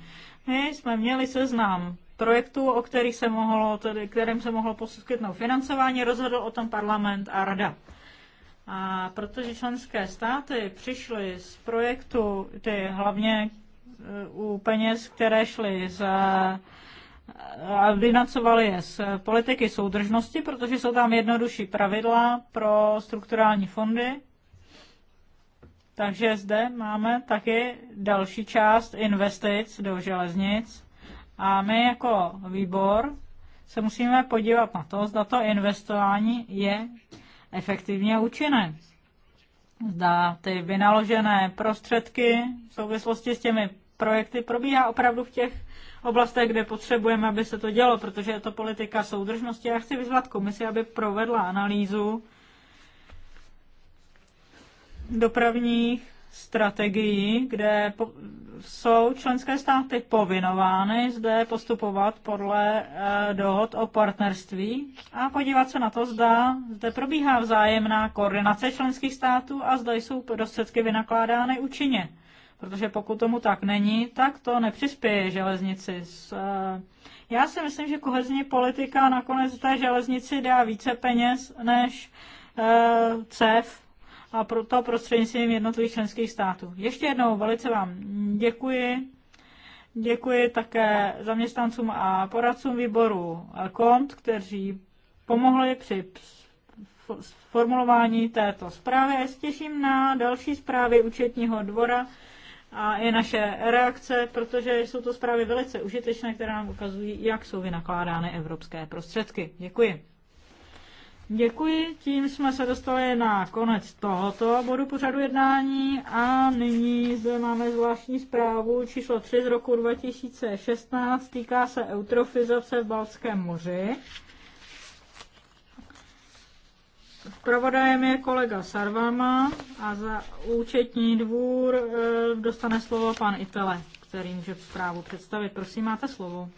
My jsme měli seznam projektů, o kterých se mohlo, tedy, kterým se mohlo poskytnout financování, rozhodl o tom parlament a rada. A protože členské státy přišly z projektu, ty hlavně e, u peněz, které šly z e, a vynacovaly je z politiky soudržnosti, protože jsou tam jednodušší pravidla pro strukturální fondy takže zde máme taky další část investic do železnic a my jako výbor se musíme podívat na to, zda to investování je efektivně účinné. Zda ty vynaložené prostředky v souvislosti s těmi projekty probíhá opravdu v těch oblastech, kde potřebujeme, aby se to dělo, protože je to politika soudržnosti. Já chci vyzvat komisi, aby provedla analýzu dopravních strategií, kde jsou členské státy povinovány zde postupovat podle eh, dohod o partnerství a podívat se na to, zda zde probíhá vzájemná koordinace členských států a zda jsou prostředky vynakládány účinně. Protože pokud tomu tak není, tak to nepřispěje železnici. Eh, já si myslím, že kohezní politika nakonec té železnici dá více peněz než eh, CEF, a proto prostřednictvím jednotlivých členských států. Ještě jednou velice vám děkuji. Děkuji také zaměstnancům a poradcům výboru KONT, kteří pomohli při formulování této zprávy. Já se těším na další zprávy účetního dvora a i naše reakce, protože jsou to zprávy velice užitečné, které nám ukazují, jak jsou vynakládány evropské prostředky. Děkuji. Děkuji, tím jsme se dostali na konec tohoto bodu pořadu jednání a nyní zde máme zvláštní zprávu číslo 3 z roku 2016, týká se eutrofizace v Balckém moři. Pravodajem je kolega Sarvama a za účetní dvůr eh, dostane slovo pan Itele, který může zprávu představit. Prosím, máte slovo.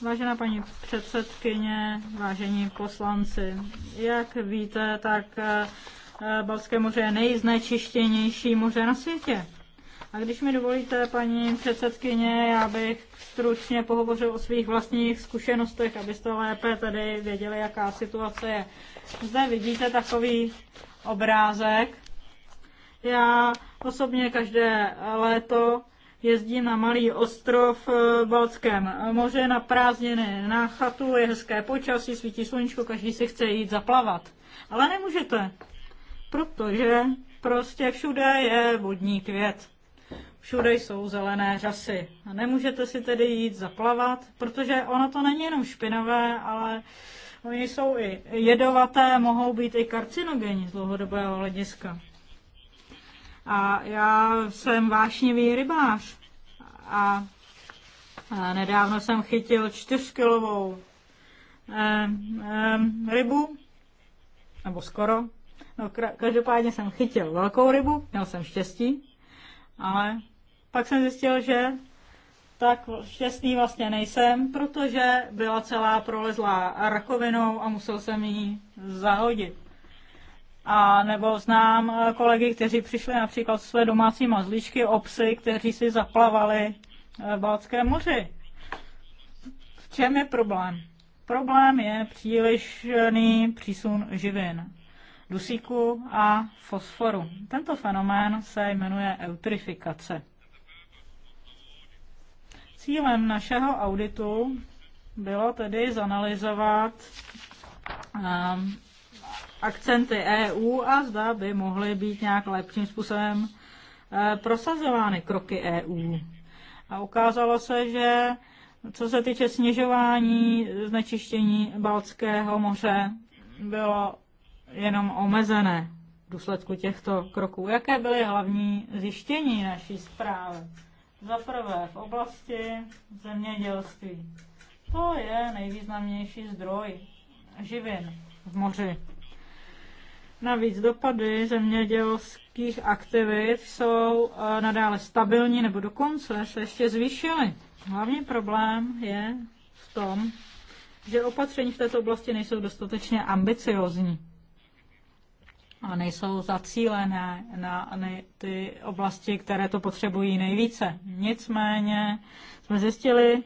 Vážená paní předsedkyně, vážení poslanci, jak víte, tak eh, Balské moře je nejznečištěnější moře na světě. A když mi dovolíte, paní předsedkyně, já bych stručně pohovořil o svých vlastních zkušenostech, abyste lépe tady věděli, jaká situace je. Zde vidíte takový obrázek. Já osobně každé léto jezdím na malý ostrov eh, v Balckém moře na prázdniny, na chatu, je hezké počasí, svítí sluníčko, každý si chce jít zaplavat. Ale nemůžete, protože prostě všude je vodní květ. Všude jsou zelené řasy. A nemůžete si tedy jít zaplavat, protože ono to není jenom špinavé, ale oni jsou i jedovaté, mohou být i karcinogenní z dlouhodobého hlediska. A já jsem vášnivý rybář a nedávno jsem chytil čtyřkilovou eh, eh, rybu, nebo skoro. No, každopádně jsem chytil velkou rybu, měl jsem štěstí, ale pak jsem zjistil, že tak šťastný vlastně nejsem, protože byla celá prolezlá rakovinou a musel jsem ji zahodit. A nebo znám eh, kolegy, kteří přišli například své domácí mazlíčky, obsy, kteří si zaplavali eh, v Balckém moři. V čem je problém? Problém je přílišný přísun živin, dusíku a fosforu. Tento fenomén se jmenuje eutrifikace. Cílem našeho auditu bylo tedy zanalizovat um, akcenty EU a zda by mohly být nějak lepším způsobem eh, prosazovány kroky EU. A ukázalo se, že co se týče snižování znečištění Balckého moře, bylo jenom omezené v důsledku těchto kroků. Jaké byly hlavní zjištění naší zprávy? Za prvé v oblasti zemědělství. To je nejvýznamnější zdroj živin v moři. Navíc dopady zemědělských aktivit jsou eh, nadále stabilní nebo dokonce se ještě zvýšily. Hlavní problém je v tom, že opatření v této oblasti nejsou dostatečně ambiciozní a nejsou zacílené na ty oblasti, které to potřebují nejvíce. Nicméně jsme zjistili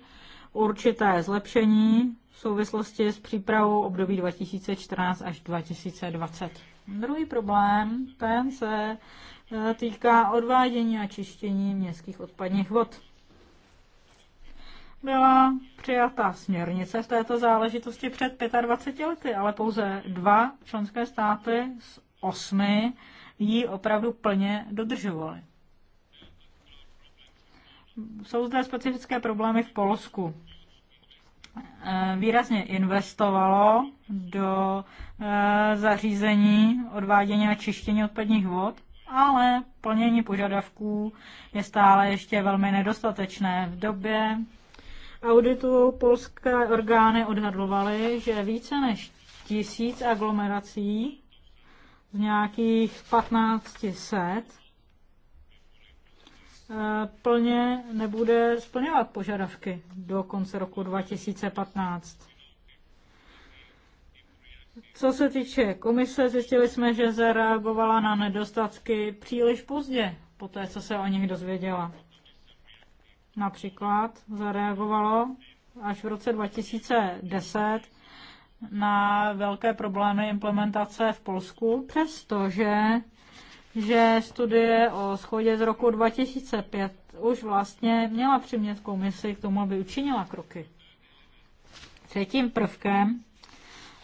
určité zlepšení v souvislosti s přípravou období 2014 až 2020. Druhý problém, ten se e, týká odvádění a čištění městských odpadních vod. Byla přijata směrnice v této záležitosti před 25 lety, ale pouze dva členské státy z osmi ji opravdu plně dodržovaly. Jsou zde specifické problémy v Polsku. Eh, výrazně investovalo do eh, zařízení odvádění a čištění odpadních vod, ale plnění požadavků je stále ještě velmi nedostatečné. V době auditu polské orgány odhadlovaly, že více než tisíc aglomerací z nějakých 1500 Eh, plně nebude splňovat požadavky do konce roku 2015. Co se týče komise, zjistili jsme, že zareagovala na nedostatky příliš pozdě, po té, co se o nich dozvěděla. Například zareagovalo až v roce 2010 na velké problémy implementace v Polsku, přestože že studie o schodě z roku 2005 už vlastně měla přimět komisi k tomu, aby učinila kroky. Třetím prvkem,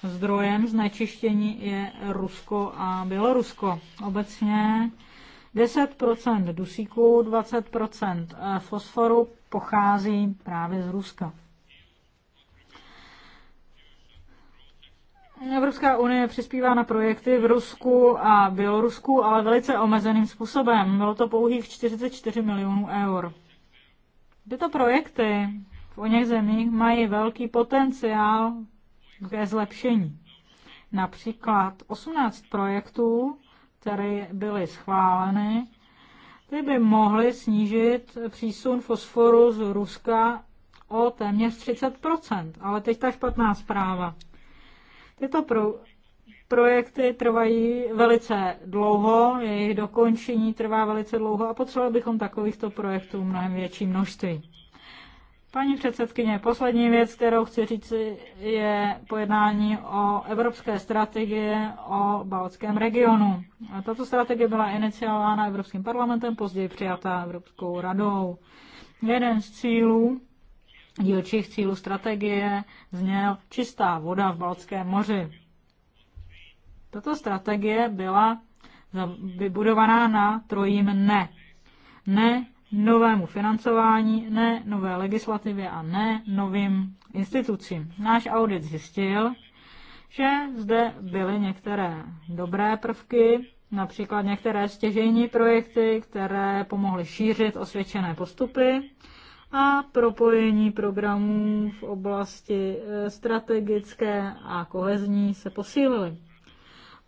zdrojem znečištění je Rusko a Bělorusko. Obecně 10 dusíku, 20 fosforu pochází právě z Ruska. Evropská unie přispívá na projekty v Rusku a Bělorusku, ale velice omezeným způsobem. Bylo to pouhých 44 milionů eur. Tyto projekty v o něch zemích mají velký potenciál ke zlepšení. Například 18 projektů, které byly schváleny, ty by mohly snížit přísun fosforu z Ruska o téměř 30 ale teď ta špatná zpráva. Tyto pro, projekty trvají velice dlouho, jejich dokončení trvá velice dlouho a potřebovali bychom takovýchto projektů mnohem větší množství. Paní předsedkyně, poslední věc, kterou chci říct, je pojednání o evropské strategie o Balckém regionu. Tato strategie byla iniciována Evropským parlamentem, později přijata Evropskou radou. Jeden z cílů dílčích cílů strategie zněl čistá voda v Baltském moři. Tato strategie byla vybudovaná na trojím ne. Ne novému financování, ne nové legislativě a ne novým institucím. Náš audit zjistil, že zde byly některé dobré prvky, například některé stěžejní projekty, které pomohly šířit osvědčené postupy, a propojení programů v oblasti eh, strategické a kohezní se posílily.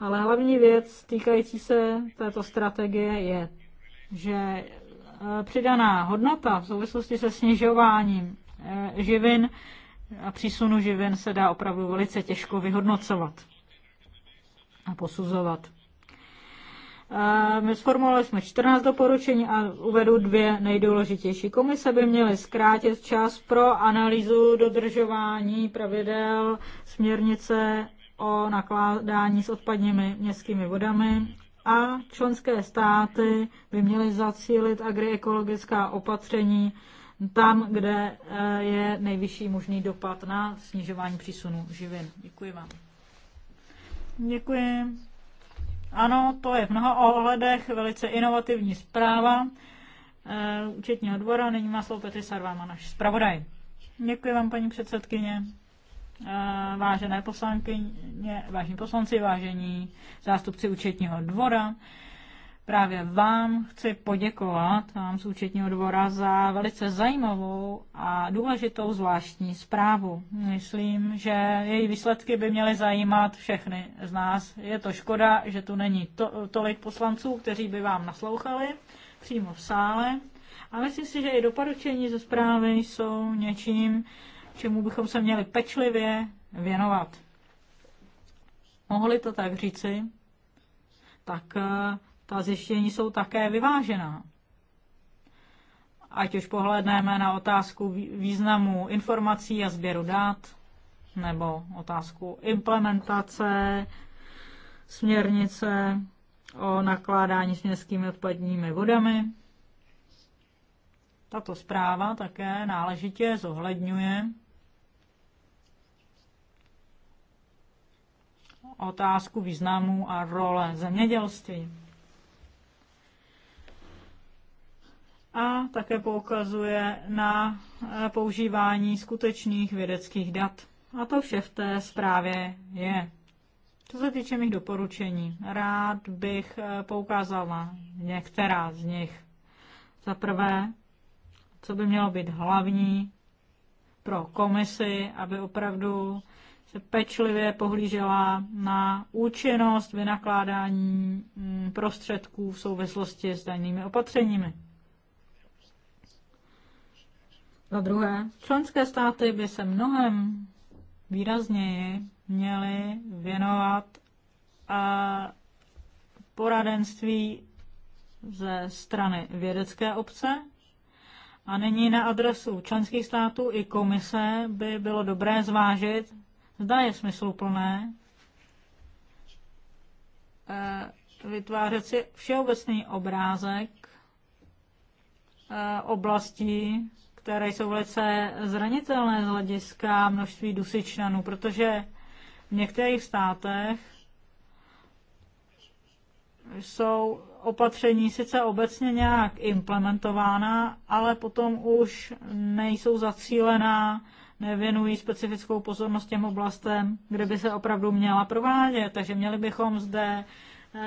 Ale hlavní věc týkající se této strategie je, že eh, přidaná hodnota v souvislosti se snižováním eh, živin a přísunu živin se dá opravdu velice těžko vyhodnocovat a posuzovat. Sformulovali jsme 14 doporučení a uvedu dvě nejdůležitější. Komise by měly zkrátit čas pro analýzu dodržování pravidel směrnice o nakládání s odpadními městskými vodami a členské státy by měly zacílit agriekologická opatření tam, kde eh, je nejvyšší možný dopad na snižování přísunu živin. Děkuji vám. Děkuji. Ano, to je v mnoha ohledech velice inovativní zpráva. Eh, účetního dvora, nyní má slovo Petr Sarváma, náš zpravodaj. Děkuji vám, paní předsedkyně. Eh, vážené poslankyně, vážení poslanci, vážení zástupci účetního dvora. Právě vám chci poděkovat, vám z účetního dvora, za velice zajímavou a důležitou zvláštní zprávu. Myslím, že její výsledky by měly zajímat všechny z nás. Je to škoda, že tu není to, tolik poslanců, kteří by vám naslouchali přímo v sále. A myslím si, že i doporučení ze zprávy jsou něčím, čemu bychom se měli pečlivě věnovat. Mohli to tak říci, tak eh, ta zjištění jsou také vyvážená. Ať už pohledneme na otázku významu informací a sběru dat, nebo otázku implementace směrnice o nakládání s městskými odpadními vodami. Tato zpráva také náležitě zohledňuje otázku významu a role zemědělství. a také poukazuje na eh, používání skutečných vědeckých dat. A to vše v té zprávě je. Co se týče mých doporučení, rád bych eh, poukázal na některá z nich. Za prvé, co by mělo být hlavní pro komisi, aby opravdu se pečlivě pohlížela na účinnost vynakládání mm, prostředků v souvislosti s danými opatřeními. Za druhé, členské státy by se mnohem výrazněji měly věnovat a eh, poradenství ze strany vědecké obce. A nyní na adresu členských států i komise by bylo dobré zvážit, zda je smysluplné eh, vytvářet si všeobecný obrázek eh, oblastí které jsou velice zranitelné z hlediska množství dusičnanů, protože v některých státech jsou opatření sice obecně nějak implementována, ale potom už nejsou zacílená, nevěnují specifickou pozornost těm oblastem, kde by se opravdu měla provádět. Takže měli bychom zde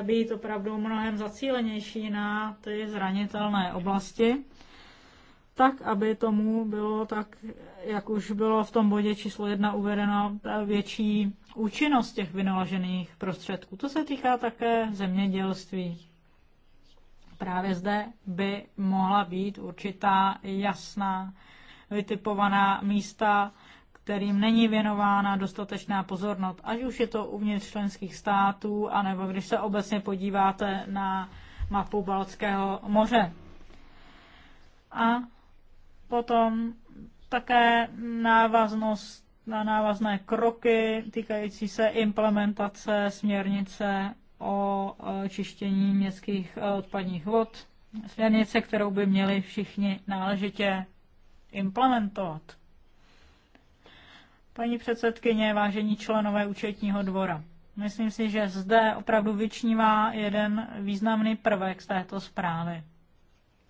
být opravdu mnohem zacílenější na ty zranitelné oblasti tak, aby tomu bylo tak, jak už bylo v tom bodě číslo jedna uvedeno, větší účinnost těch vynaložených prostředků. To se týká také zemědělství. Právě zde by mohla být určitá jasná vytipovaná místa, kterým není věnována dostatečná pozornost, ať už je to uvnitř členských států, anebo když se obecně podíváte na mapu Balckého moře. A Potom také návaznost na návazné kroky týkající se implementace směrnice o e, čištění městských e, odpadních vod. Směrnice, kterou by měli všichni náležitě implementovat. Paní předsedkyně, vážení členové účetního dvora, myslím si, že zde opravdu vyčnívá jeden významný prvek z této zprávy.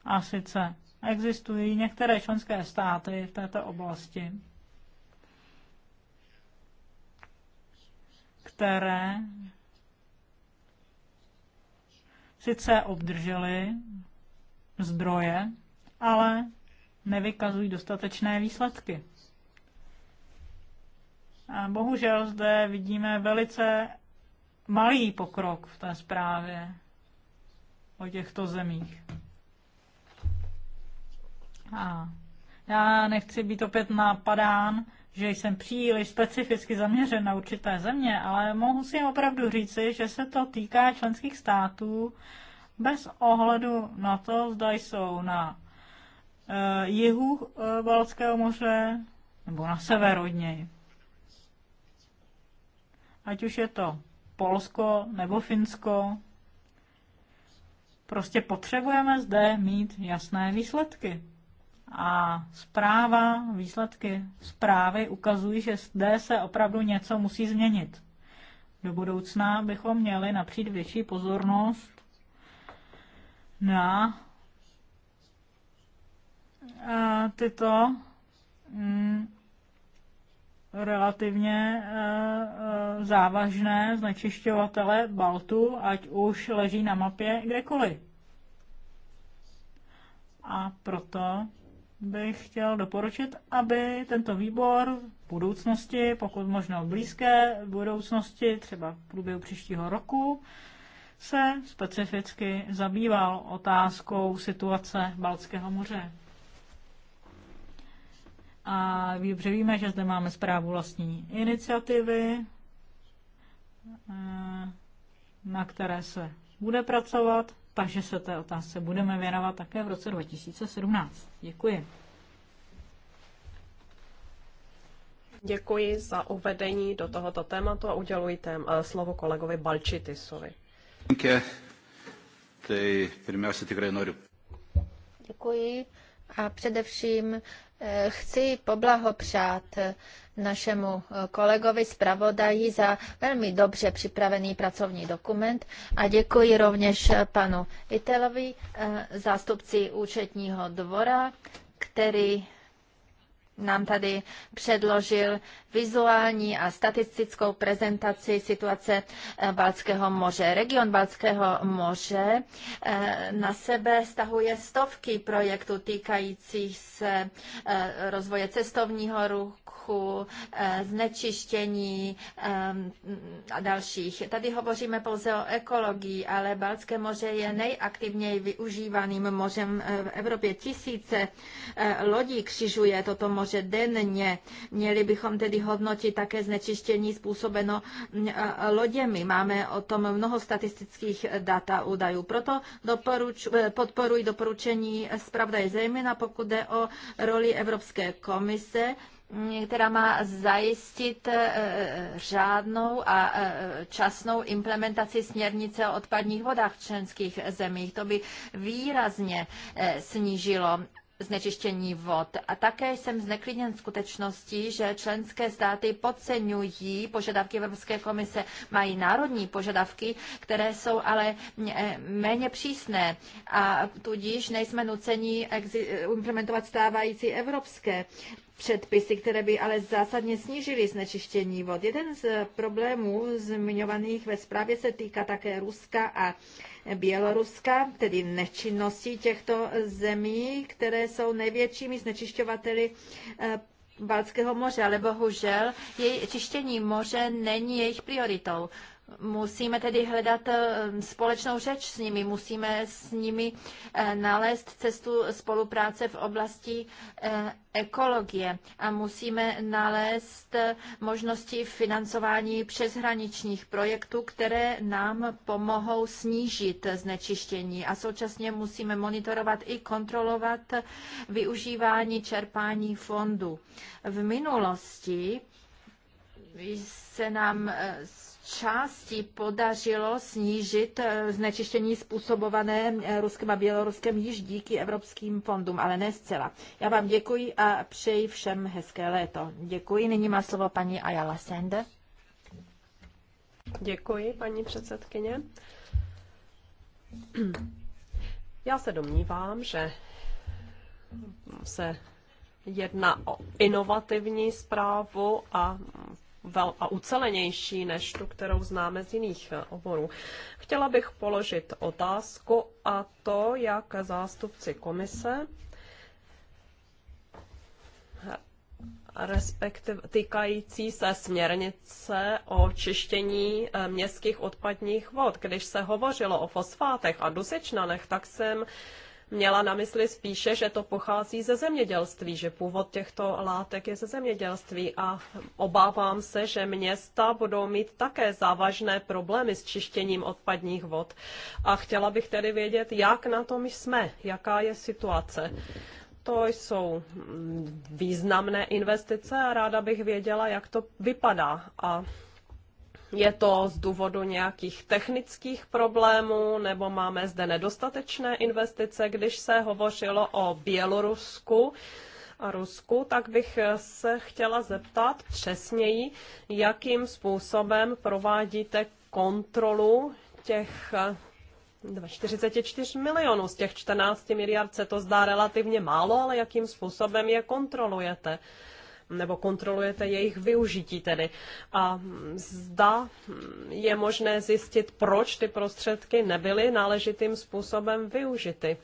A sice Existují některé členské státy v této oblasti, které sice obdržely zdroje, ale nevykazují dostatečné výsledky. A bohužel zde vidíme velice malý pokrok v té zprávě o těchto zemích. A já nechci být opět napadán, že jsem příliš specificky zaměřen na určité země, ale mohu si opravdu říci, že se to týká členských států bez ohledu na to, zda jsou na e, jihu e, Balckého moře nebo na severu od něj. Ať už je to Polsko nebo Finsko, prostě potřebujeme zde mít jasné výsledky. A zpráva, výsledky zprávy ukazují, že zde se opravdu něco musí změnit. Do budoucna bychom měli napřít větší pozornost na tyto mm, relativně závažné znečišťovatele Baltu, ať už leží na mapě kdekoliv. A proto bych chtěl doporučit, aby tento výbor v budoucnosti, pokud možno v blízké budoucnosti, třeba v průběhu příštího roku, se specificky zabýval otázkou situace Balckého moře. A dobře víme, že zde máme zprávu vlastní iniciativy, eh, na které se bude pracovat takže se té otázce budeme věnovat také v roce 2017. Děkuji. Děkuji za uvedení do tohoto tématu a uděluji tém, eh, slovo kolegovi Balčitisovi. Děkuji a především eh, chci poblahopřát eh, našemu eh, kolegovi zpravodaji za velmi dobře připravený pracovní dokument a děkuji rovněž eh, panu Itelovi, eh, zástupci účetního dvora, který nám tady předložil vizuální a statistickou prezentaci situace Balckého moře. Region Balckého moře na sebe stahuje stovky projektů týkajících se rozvoje cestovního ruchu, vzduchu, eh, znečištění a dalších. Tady hovoříme pouze o ekologii, ale Balské moře je nejaktivněji využívaným mořem eh, v Evropě. Tisíce eh, lodí křižuje toto moře denně. Měli bychom tedy hodnotit také znečištění způsobeno mm, loděmi. Máme o tom mnoho statistických dat a údajů. Proto doporuč, podporuji doporučení je zejména pokud jde o roli Evropské komise která má zajistit e, e, řádnou a e, časnou implementaci směrnice o odpadních vodách v členských zemích. To by výrazně snížilo znečištění vod. A také jsem zneklidněn skutečností, že členské státy podceňují požadavky Evropské komise, mají národní požadavky, které jsou ale méně přísné a tudíž nejsme nuceni implementovat stávající evropské předpisy, které by ale zásadně snížily znečištění vod. Jeden z problémů zmiňovaných ve zprávě se týká také Ruska a Běloruska, tedy nečinnosti těchto zemí, které jsou největšími znečišťovateli eh, Balckého moře, ale bohužel její čištění moře není jejich prioritou. Musíme tedy hledat eh, společnou řeč s nimi, musíme s nimi eh, nalézt cestu spolupráce v oblasti eh, ekologie a musíme nalézt možnosti financování přeshraničních projektů, které nám pomohou snížit znečištění a současně musíme monitorovat i kontrolovat využívání čerpání fondů. V minulosti se nám části podařilo snížit eh, znečištění způsobované eh, Ruskem a Běloruskem již díky evropským fondům, ale ne zcela. Já vám děkuji a přeji všem hezké léto. Děkuji. Nyní má slovo paní Ayala Sende. Děkuji, paní předsedkyně. Já se domnívám, že se jedná o inovativní zprávu a a ucelenější než tu, kterou známe z jiných eh, oborů. Chtěla bych položit otázku a to, jak zástupci komise respektive týkající se směrnice o čištění eh, městských odpadních vod. Když se hovořilo o fosfátech a dusičnanech, tak jsem měla na mysli spíše, že to pochází ze zemědělství, že původ těchto látek je ze zemědělství a obávám se, že města budou mít také závažné problémy s čištěním odpadních vod. A chtěla bych tedy vědět, jak na tom jsme, jaká je situace. To jsou významné investice a ráda bych věděla, jak to vypadá. A je to z důvodu nějakých technických problémů, nebo máme zde nedostatečné investice? Když se hovořilo o Bělorusku a Rusku, tak bych se chtěla zeptat přesněji, jakým způsobem provádíte kontrolu těch 44 eh, milionů z těch 14 miliard se to zdá relativně málo, ale jakým způsobem je kontrolujete? nebo kontrolujete jejich využití tedy. A zda je možné zjistit, proč ty prostředky nebyly náležitým způsobem využity.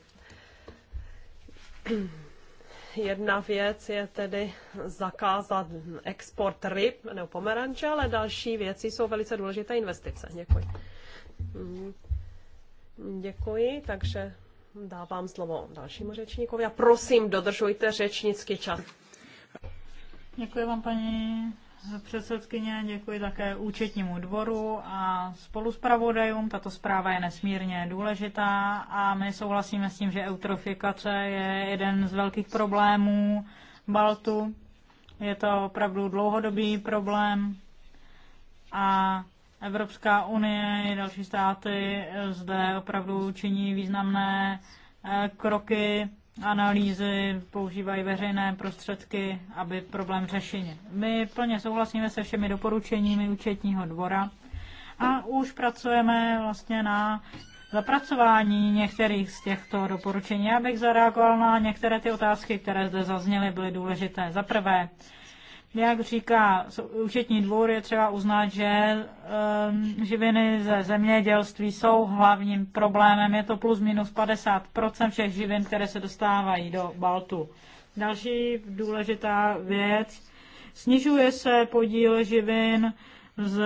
Jedna věc je tedy zakázat export ryb nebo pomeranče, ale další věci jsou velice důležité investice. Děkuji. Děkuji, takže dávám slovo dalšímu řečníkovi a prosím, dodržujte řečnický čas. Děkuji vám, paní předsedkyně, děkuji také účetnímu dvoru a spoluspravodajům. Tato zpráva je nesmírně důležitá a my souhlasíme s tím, že eutrofikace je jeden z velkých problémů Baltu. Je to opravdu dlouhodobý problém a Evropská unie i další státy zde opravdu činí významné eh, kroky analýzy, používají veřejné prostředky, aby problém řešili. My plně souhlasíme se všemi doporučeními účetního dvora a už pracujeme vlastně na zapracování některých z těchto doporučení. Já bych zareagoval na některé ty otázky, které zde zazněly, byly důležité. Za prvé, jak říká účetní dvůr, je třeba uznat, že um, ehm, živiny ze zemědělství jsou hlavním problémem. Je to plus minus 50% všech živin, které se dostávají do Baltu. Další důležitá věc, snižuje se podíl živin z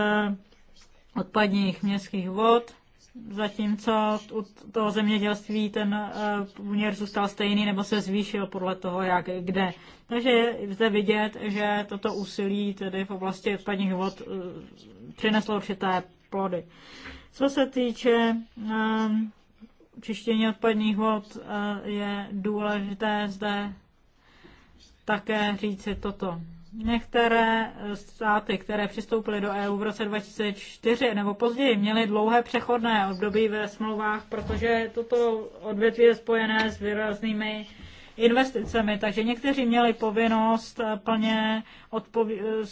odpadních městských vod, zatímco u toho zemědělství ten eh, poměr zůstal stejný nebo se zvýšil podle toho, jak kde. Takže je zde vidět, že toto úsilí tedy v oblasti odpadních vod eh, přineslo určité plody. Co se týče eh, čištění odpadních vod, je důležité zde také říci toto. Některé eh, státy, které přistoupily do EU v roce 2004 nebo později, měly dlouhé přechodné období ve smlouvách, protože toto odvětví je spojené s výraznými investicemi, takže někteří měli povinnost eh, plně eh,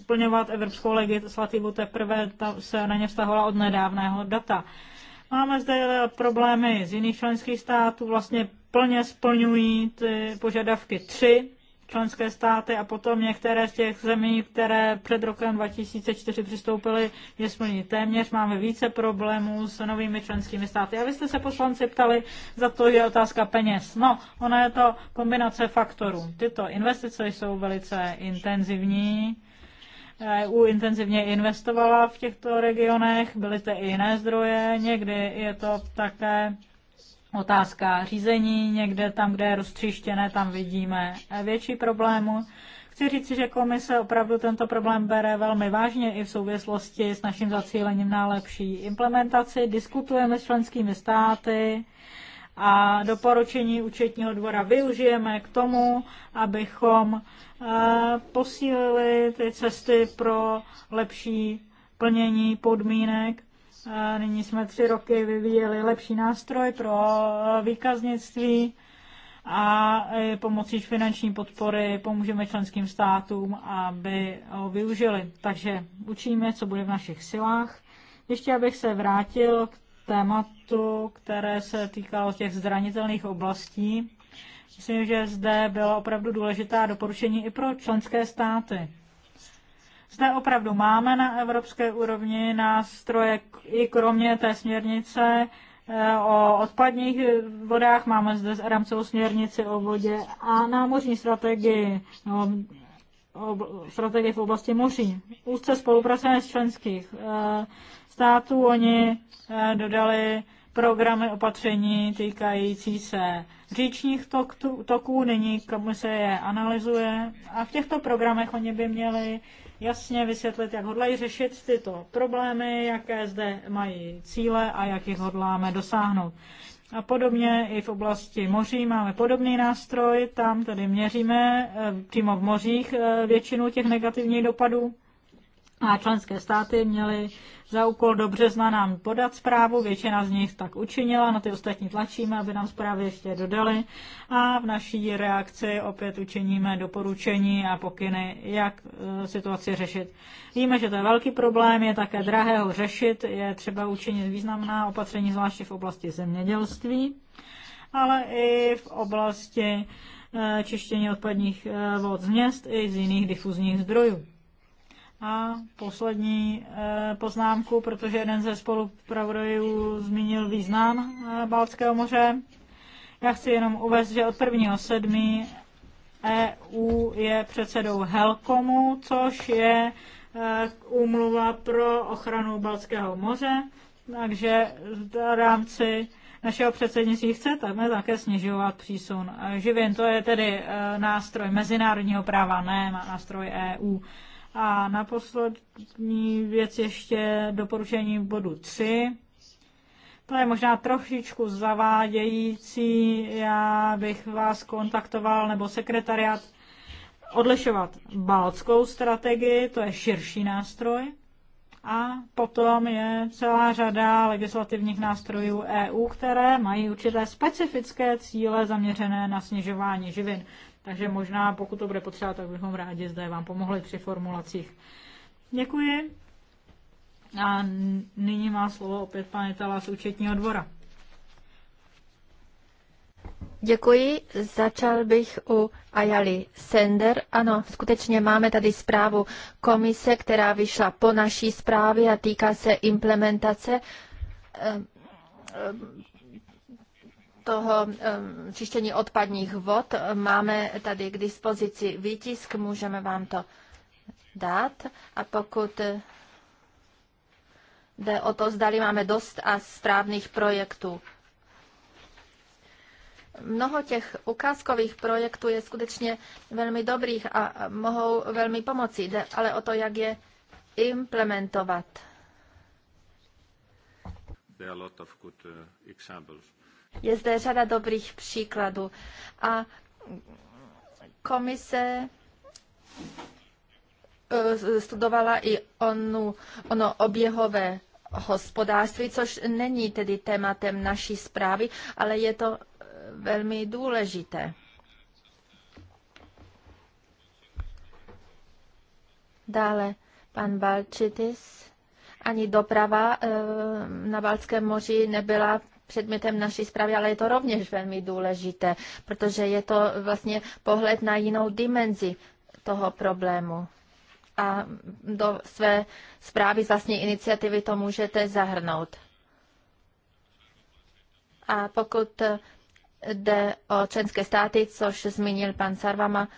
splňovat evropskou legislativu, teprve ta se na ně vztahovala od nedávného data. Máme zde problémy z jiných členských států, vlastně plně splňují ty požadavky tři členské státy a potom některé z těch zemí, které před rokem 2004 přistoupily, je splní téměř. Máme více problémů s novými členskými státy. A vy jste se poslanci ptali, za to je otázka peněz. No, ona je to kombinace faktorů. Tyto investice jsou velice intenzivní. EU intenzivně investovala v těchto regionech, byly zde i jiné zdroje, někdy je to také Otázka řízení někde tam, kde je roztříštěné, tam vidíme větší problému. Chci říct, že komise opravdu tento problém bere velmi vážně i v souvislosti s naším zacílením na lepší implementaci. Diskutujeme s členskými státy a doporučení účetního dvora využijeme k tomu, abychom eh, posílili ty cesty pro lepší plnění podmínek Nyní jsme tři roky vyvíjeli lepší nástroj pro výkaznictví a pomocí finanční podpory pomůžeme členským státům, aby ho využili. Takže učíme, co bude v našich silách. Ještě abych se vrátil k tématu, které se týkalo těch zranitelných oblastí. Myslím, že zde byla opravdu důležitá doporučení i pro členské státy. Zde opravdu máme na evropské úrovni nástroje i kromě té směrnice eh, o odpadních vodách, máme zde rámcovou směrnici o vodě a námořní strategii, no, strategii v oblasti moří. Úzce spolupracujeme s členských eh, států, oni eh, dodali programy opatření týkající se říčních tok, toků, nyní komise je analyzuje a v těchto programech oni by měli jasně vysvětlit, jak hodlají řešit tyto problémy, jaké zde mají cíle a jak jich hodláme dosáhnout. A podobně i v oblasti moří máme podobný nástroj, tam tedy měříme eh, přímo v mořích eh, většinu těch negativních dopadů a členské státy měly za úkol dobře března nám podat zprávu, většina z nich tak učinila, na ty ostatní tlačíme, aby nám zprávy ještě dodali a v naší reakci opět učiníme doporučení a pokyny, jak e, situaci řešit. Víme, že to je velký problém, je také drahé ho řešit, je třeba učinit významná opatření, zvláště v oblasti zemědělství, ale i v oblasti e, čištění odpadních e, vod z měst i z jiných difuzních zdrojů. A poslední eh, poznámku, protože jeden ze spolupravodajů zmínil význam eh, Balckého moře. Já chci jenom uvést, že od 1.7. EU je předsedou Helkomu, což je eh, úmluva pro ochranu Balckého moře. Takže v rámci našeho předsednictví chce tam také snižovat přísun živin. To je tedy nástroj mezinárodního práva, ne nástroj EU. A na poslední věc ještě doporučení bodu 3. To je možná trošičku zavádějící. Já bych vás kontaktoval nebo sekretariat odlišovat baltskou strategii, to je širší nástroj. A potom je celá řada legislativních nástrojů EU, které mají určité specifické cíle zaměřené na snižování živin. Takže možná, pokud to bude potřeba, tak bychom rádi zde vám pomohli při formulacích. Děkuji. A nyní má slovo opět pan Itala z účetního dvora. Děkuji. Začal bych u Ajali Sender. Ano, skutečně máme tady zprávu komise, která vyšla po naší zprávě a týká se implementace eh, toho eh, čištění odpadních vod. Máme tady k dispozici výtisk, můžeme vám to dát. A pokud jde o to, zdali máme dost a správných projektů. Mnoho těch ukázkových projektů je skutečně velmi dobrých a mohou velmi pomoci. Jde ale o to, jak je implementovat. There are a lot of good uh, examples. Je zde řada dobrých příkladů. A komise e, studovala i onu, ono oběhové hospodářství, což není tedy tématem naší zprávy, ale je to e, velmi důležité. Dále pan Balčitis. Ani doprava e, na Balckém moři nebyla předmětem naší zprávy, ale je to rovněž velmi důležité, protože je to vlastně pohled na jinou dimenzi toho problému. A do své zprávy z vlastní iniciativy to můžete zahrnout. A pokud jde o členské státy, což zmínil pan Sarvama,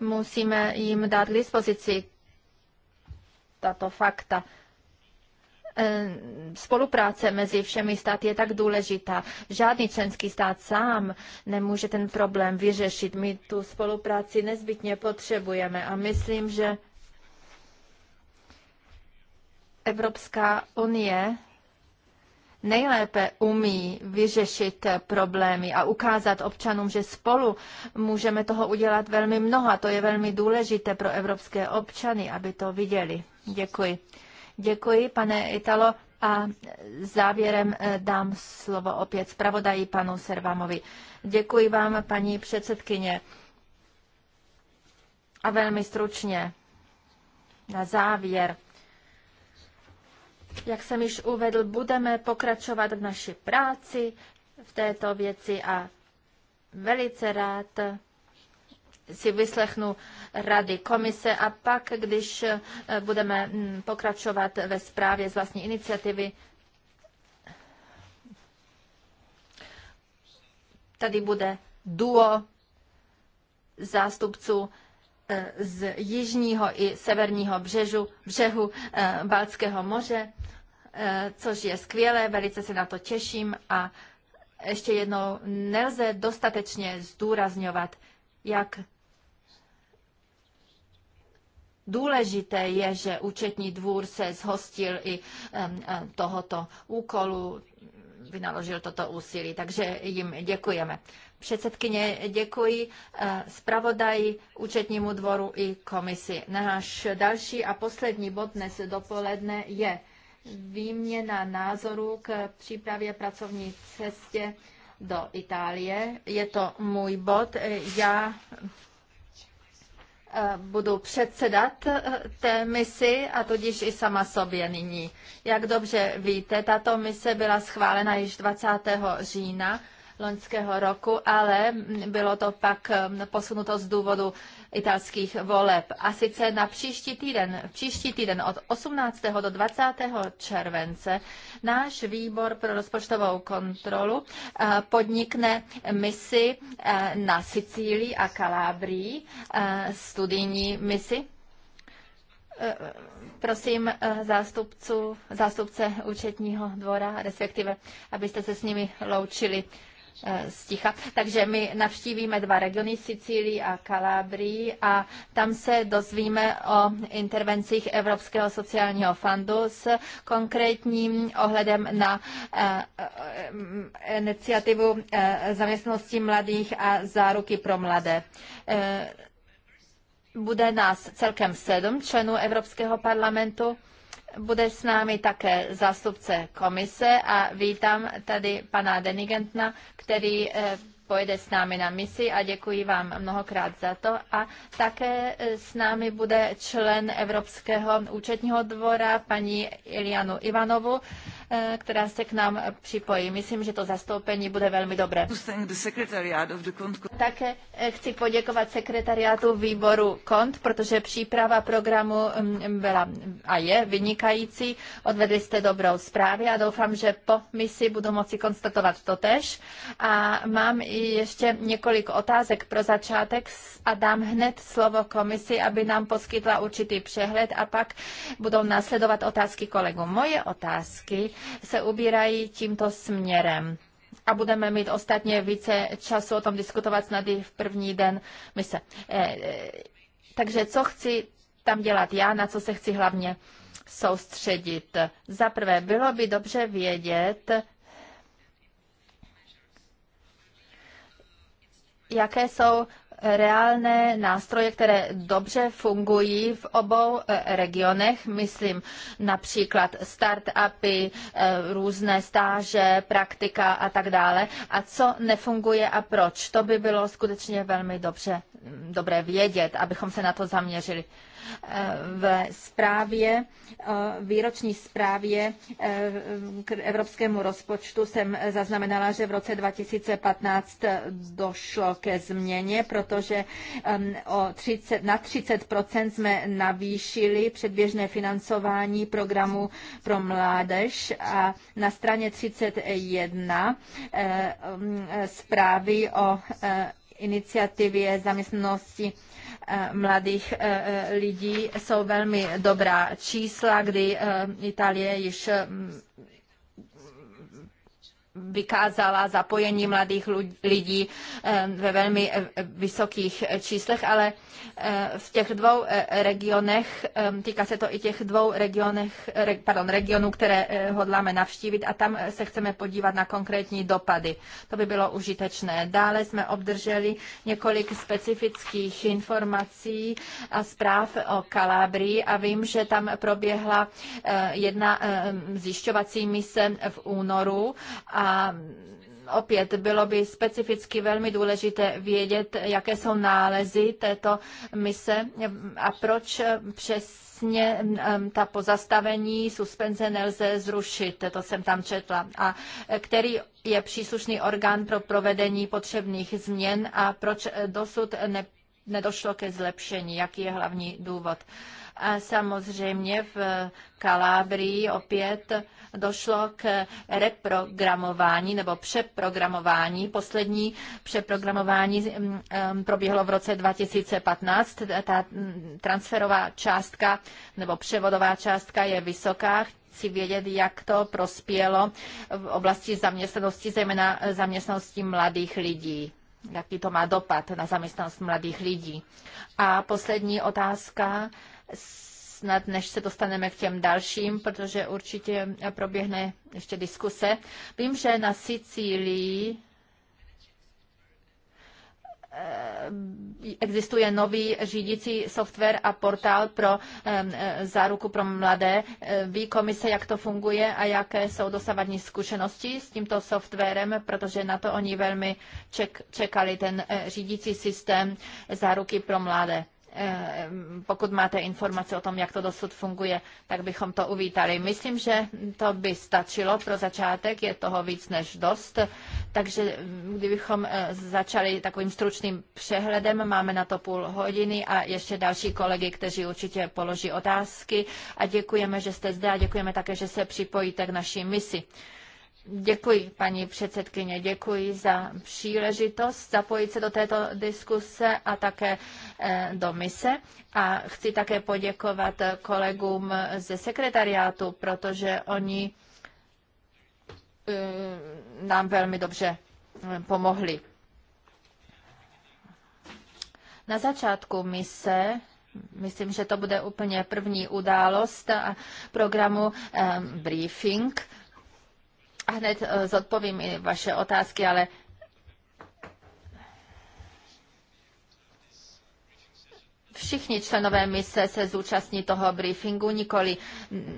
musíme jim dát k dispozici tato fakta E, spolupráce mezi všemi státy je tak důležitá. Žádný členský stát sám nemůže ten problém vyřešit. My tu spolupráci nezbytně potřebujeme a myslím, že Evropská unie nejlépe umí vyřešit problémy a ukázat občanům, že spolu můžeme toho udělat velmi mnoho. A to je velmi důležité pro evropské občany, aby to viděli. Děkuji. Děkuji, pane Italo. A závěrem eh, dám slovo opět zpravodaji panu Servamovi. Děkuji vám, paní předsedkyně. A velmi stručně na závěr. Jak jsem již uvedl, budeme pokračovat v naší práci v této věci a velice rád si vyslechnu rady komise a pak, když eh, budeme mm, pokračovat ve zprávě z vlastní iniciativy, tady bude duo zástupců eh, z jižního i severního břežu, břehu eh, Balckého moře, což je skvělé, velice se na to těším a ještě jednou nelze dostatečně zdůrazňovat, jak Důležité je, že účetní dvůr se zhostil i e, tohoto úkolu, vynaložil toto úsilí, takže jim děkujeme. Předsedkyně, děkuji e, zpravodaji, účetnímu dvoru i komisi. Náš další a poslední bod dnes dopoledne je výměna názorů k přípravě pracovní cestě do Itálie. Je to můj bod. Já Eh, budu předsedat eh, té misi a tudíž i sama sobě nyní. Jak dobře víte, tato mise byla schválena již 20. října loňského roku, ale bylo to pak eh, posunuto z důvodu italských voleb. A sice na příští týden, příští týden od 18. do 20. července náš výbor pro rozpočtovou kontrolu eh, podnikne misi eh, na Sicílii a Kalábrii, eh, studijní misi prosím zástupců, zástupce účetního dvora, respektive abyste se s nimi loučili Eh, sticha. Takže my navštívíme dva regiony, Sicílii a Kalábrii a tam se dozvíme o intervencích Evropského sociálního fondu s konkrétním ohledem na eh, eh, iniciativu zaměstnosti mladých a záruky pro mladé. Bude nás celkem sedm členů Evropského parlamentu bude s námi také zástupce komise a vítám tady pana Denigentna, který eh, pojede s námi na misi a děkuji vám mnohokrát za to. A také s námi bude člen Evropského účetního dvora paní Ilianu Ivanovu, eh, která se k nám připojí. Myslím, že to zastoupení bude velmi dobré. Také eh, chci poděkovat sekretariátu výboru KONT, protože příprava programu mm, byla a je vynikající. Odvedli jste dobrou zprávu a doufám, že po misi budu moci konstatovat to tež. A mám i ještě několik otázek pro začátek a dám hned slovo komisi, aby nám poskytla určitý přehled a pak budou následovat otázky kolegů. Moje otázky se ubírají tímto směrem a budeme mít ostatně více času o tom diskutovat snad i v první den mise. E, e, takže co chci tam dělat já, na co se chci hlavně soustředit. Za prvé, bylo by dobře vědět, jaké jsou reálné nástroje, které dobře fungují v obou eh, regionech, myslím například startupy, eh, různé stáže, praktika a tak dále. A co nefunguje a proč? To by bylo skutečně velmi dobře, dobré vědět, abychom se na to zaměřili v zprávě, eh, výroční zprávě eh, k evropskému rozpočtu jsem zaznamenala, že v roce 2015 došlo ke změně, protože o 30, na 30 jsme navýšili předběžné financování programu pro mládež a na straně 31 eh, zprávy o iniciativě zaměstnanosti Eh, mladých eh, eh, lidí jsou velmi dobrá čísla, kdy Itálie již mm, vykázala zapojení mladých lidí ve velmi vysokých eh, číslech, ale eh, v těch dvou eh, regionech, týká se to i těch dvou regionech, pardon, regionů, které hodláme navštívit a tam se chceme podívat na konkrétní dopady. To by bylo užitečné. Dále jsme obdrželi několik specifických informací a zpráv o Kalábrii a vím, že tam proběhla jedna zjišťovací mise v únoru a opět bylo by specificky velmi důležité vědět, jaké jsou nálezy této mise a proč přes ta pozastavení suspenze nelze zrušit, to jsem tam četla, a který je příslušný orgán pro provedení potřebných změn a proč dosud ne, nedošlo ke zlepšení, jaký je hlavní důvod. A samozřejmě v Kalábrii opět došlo k reprogramování nebo přeprogramování. Poslední přeprogramování mm, mm, proběhlo v roce 2015. Ta transferová částka nebo převodová částka je vysoká chci vědět, jak to prospělo v oblasti zaměstnanosti, zejména zaměstnanosti mladých lidí. Jaký to má dopad na zaměstnanost mladých lidí. A poslední otázka snad než se dostaneme k těm dalším, protože určitě proběhne ještě diskuse. Vím, že na Sicílii eh, existuje nový řídící software a portál pro eh, záruku pro mladé. Eh, ví komise, jak to funguje a jaké jsou dosavadní zkušenosti s tímto softwarem, protože na to oni velmi čekali, ten řídící systém záruky pro mladé. Eh, pokud máte informace o tom, jak to dosud funguje, tak bychom to uvítali. Myslím, že to by stačilo pro začátek, je toho víc než dost, takže kdybychom eh, začali takovým stručným přehledem, máme na to půl hodiny a ještě další kolegy, kteří určitě položí otázky a děkujeme, že jste zde a děkujeme také, že se připojíte k naší misi. Děkuji, paní předsedkyně, děkuji za příležitost zapojit se do této diskuse a také eh, do mise. A chci také poděkovat kolegům ze sekretariátu, protože oni eh, nám velmi dobře eh, pomohli. Na začátku mise myslím, že to bude úplně první událost programu Briefing. A hned eh, zodpovím i vaše otázky, ale všichni členové mise se zúčastní toho briefingu, nikoli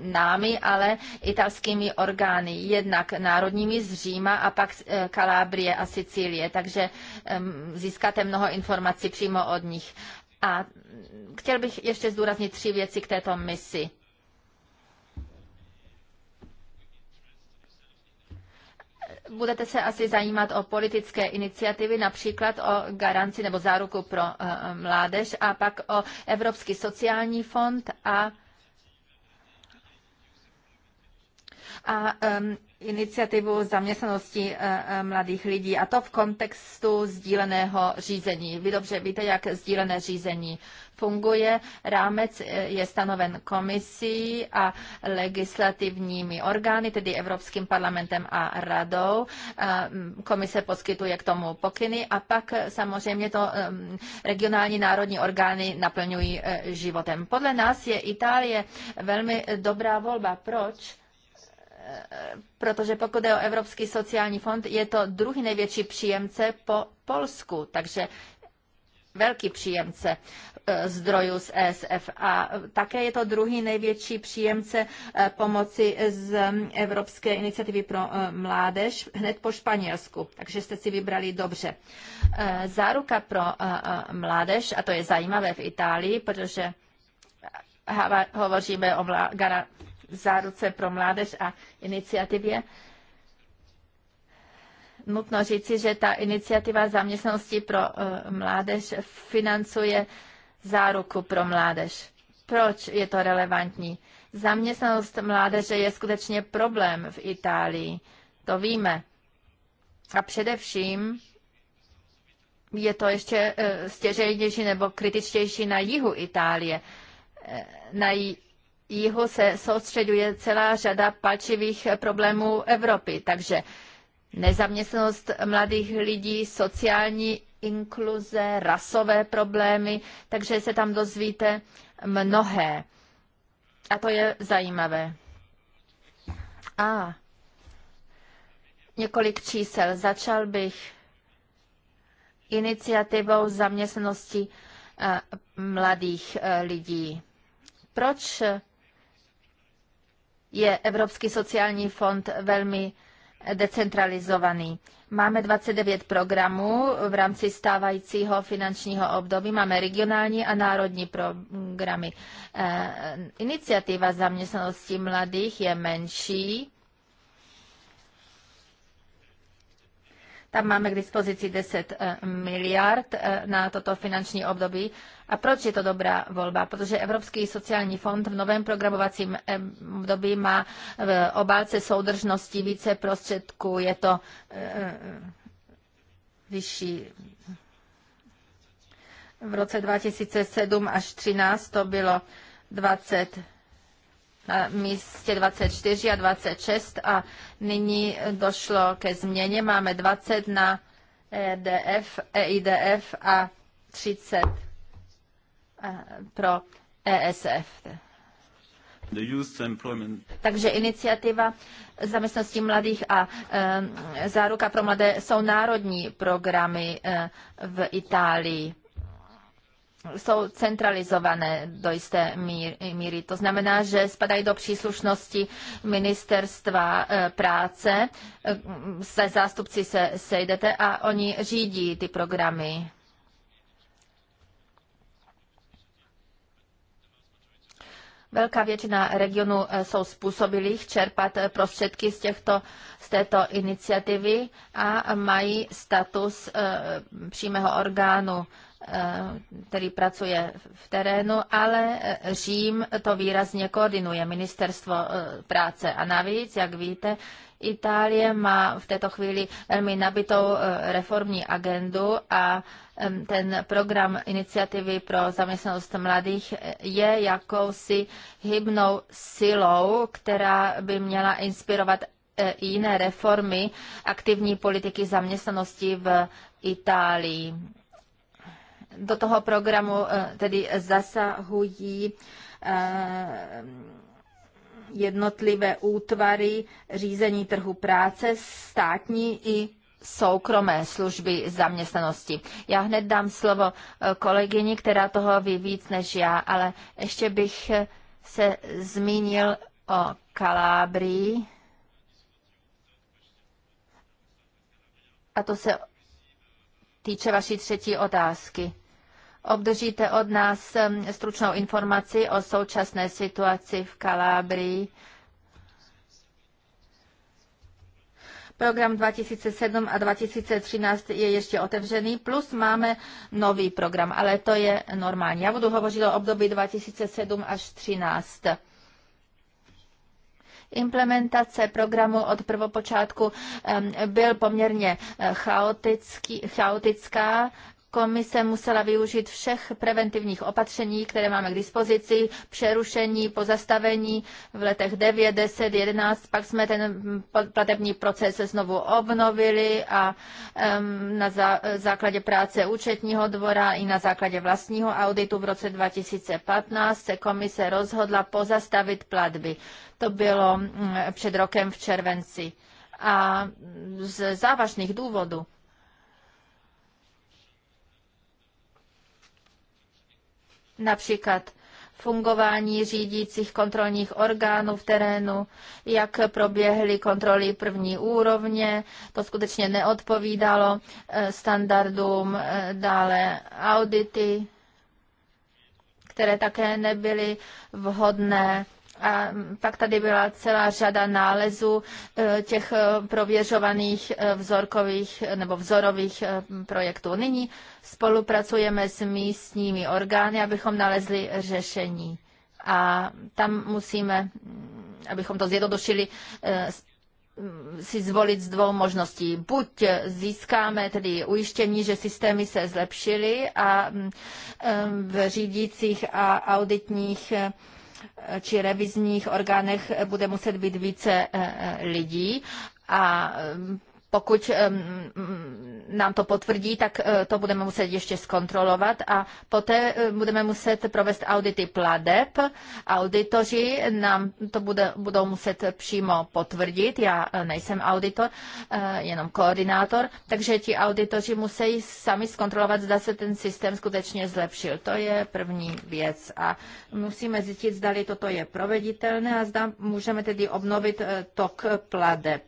námi, ale italskými orgány, jednak národními z Říma a pak eh, Kalábrie a Sicílie, takže získáte mnoho informací přímo od nich. A chtěl bych ještě zdůraznit tři věci k této misi. budete se asi zajímat o politické iniciativy, například o garanci nebo záruku pro eh, mládež a pak o Evropský sociální fond a a iniciativu zaměstnanosti e, e, mladých lidí a to v kontextu sdíleného řízení. Vy dobře víte, jak sdílené řízení funguje. Rámec e, je stanoven komisí a legislativními orgány, tedy Evropským parlamentem a radou. Komise poskytuje k tomu pokyny a pak samozřejmě to regionální národní orgány naplňují životem. Podle nás je Itálie velmi dobrá volba. Proč? protože pokud je o Evropský sociální fond, je to druhý největší příjemce po Polsku, takže velký příjemce e, zdrojů z ESF a také je to druhý největší příjemce e, pomoci z Evropské iniciativy pro e, mládež hned po Španělsku, takže jste si vybrali dobře. Záruka pro mládež, a to je zajímavé v Itálii, protože hovoříme o záruce pro mládež a iniciativě, nutno říci, že ta iniciativa zaměstnanosti pro eh, mládež financuje záruku pro mládež. Proč je to relevantní? Zaměstnanost mládeže je skutečně problém v Itálii. To víme. A především je to ještě eh, stěžejnější nebo kritičtější na jihu Itálie. Eh, na jihu se soustředuje celá řada palčivých problémů Evropy. Takže nezaměstnanost mladých lidí, sociální inkluze, rasové problémy, takže se tam dozvíte mnohé. A to je zajímavé. A několik čísel. Začal bych iniciativou zaměstnanosti eh, mladých eh, lidí. Proč je Evropský sociální fond velmi decentralizovaný. Máme 29 programů v rámci stávajícího finančního období. Máme regionální a národní programy. Eh, iniciativa zaměstnanosti mladých je menší Tam máme k dispozici 10 eh, miliard eh, na toto finanční období. A proč je to dobrá volba? Protože Evropský sociální fond v novém programovacím období má eh, v obálce soudržnosti více prostředků. Je to vyšší v roce 2007 až 2013 to bylo 20 místě 24 a 26 a nyní došlo ke změně. Máme 20 na EDF, EIDF a 30 eh, pro ESF. Takže iniciativa zaměstnanosti mladých a e, záruka pro mladé jsou národní programy e, v Itálii jsou centralizované do jisté míry. To znamená, že spadají do příslušnosti ministerstva eh, práce, eh, se zástupci se sejdete a oni řídí ty programy. Velká většina regionů eh, jsou způsobilých čerpat prostředky z, těchto, z této iniciativy a mají status přímého orgánu Eh, který pracuje v terénu, ale eh, Řím to výrazně koordinuje ministerstvo eh, práce. A navíc, jak víte, Itálie má v této chvíli velmi nabitou reformní agendu a ten program iniciativy pro zaměstnanost mladých je jakousi hybnou silou, která by měla inspirovat i jiné reformy aktivní politiky zaměstnanosti v Itálii do toho programu eh, tedy zasahují eh, jednotlivé útvary řízení trhu práce, státní i soukromé služby zaměstnanosti. Já hned dám slovo eh, kolegyni, která toho ví víc než já, ale ještě bych se zmínil o Kalábrii. A to se týče vaší třetí otázky. Obdržíte od nás stručnou informaci o současné situaci v Kalábrii. Program 2007 a 2013 je ještě otevřený, plus máme nový program, ale to je normální. Já budu hovořit o období 2007 až 2013. Implementace programu od prvopočátku byl poměrně eh, chaotický, chaotická. Komise musela využít všech preventivních opatření, které máme k dispozici, přerušení, pozastavení v letech 9, 10, 11. Pak jsme ten platební proces znovu obnovili a um, na zá, základě práce účetního dvora i na základě vlastního auditu v roce 2015 se komise rozhodla pozastavit platby. To bylo um, před rokem v červenci. A z závažných důvodů například fungování řídících kontrolních orgánů v terénu, jak proběhly kontroly první úrovně, to skutečně neodpovídalo eh, standardům, eh, dále audity, které také nebyly vhodné a pak tady byla celá řada nálezů e, těch e, prověřovaných e, vzorkových nebo vzorových projektů. Nyní spolupracujeme s místními orgány, abychom nalezli řešení. A tam musíme, abychom to zjednodušili, si zvolit z dvou možností. Buď získáme tedy ujištění, že systémy se zlepšily a v řídících a auditních či revizních orgánech bude muset být více eh, eh, lidí a mm, pokud nám to potvrdí, tak eh, to budeme muset ještě zkontrolovat a poté eh, budeme muset provést audity pladeb. Auditoři nám to bude, budou muset přímo potvrdit. Já eh, nejsem auditor, jenom koordinátor, takže ti auditoři musí sami zkontrolovat, zda se ten systém skutečně zlepšil. To je první věc a musíme zjistit, zda toto je proveditelné a zda můžeme tedy obnovit tok pladeb.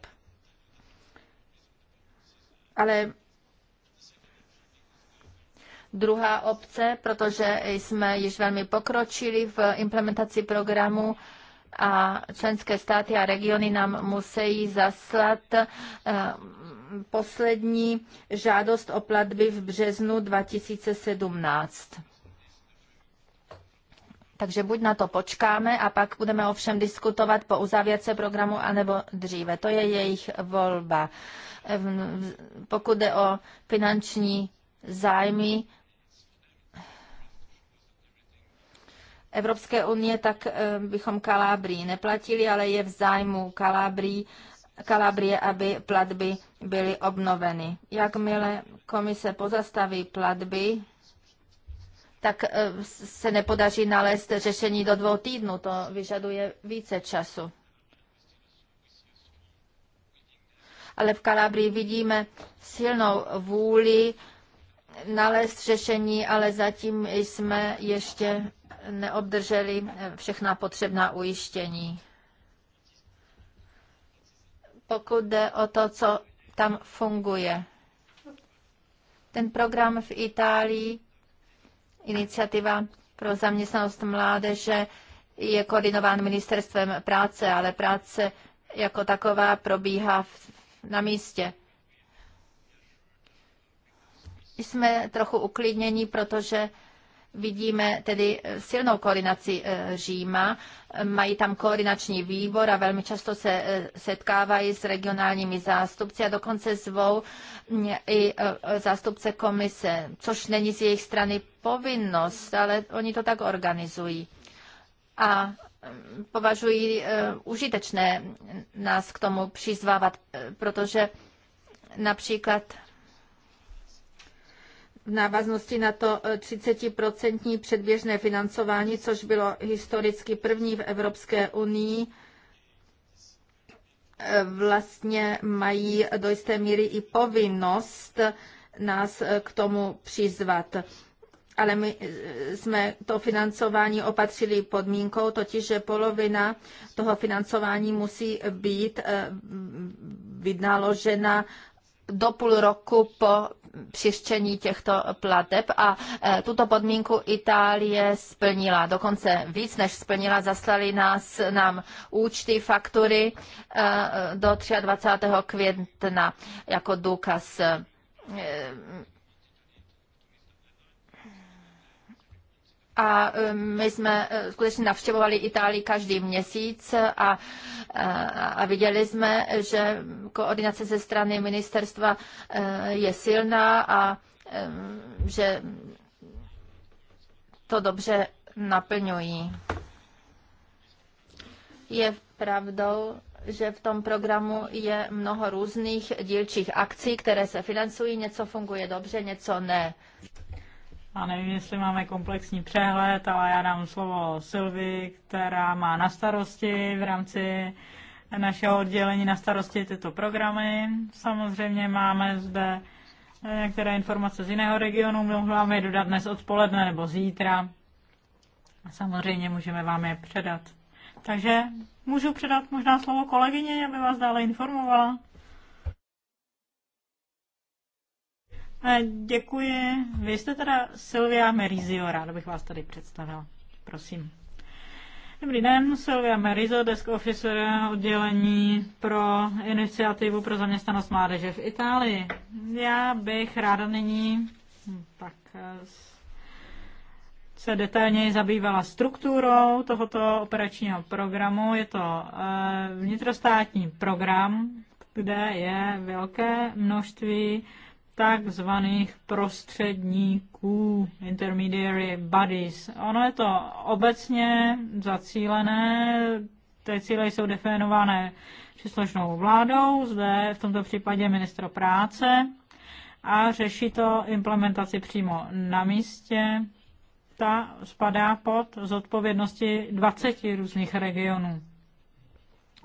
Ale druhá obce, protože jsme již velmi pokročili v implementaci programu a členské státy a regiony nám musí zaslat eh, poslední žádost o platby v březnu 2017. Takže buď na to počkáme a pak budeme ovšem diskutovat po uzavěce programu, anebo dříve. To je jejich volba. Ehm, pokud jde o finanční zájmy Evropské unie, tak ehm, bychom Kalábrii neplatili, ale je v zájmu Kalábrii, Kalábrie, aby platby byly obnoveny. Jakmile komise pozastaví platby, tak eh, se nepodaří nalézt řešení do dvou týdnů. To vyžaduje více času. Ale v Kalabrii vidíme silnou vůli nalézt řešení, ale zatím jsme ještě neobdrželi eh, všechna potřebná ujištění. Pokud jde o to, co tam funguje. Ten program v Itálii Iniciativa pro zaměstnanost mládeže je koordinován ministerstvem práce, ale práce jako taková probíhá na místě. Jsme trochu uklidnění, protože vidíme tedy silnou koordinaci eh, Říma. Mají tam koordinační výbor a velmi často se eh, setkávají s regionálními zástupci a dokonce zvou i eh, zástupce komise, což není z jejich strany povinnost, ale oni to tak organizují. A mm, považují e, užitečné nás k tomu přizvávat, e, protože například v návaznosti na to 30% e, předběžné financování, což bylo historicky první v Evropské unii, vlastně mají do jisté míry i povinnost nás k tomu přizvat ale my e, jsme to financování opatřili podmínkou, totiž že polovina toho financování musí být e, vynaložena do půl roku po přištění těchto plateb a e, tuto podmínku Itálie splnila. Dokonce víc než splnila, zaslali nás nám účty, faktury do 23. května jako důkaz a eh, my jsme eh, skutečně navštěvovali Itálii každý měsíc a, a, eh, a viděli jsme, že koordinace ze strany ministerstva je silná a že to dobře naplňují. Je pravdou, že v tom programu je mnoho různých dílčích akcí, které se financují, něco funguje dobře, něco ne. A nevím, jestli máme komplexní přehled, ale já dám slovo Silvi, která má na starosti v rámci našeho oddělení na starosti tyto programy. Samozřejmě máme zde eh, některé informace z jiného regionu, mohla je dodat dnes odpoledne nebo zítra. A samozřejmě můžeme vám je předat. Takže můžu předat možná slovo kolegyně, aby vás dále informovala. Eh, děkuji. Vy jste teda Silvia Merizio, ráda bych vás tady představila. Prosím. Dobrý den, Silvia Merizo, desk officer oddělení pro iniciativu pro zaměstnanost mládeže v Itálii. Já bych ráda nyní hm, tak eh, se detailněji zabývala strukturou tohoto operačního programu. Je to eh, vnitrostátní program, kde je velké množství takzvaných prostředníků, intermediary bodies. Ono je to obecně zacílené, ty cíle jsou definované příslušnou vládou, zde v tomto případě ministro práce, a řeší to implementaci přímo na místě. Ta spadá pod zodpovědnosti 20 různých regionů.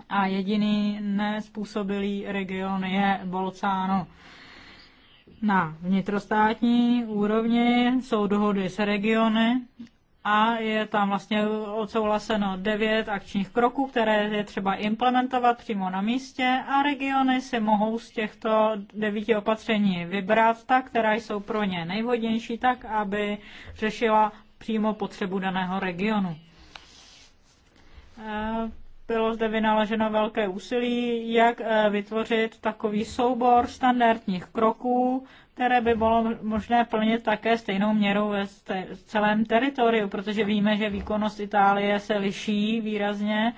A jediný nespůsobilý region je Bolcáno na vnitrostátní úrovni jsou dohody s regiony a je tam vlastně odsouhlaseno devět akčních kroků, které je třeba implementovat přímo na místě a regiony si mohou z těchto devíti opatření vybrat ta, která jsou pro ně nejvhodnější, tak aby řešila přímo potřebu daného regionu. Eh, bylo zde vynaloženo velké úsilí, jak eh, vytvořit takový soubor standardních kroků, které by bylo možné plnit také stejnou měrou ve celém teritoriu, protože víme, že výkonnost Itálie se liší výrazně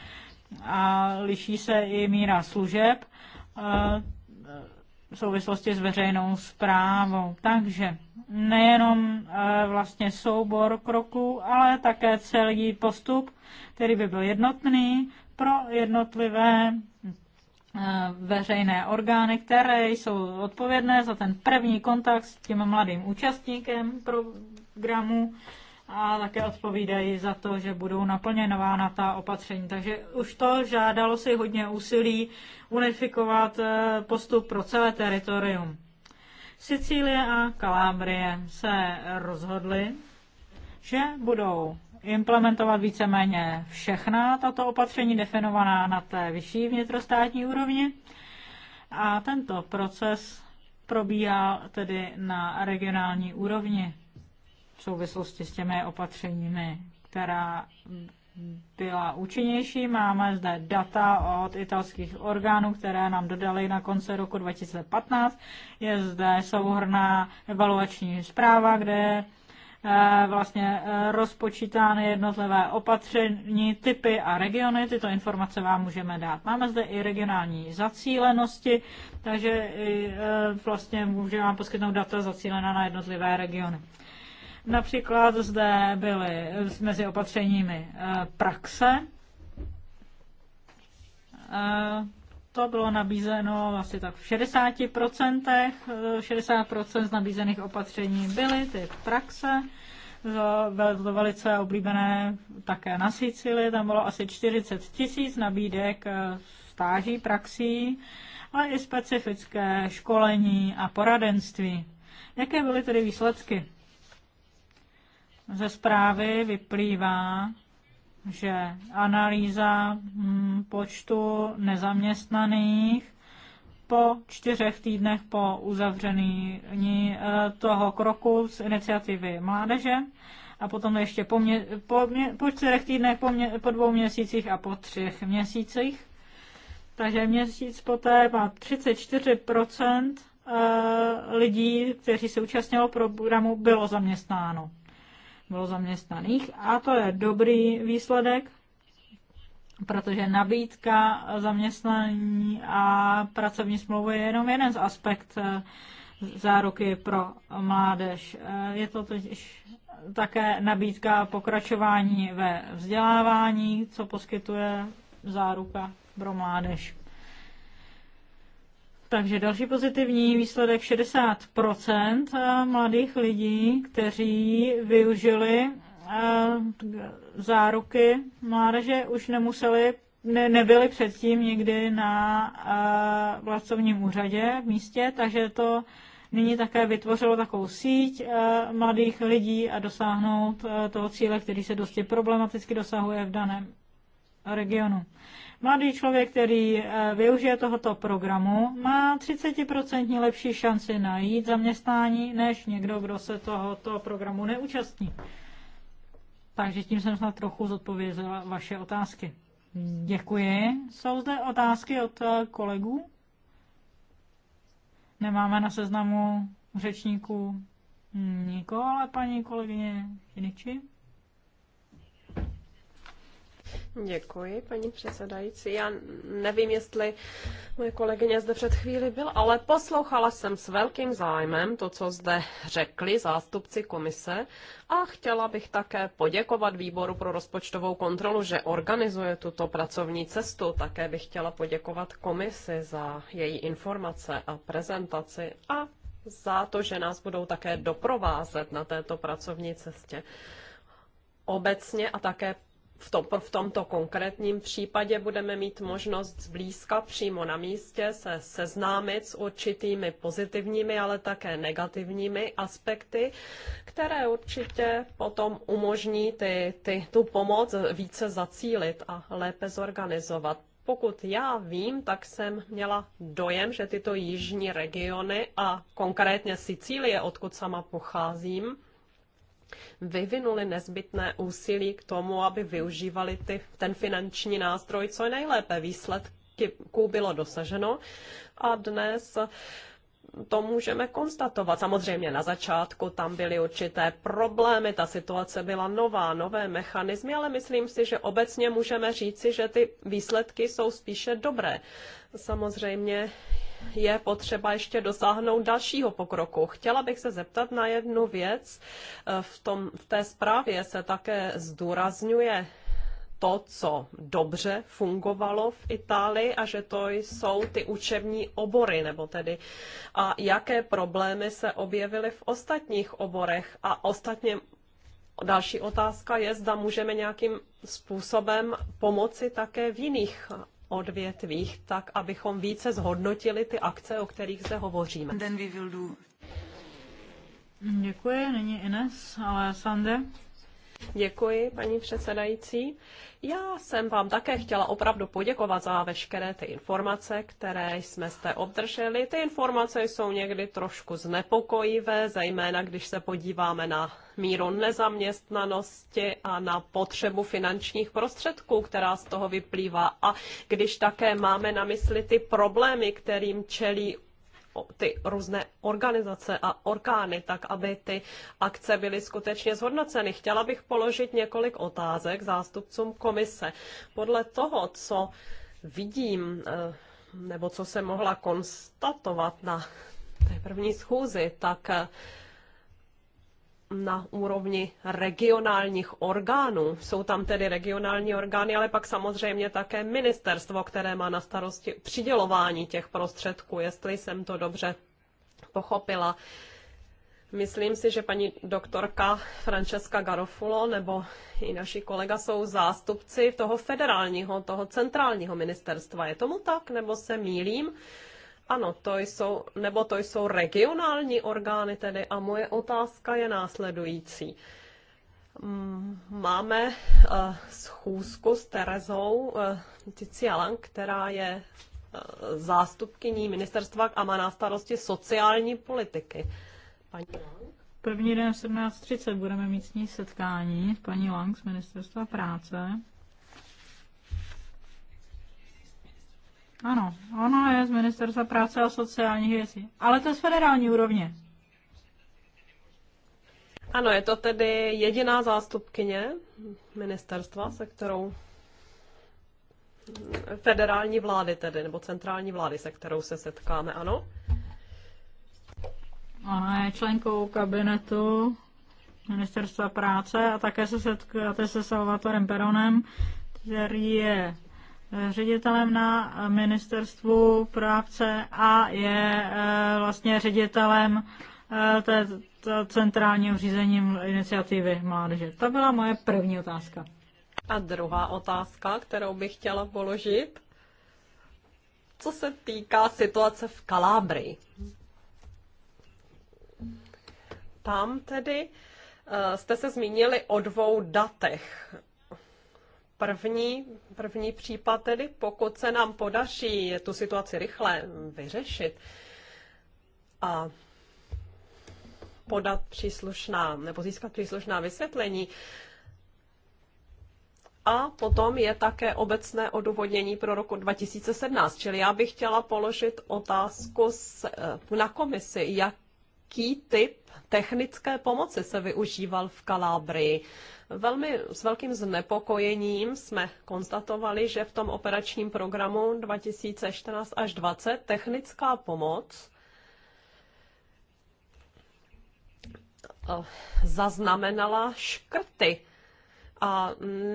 a liší se i míra služeb eh, v souvislosti s veřejnou zprávou. Takže nejenom eh, vlastně soubor kroků, ale také celý postup, který by byl jednotný, pro jednotlivé eh, veřejné orgány, které jsou odpovědné za ten první kontakt s tím mladým účastníkem programu a také odpovídají za to, že budou naplněnována ta opatření. Takže už to žádalo si hodně úsilí unifikovat eh, postup pro celé teritorium. Sicílie a Kalábrie se rozhodly, že budou implementovat víceméně všechna tato opatření definovaná na té vyšší vnitrostátní úrovni. A tento proces probíhá tedy na regionální úrovni v souvislosti s těmi opatřeními, která byla účinnější. Máme zde data od italských orgánů, které nám dodali na konci roku 2015. Je zde souhrná evaluační zpráva, kde Eh, vlastně eh, rozpočítány jednotlivé opatření, typy a regiony. Tyto informace vám můžeme dát. Máme zde i regionální zacílenosti, takže eh, vlastně můžeme vám poskytnout data zacílená na jednotlivé regiony. Například zde byly mezi opatřeními praxe, to bylo nabízeno asi tak v 60%. 60% z nabízených opatření byly ty praxe. Bylo velice oblíbené také na Sicily, Tam bylo asi 40 tisíc nabídek eh, stáží, praxí, ale i specifické školení a poradenství. Jaké byly tedy výsledky? Ze zprávy vyplývá, že analýza mm, počtu nezaměstnaných po čtyřech týdnech po uzavření eh, toho kroku z iniciativy mládeže a potom ještě po, mě, po, mě, po čtyřech týdnech, po, mě, po dvou měsících a po třech měsících. Takže měsíc poté má 34% eh, lidí, kteří se účastnilo programu, bylo zaměstnáno bylo zaměstnaných a to je dobrý výsledek, protože nabídka zaměstnání a pracovní smlouvy je jenom jeden z aspekt eh, záruky pro mládež. Eh, je to totiž také nabídka pokračování ve vzdělávání, co poskytuje záruka pro mládež. Takže další pozitivní výsledek 60% eh, mladých lidí, kteří využili eh, záruky mládeže, už nemuseli, ne, nebyli předtím nikdy na eh, vlastovním úřadě v místě, takže to nyní také vytvořilo takovou síť mladých lidí a dosáhnout toho cíle, který se dosti problematicky dosahuje v daném regionu. Mladý člověk, který eh, využije tohoto programu, má 30% lepší šanci najít zaměstnání, než někdo, kdo se tohoto programu neúčastní. Takže tím jsem snad trochu zodpověděla vaše otázky. Děkuji. Jsou zde otázky od eh, kolegů? Nemáme na seznamu řečníků nikoho, ale paní kolegyně Finiči. Děkuji, paní předsedající. Já nevím, jestli moje kolegyně zde před chvíli byl, ale poslouchala jsem s velkým zájmem to, co zde řekli zástupci komise a chtěla bych také poděkovat výboru pro rozpočtovou kontrolu, že organizuje tuto pracovní cestu. Také bych chtěla poděkovat komisi za její informace a prezentaci a za to, že nás budou také doprovázet na této pracovní cestě obecně a také v, tom, v tomto konkrétním případě budeme mít možnost zblízka přímo na místě se seznámit s určitými pozitivními, ale také negativními aspekty, které určitě potom umožní ty, ty, tu pomoc více zacílit a lépe zorganizovat pokud já vím, tak jsem měla dojem, že tyto jižní regiony a konkrétně Sicílie, odkud sama pocházím, vyvinuli nezbytné úsilí k tomu, aby využívali ty, ten finanční nástroj co nejlépe. Výsledků bylo dosaženo a dnes to můžeme konstatovat. Samozřejmě na začátku tam byly určité problémy, ta situace byla nová, nové mechanismy, ale myslím si, že obecně můžeme říci, že ty výsledky jsou spíše dobré. Samozřejmě je potřeba ještě dosáhnout dalšího pokroku. Chtěla bych se zeptat na jednu věc. V, tom, v té zprávě se také zdůrazňuje to, co dobře fungovalo v Itálii a že to jsou ty učební obory, nebo tedy a jaké problémy se objevily v ostatních oborech a ostatně Další otázka je, zda můžeme nějakým způsobem pomoci také v jiných odvětvích, tak abychom více zhodnotili ty akce, o kterých zde hovoříme. Děkuji, není Ines, ale Sande. Děkuji, paní předsedající. Já jsem vám také chtěla opravdu poděkovat za veškeré ty informace, které jsme jste obdrželi. Ty informace jsou někdy trošku znepokojivé, zejména když se podíváme na míru nezaměstnanosti a na potřebu finančních prostředků, která z toho vyplývá. A když také máme na mysli ty problémy, kterým čelí ty různé organizace a orkány, tak aby ty akce byly skutečně zhodnoceny. Chtěla bych položit několik otázek zástupcům komise. Podle toho, co vidím, eh, nebo co se mohla konstatovat na té první schůzi, tak eh, na úrovni regionálních orgánů. Jsou tam tedy regionální orgány, ale pak samozřejmě také ministerstvo, které má na starosti přidělování těch prostředků, jestli jsem to dobře pochopila. Myslím si, že paní doktorka Francesca Garofulo nebo i naši kolega jsou zástupci toho federálního, toho centrálního ministerstva. Je tomu tak, nebo se mýlím? Ano, to jsou, nebo to jsou regionální orgány tedy a moje otázka je následující. Máme uh, schůzku s Terezou uh, eh, Ticialan, která je uh, zástupkyní ministerstva a má na starosti sociální politiky. Paní Lang? První den v 17.30 budeme mít s ní setkání paní Lang z ministerstva práce Ano, ono je z Ministerstva práce a sociálních věcí. Ale to je z federální úrovně. Ano, je to tedy jediná zástupkyně ministerstva, se kterou federální vlády tedy, nebo centrální vlády, se kterou se setkáme, ano? Ona je členkou kabinetu ministerstva práce a také se setkáte se Salvatorem Peronem, který je ředitelem na ministerstvu práce a je eh, vlastně ředitelem eh, té, té centrálního řízení iniciativy mládeže. To byla moje první otázka. A druhá otázka, kterou bych chtěla položit, co se týká situace v Kalábrii. Tam tedy eh, jste se zmínili o dvou datech První, první případ tedy, pokud se nám podaří tu situaci rychle vyřešit a podat příslušná, nebo získat příslušná vysvětlení, a potom je také obecné odůvodnění pro roku 2017. Čili já bych chtěla položit otázku eh, na komisi, jak jaký typ technické pomoci se využíval v Kalábrii. Velmi, s velkým znepokojením jsme konstatovali, že v tom operačním programu 2014 až 2020 technická pomoc eh, zaznamenala škrty a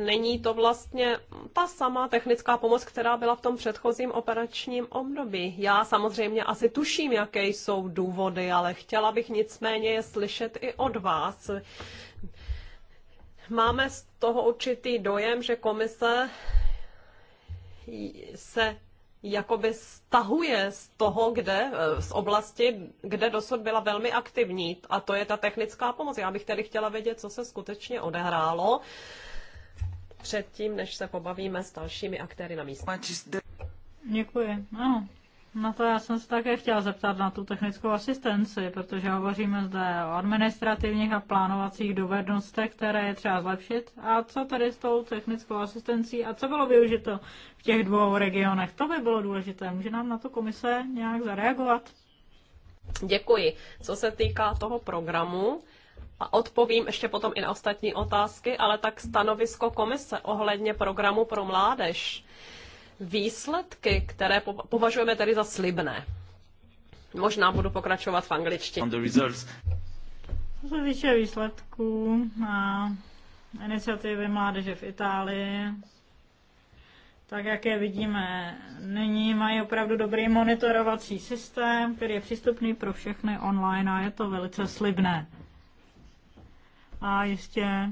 není to vlastně ta sama technická pomoc, která byla v tom předchozím operačním období. Já samozřejmě asi tuším, jaké jsou důvody, ale chtěla bych nicméně je slyšet i od vás. Máme z toho určitý dojem, že komise se jakoby stahuje z toho, kde, eh, z oblasti, kde dosud byla velmi aktivní. A to je ta technická pomoc. Já bych tedy chtěla vědět, co se skutečně odehrálo předtím, než se pobavíme s dalšími aktéry na místě. Děkuji. Ano, na to já jsem se také chtěla zeptat na tu technickou asistenci, protože hovoříme zde o administrativních a plánovacích dovednostech, které je třeba zlepšit. A co tady s tou technickou asistencí a co bylo využito v těch dvou regionech? To by bylo důležité. Může nám na to komise nějak zareagovat? Děkuji. Co se týká toho programu, a odpovím ještě potom i na ostatní otázky, ale tak stanovisko komise ohledně programu pro mládež výsledky, které považujeme tady za slibné. Možná budu pokračovat v angličtině. Co se týče výsledků a iniciativy mládeže v Itálii, tak jak je vidíme nyní, mají opravdu dobrý monitorovací systém, který je přístupný pro všechny online a je to velice slibné. A jistě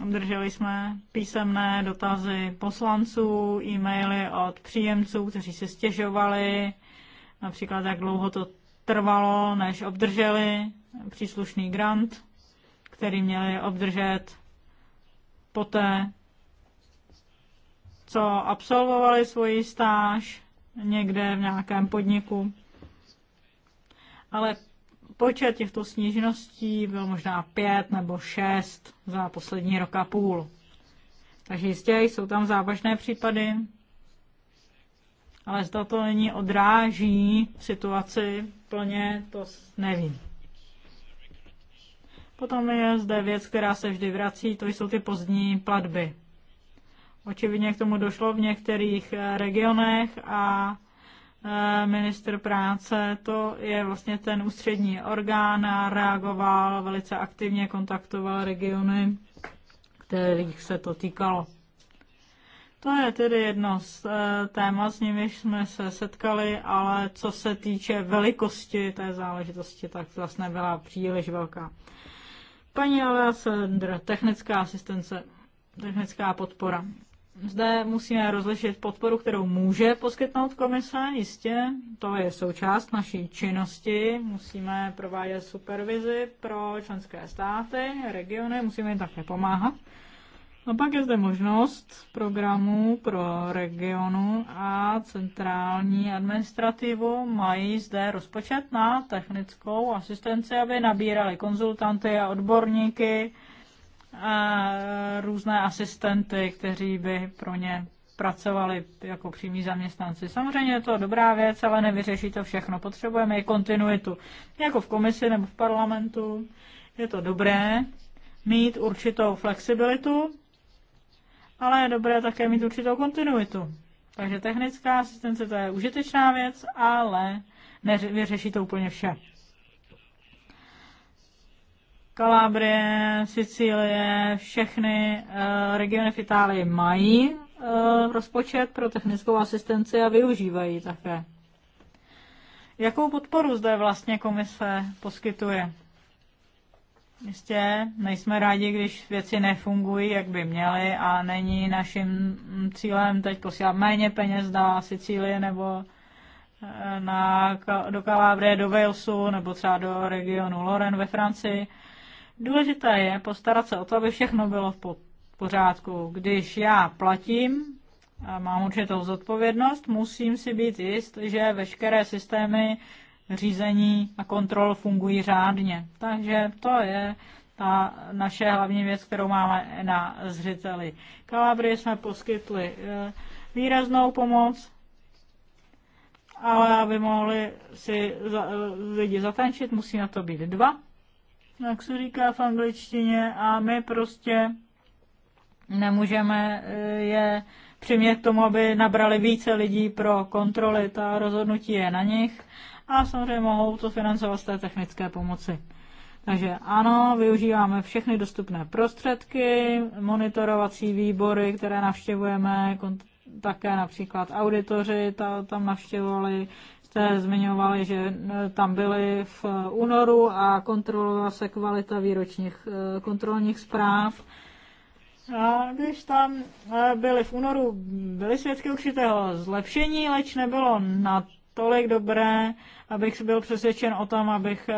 Obdrželi jsme písemné dotazy poslanců, e-maily od příjemců, kteří se stěžovali, například jak dlouho to trvalo, než obdrželi příslušný grant, který měli obdržet poté, co absolvovali svoji stáž někde v nějakém podniku. Ale Počet těchto sněžností byl možná pět nebo šest za poslední rok a půl. Takže jistě jsou tam závažné případy, ale zda to není odráží situaci plně, to nevím. Potom je zde věc, která se vždy vrací, to jsou ty pozdní platby. Očividně k tomu došlo v některých regionech a Eh, minister práce, to je vlastně ten ústřední orgán, reagoval velice aktivně, kontaktoval regiony, kterých se to týkalo. To je tedy jedno z eh, téma, s nimiž jsme se setkali, ale co se týče velikosti té záležitosti, tak vlastně byla příliš velká. Paní Alessandra, technická asistence, technická podpora zde musíme rozlišit podporu, kterou může poskytnout komise, jistě, to je součást naší činnosti, musíme provádět supervizi pro členské státy, regiony, musíme jim také pomáhat. A pak je zde možnost programu pro regionu a centrální administrativu. Mají zde rozpočet na technickou asistenci, aby nabírali konzultanty a odborníky, různé asistenty, kteří by pro ně pracovali jako přímí zaměstnanci. Samozřejmě je to dobrá věc, ale nevyřeší to všechno. Potřebujeme i kontinuitu. Jako v komisi nebo v parlamentu je to dobré mít určitou flexibilitu, ale je dobré také mít určitou kontinuitu. Takže technická asistence to je užitečná věc, ale nevyřeší to úplně vše. Kalabrie, Sicílie, všechny eh, regiony v Itálii mají eh, rozpočet pro technickou asistenci a využívají také. Jakou podporu zde vlastně komise poskytuje? Jistě, nejsme rádi, když věci nefungují, jak by měly a není naším cílem teď posílat méně peněz na Sicílii nebo eh, na, do Kalábrie, do Walesu nebo třeba do regionu Loren ve Francii. Důležité je postarat se o to, aby všechno bylo v pořádku. Když já platím, a mám určitou zodpovědnost, musím si být jist, že veškeré systémy řízení a kontrol fungují řádně. Takže to je ta naše hlavní věc, kterou máme na zřiteli. Kalabry jsme poskytli eh, výraznou pomoc, ale aby mohli si eh, lidi zatančit, musí na to být dva jak se říká v angličtině, a my prostě nemůžeme eh, je přimět k tomu, aby nabrali více lidí pro kontroly. Ta rozhodnutí je na nich a samozřejmě mohou to financovat z té technické pomoci. Takže ano, využíváme všechny dostupné prostředky, monitorovací výbory, které navštěvujeme, také například auditoři ta, tam navštěvovali jste zmiňovali, že eh, tam byly v eh, únoru a kontrolovala se kvalita výročních eh, kontrolních zpráv. A když tam byly v únoru, byly svědky určitého zlepšení, leč nebylo natolik dobré, abych byl přesvědčen o tom, abych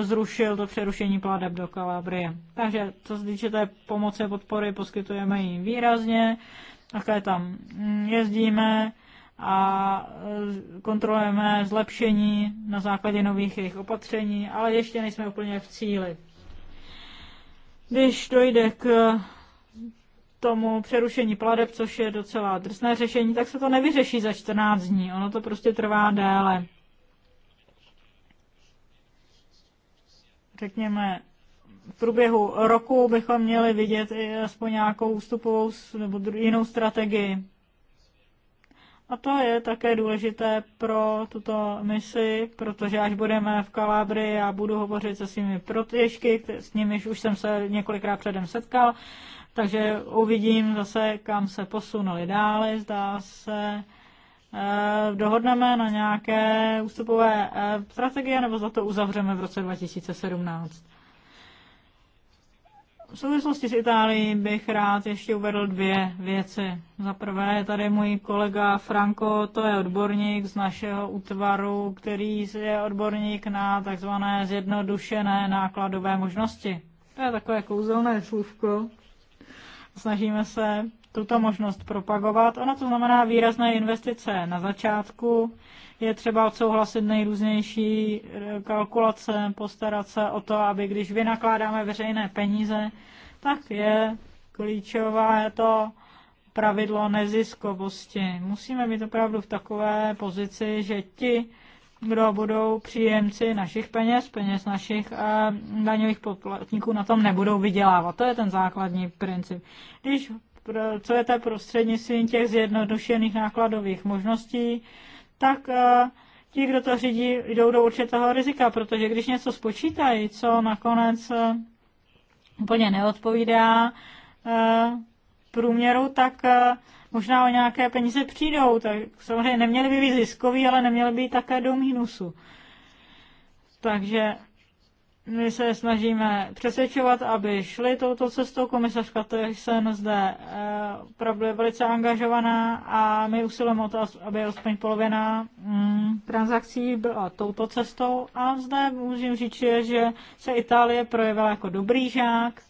zrušil to přerušení pládeb do Kalabrie. Takže co se týče té pomoci podpory, poskytujeme jim výrazně, také tam mm, jezdíme, a e, kontrolujeme zlepšení na základě nových jejich opatření, ale ještě nejsme úplně v cíli. Když dojde k tomu přerušení pladeb, což je docela drsné řešení, tak se to nevyřeší za 14 dní. Ono to prostě trvá déle. Řekněme, v průběhu roku bychom měli vidět i aspoň nějakou ústupovou nebo jinou strategii. A to je také důležité pro tuto misi, protože až budeme v Kalábrii a budu hovořit se svými protěžky, s nimiž už jsem se několikrát předem setkal, takže uvidím zase, kam se posunuli dále. Zdá se, eh, dohodneme na nějaké ústupové eh, strategie, nebo za to uzavřeme v roce 2017. V souvislosti s Itálií bych rád ještě uvedl dvě věci. Za prvé je tady můj kolega Franco, to je odborník z našeho útvaru, který je odborník na takzvané zjednodušené nákladové možnosti. To je takové kouzelné slůvko. Snažíme se tuto možnost propagovat. Ono to znamená výrazné investice na začátku, je třeba odsouhlasit nejrůznější eh, kalkulace, postarat se o to, aby když vynakládáme veřejné peníze, tak je klíčová je to pravidlo neziskovosti. Musíme být opravdu v takové pozici, že ti, kdo budou příjemci našich peněz, peněz našich eh, daňových poplatníků, na tom nebudou vydělávat. To je ten základní princip. Když pracujete prostřednictvím těch zjednodušených nákladových možností, tak eh, ti, kdo to řídí, jdou do určitého rizika, protože když něco spočítají, co nakonec eh, úplně neodpovídá eh, průměru, tak možná o nějaké peníze přijdou. Tak samozřejmě neměly by být ziskový, ale neměly by být také do mínusu. Takže my se snažíme přesvědčovat, aby šli touto cestou. Komisařka Tyson zde eh, opravdu je velice angažovaná a my usilujeme o to, aby alespoň polovina mm, transakcí byla touto cestou. A zde můžu říct, že se Itálie projevila jako dobrý žák,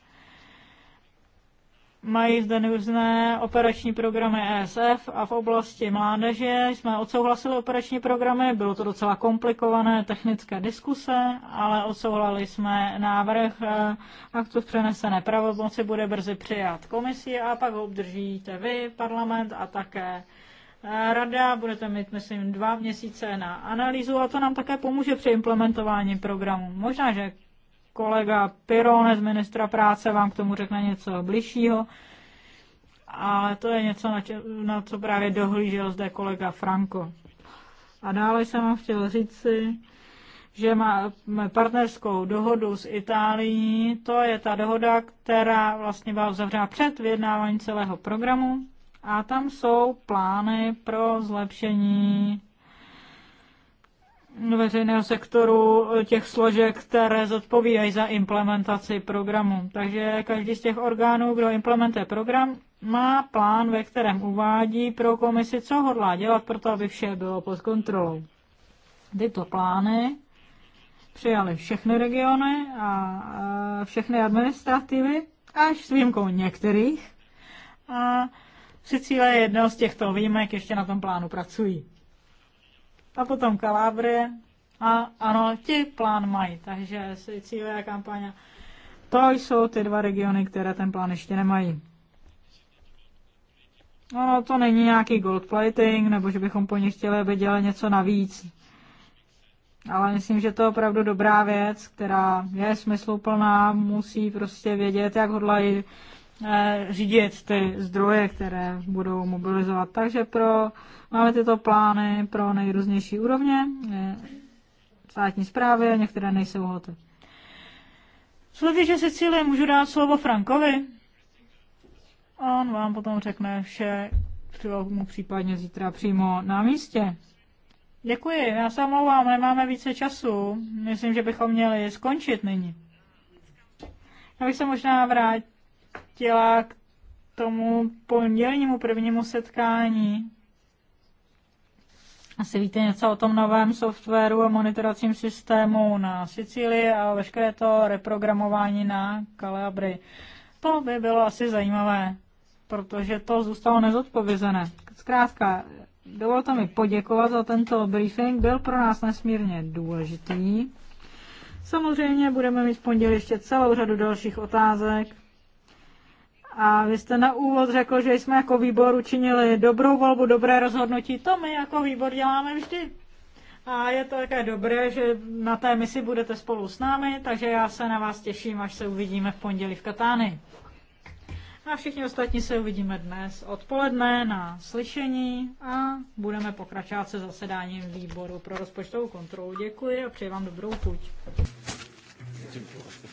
Mají zde různé operační programy ESF a v oblasti mládeže jsme odsouhlasili operační programy, bylo to docela komplikované technické diskuse, ale odsouhlali jsme návrh eh, aktu v přenesené pravomoci, bude brzy přijat komisí a pak ho obdržíte vy, parlament a také eh, rada. Budete mít, myslím, dva měsíce na analýzu a to nám také pomůže při implementování programu. Možná, že kolega Piron z ministra práce vám k tomu řekne něco bližšího. Ale to je něco, na, če, na co právě dohlížel zde kolega Franko. A dále jsem vám chtěl říci, že máme partnerskou dohodu s Itálií. To je ta dohoda, která vlastně byla uzavřena před vyjednáváním celého programu. A tam jsou plány pro zlepšení veřejného sektoru těch složek, které zodpovídají za implementaci programu. Takže každý z těch orgánů, kdo implementuje program, má plán, ve kterém uvádí pro komisi, co hodlá dělat pro to, aby vše bylo pod kontrolou. Tyto plány přijali všechny regiony a všechny administrativy, až s výjimkou některých. A Sicílie je z těchto výjimek, ještě na tom plánu pracují a potom Kalábrie. A ano, ti plán mají, takže Sicílie a kampaně. To jsou ty dva regiony, které ten plán ještě nemají. No, to není nějaký gold plating, nebo že bychom po nich chtěli, aby dělali něco navíc. Ale myslím, že to je opravdu dobrá věc, která je smysluplná, musí prostě vědět, jak hodlají Eh, řídit ty zdroje, které budou mobilizovat. Takže pro, máme tyto plány pro nejrůznější úrovně eh, státní zprávy a některé nejsou hoty. si cíle můžu dát slovo Frankovi. On vám potom řekne vše, mu případně zítra přímo na místě. Děkuji, já se omlouvám, nemáme více času. Myslím, že bychom měli skončit nyní. Já bych se možná vrátil chtěla k tomu pondělnímu prvnímu setkání. Asi víte něco o tom novém softwaru a monitoracím systému na Sicílii a veškeré to reprogramování na Calabry. To by bylo asi zajímavé, protože to zůstalo nezodpovězené. Zkrátka, dovolte mi poděkovat za tento briefing, byl pro nás nesmírně důležitý. Samozřejmě budeme mít v pondělí ještě celou řadu dalších otázek, a vy jste na úvod řekl, že jsme jako výbor učinili dobrou volbu, dobré rozhodnutí. To my jako výbor děláme vždy. A je to také dobré, že na té misi budete spolu s námi, takže já se na vás těším, až se uvidíme v pondělí v Katány. A všichni ostatní se uvidíme dnes odpoledne na slyšení a budeme pokračovat se zasedáním výboru pro rozpočtovou kontrolu. Děkuji a přeji vám dobrou chuť. Děkuji.